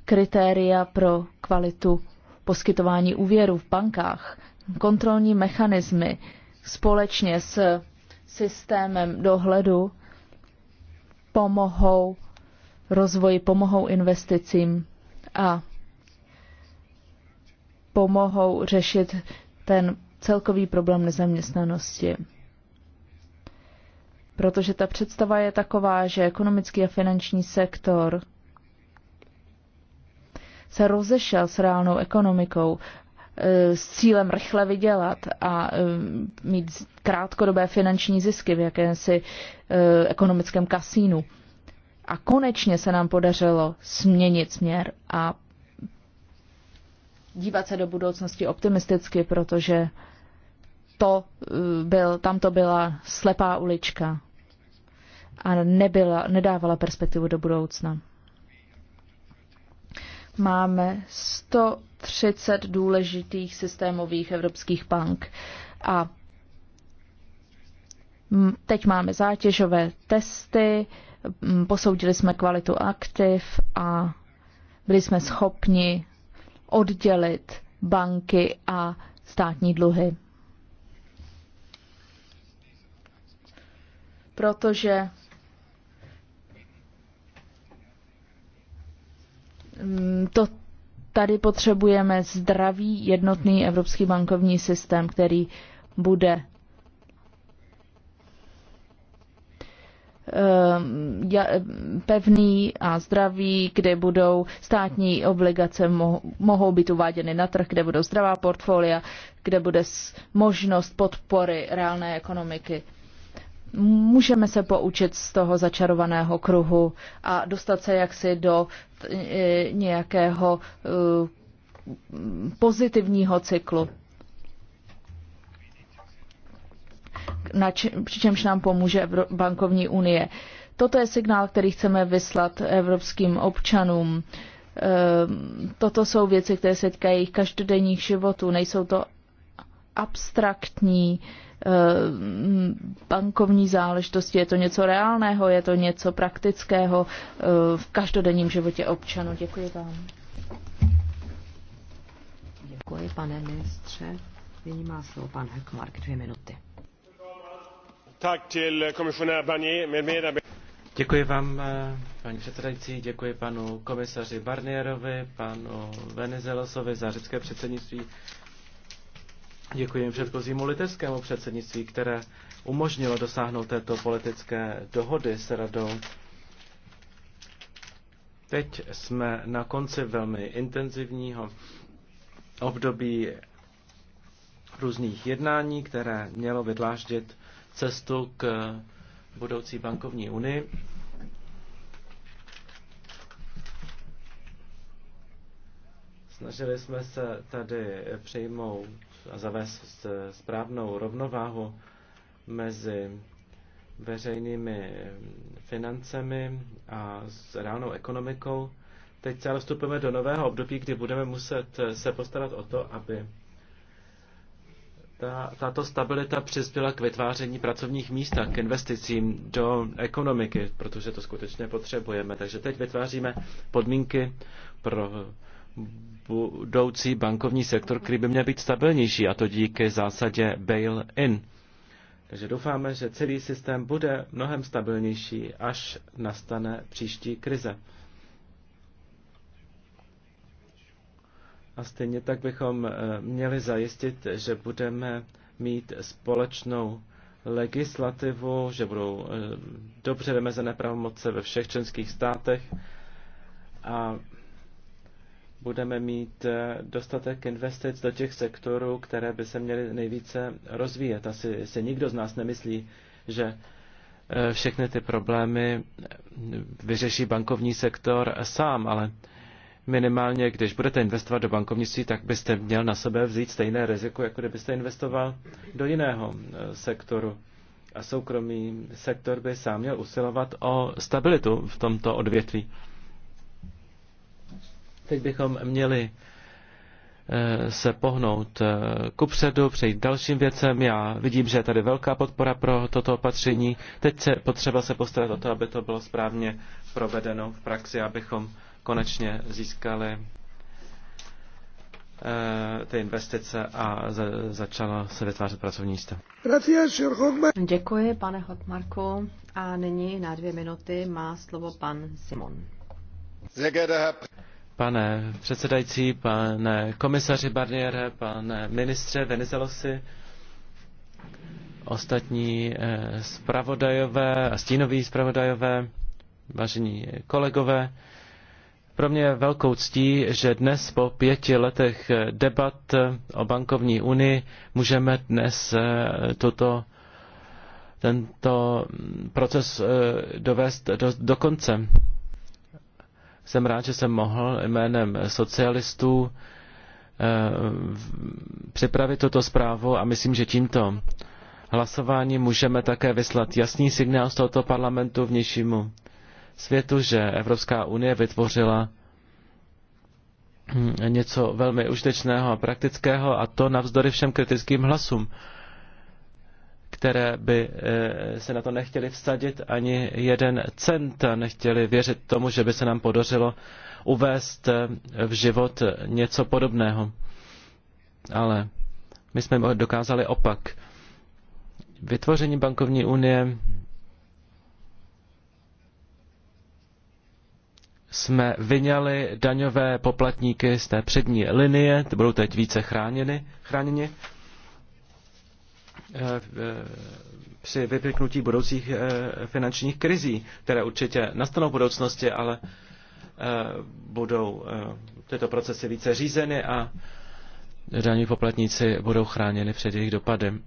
D: kritéria pro kvalitu poskytování úvěru v bankách, kontrolní mechanismy společně s systémem dohledu pomohou rozvoji, pomohou investicím a pomohou řešit ten celkový problém nezaměstnanosti. Protože ta představa je taková, že ekonomický a finanční sektor se rozešel s reálnou ekonomikou e, s cílem rychle vydělat a e, mít krátkodobé finanční zisky v jakémsi e, ekonomickém kasínu. A konečně se nám podařilo změnit směr a dívat se do budoucnosti optimisticky, protože to byl, tam to byla slepá ulička a nebyla, nedávala perspektivu do budoucna máme 130 důležitých systémových evropských bank a teď máme zátěžové testy, posoudili jsme kvalitu aktiv a byli jsme schopni oddělit banky a státní dluhy. Protože Mm, to tady potřebujeme zdravý jednotný evropský bankovní systém, který bude ehm, pevný a zdravý, kde budou státní obligace, mohou být uváděny na trh, kde budou zdravá portfolia, kde bude možnost podpory reálné ekonomiky můžeme se poučit z toho začarovaného kruhu a dostat se jaksi do e, nějakého e, pozitivního cyklu. Na či, přičemž nám pomůže bankovní unie. Toto je signál, který chceme vyslat evropským občanům. E, toto jsou věci, které se týkají každodenních životů. Nejsou to abstraktní eh, bankovní záležitosti, je to něco reálného, je to něco praktického eh, v každodenním životě občanů. Děkuji vám. Děkuji, pane ministře.
A: Nyní má slovo pan Hekmark, dvě minuty.
C: Děkuji vám, eh, paní předsedající, děkuji panu komisaři Barnierovi, panu Venizelosovi za řecké předsednictví Děkuji předchozímu litevskému předsednictví, které umožnilo dosáhnout této politické dohody s radou. Teď jsme na konci velmi intenzivního období různých jednání, které mělo vydláždit cestu k budoucí bankovní unii. Snažili jsme se tady přijmout a zavést správnou rovnováhu mezi veřejnými financemi a s reálnou ekonomikou. Teď se vstupujeme do nového období, kdy budeme muset se postarat o to, aby ta, tato stabilita přispěla k vytváření pracovních míst a k investicím do ekonomiky, protože to skutečně potřebujeme. Takže teď vytváříme podmínky pro budoucí bankovní sektor, který by měl být stabilnější, a to díky zásadě bail-in. Takže doufáme, že celý systém bude mnohem stabilnější, až nastane příští krize. A stejně tak bychom eh, měli zajistit, že budeme mít společnou legislativu, že budou eh, dobře vymezené pravomoce ve všech členských státech a budeme mít eh, dostatek investic do těch sektorů, které by se měly nejvíce rozvíjet. Asi si nikdo z nás nemyslí, že eh, všechny ty problémy eh, vyřeší bankovní sektor sám, ale minimálně, když budete investovat do bankovnictví, tak byste měl na sebe vzít stejné riziko, jako kdybyste investoval do jiného sektoru. A soukromý sektor by sám měl usilovat o stabilitu v tomto odvětví. Teď bychom měli eh, se pohnout eh, kupředu, přejít dalším věcem. Já vidím, že je tady velká podpora pro toto opatření. Teď se potřeba se postarat o to, aby to bylo správně provedeno v praxi, abychom konečně získali eh, ty investice a za, začala se vytvářet pracovní místa.
A: Děkuji, pane Hotmarku. A nyní na dvě minuty má slovo pan Simon.
C: Pane předsedající, pane komisaři Barniere, pane ministře Venizelosi, ostatní spravodajové eh, a stínoví spravodajové, vážení kolegové. Pro mě je velkou ctí, že dnes po pěti letech eh, debat eh, o bankovní unii můžeme dnes tuto, tento mm, proces dovést do, do konce. Jsem rád, že jsem mohl jménem socialistů eh, připravit tuto zprávu a myslím, že tímto hlasování můžeme také vyslat jasný signál z tohoto parlamentu vnějšímu světu, že Evropská unie vytvořila hm, něco velmi užitečného a praktického a to navzdory všem kritickým hlasům které by eh, se na to nechtěli vsadit ani jeden cent a nechtěli věřit tomu, že by se nám podařilo uvést eh, v život něco podobného. Ale my jsme dokázali opak. Vytvoření bankovní unie jsme vyňali daňové poplatníky z té přední linie, ty budou teď více chráněny, chráněny Eh, při vypěknutí budoucích eh, finančních krizí, které určitě nastanou v budoucnosti, ale eh, budou tyto procesy více řízeny a daní poplatníci budou chráněni před jejich dopadem.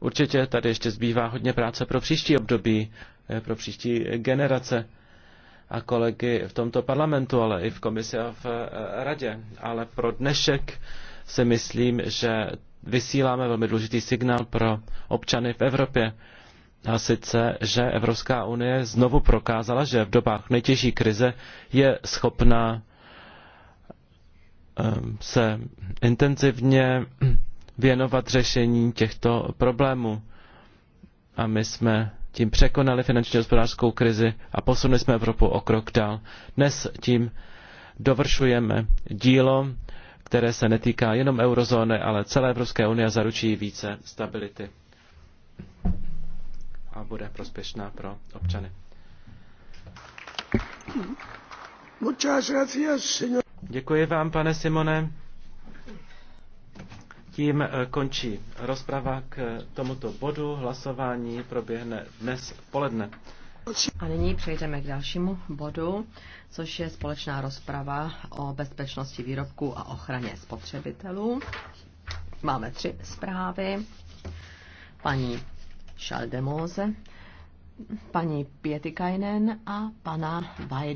C: Určitě tady ještě zbývá hodně práce pro příští období, pro příští generace a kolegy v tomto parlamentu, ale i v komisi a v radě. Ale pro dnešek si myslím, že vysíláme velmi důležitý signál pro občany v Evropě. A sice, že Evropská unie znovu prokázala, že v dobách nejtěžší krize je schopná ehm, se intenzivně věnovat řešení těchto problémů. A my jsme tím překonali finanční hospodářskou krizi a posunuli jsme Evropu o krok dál. Dnes tím dovršujeme dílo které se netýká jenom eurozóny, ale celé Evropské unie zaručí více stability a bude prospěšná pro občany. Děkuji vám, pane Simone. Tím eh, končí rozprava k tomuto bodu. Hlasování proběhne dnes v poledne.
A: A nyní přejdeme k dalšímu bodu což je společná rozprava o bezpečnosti výrobků a ochraně spotřebitelů. Máme tři zprávy. Paní Šaldemose, paní Pietikainen a pana Bajda.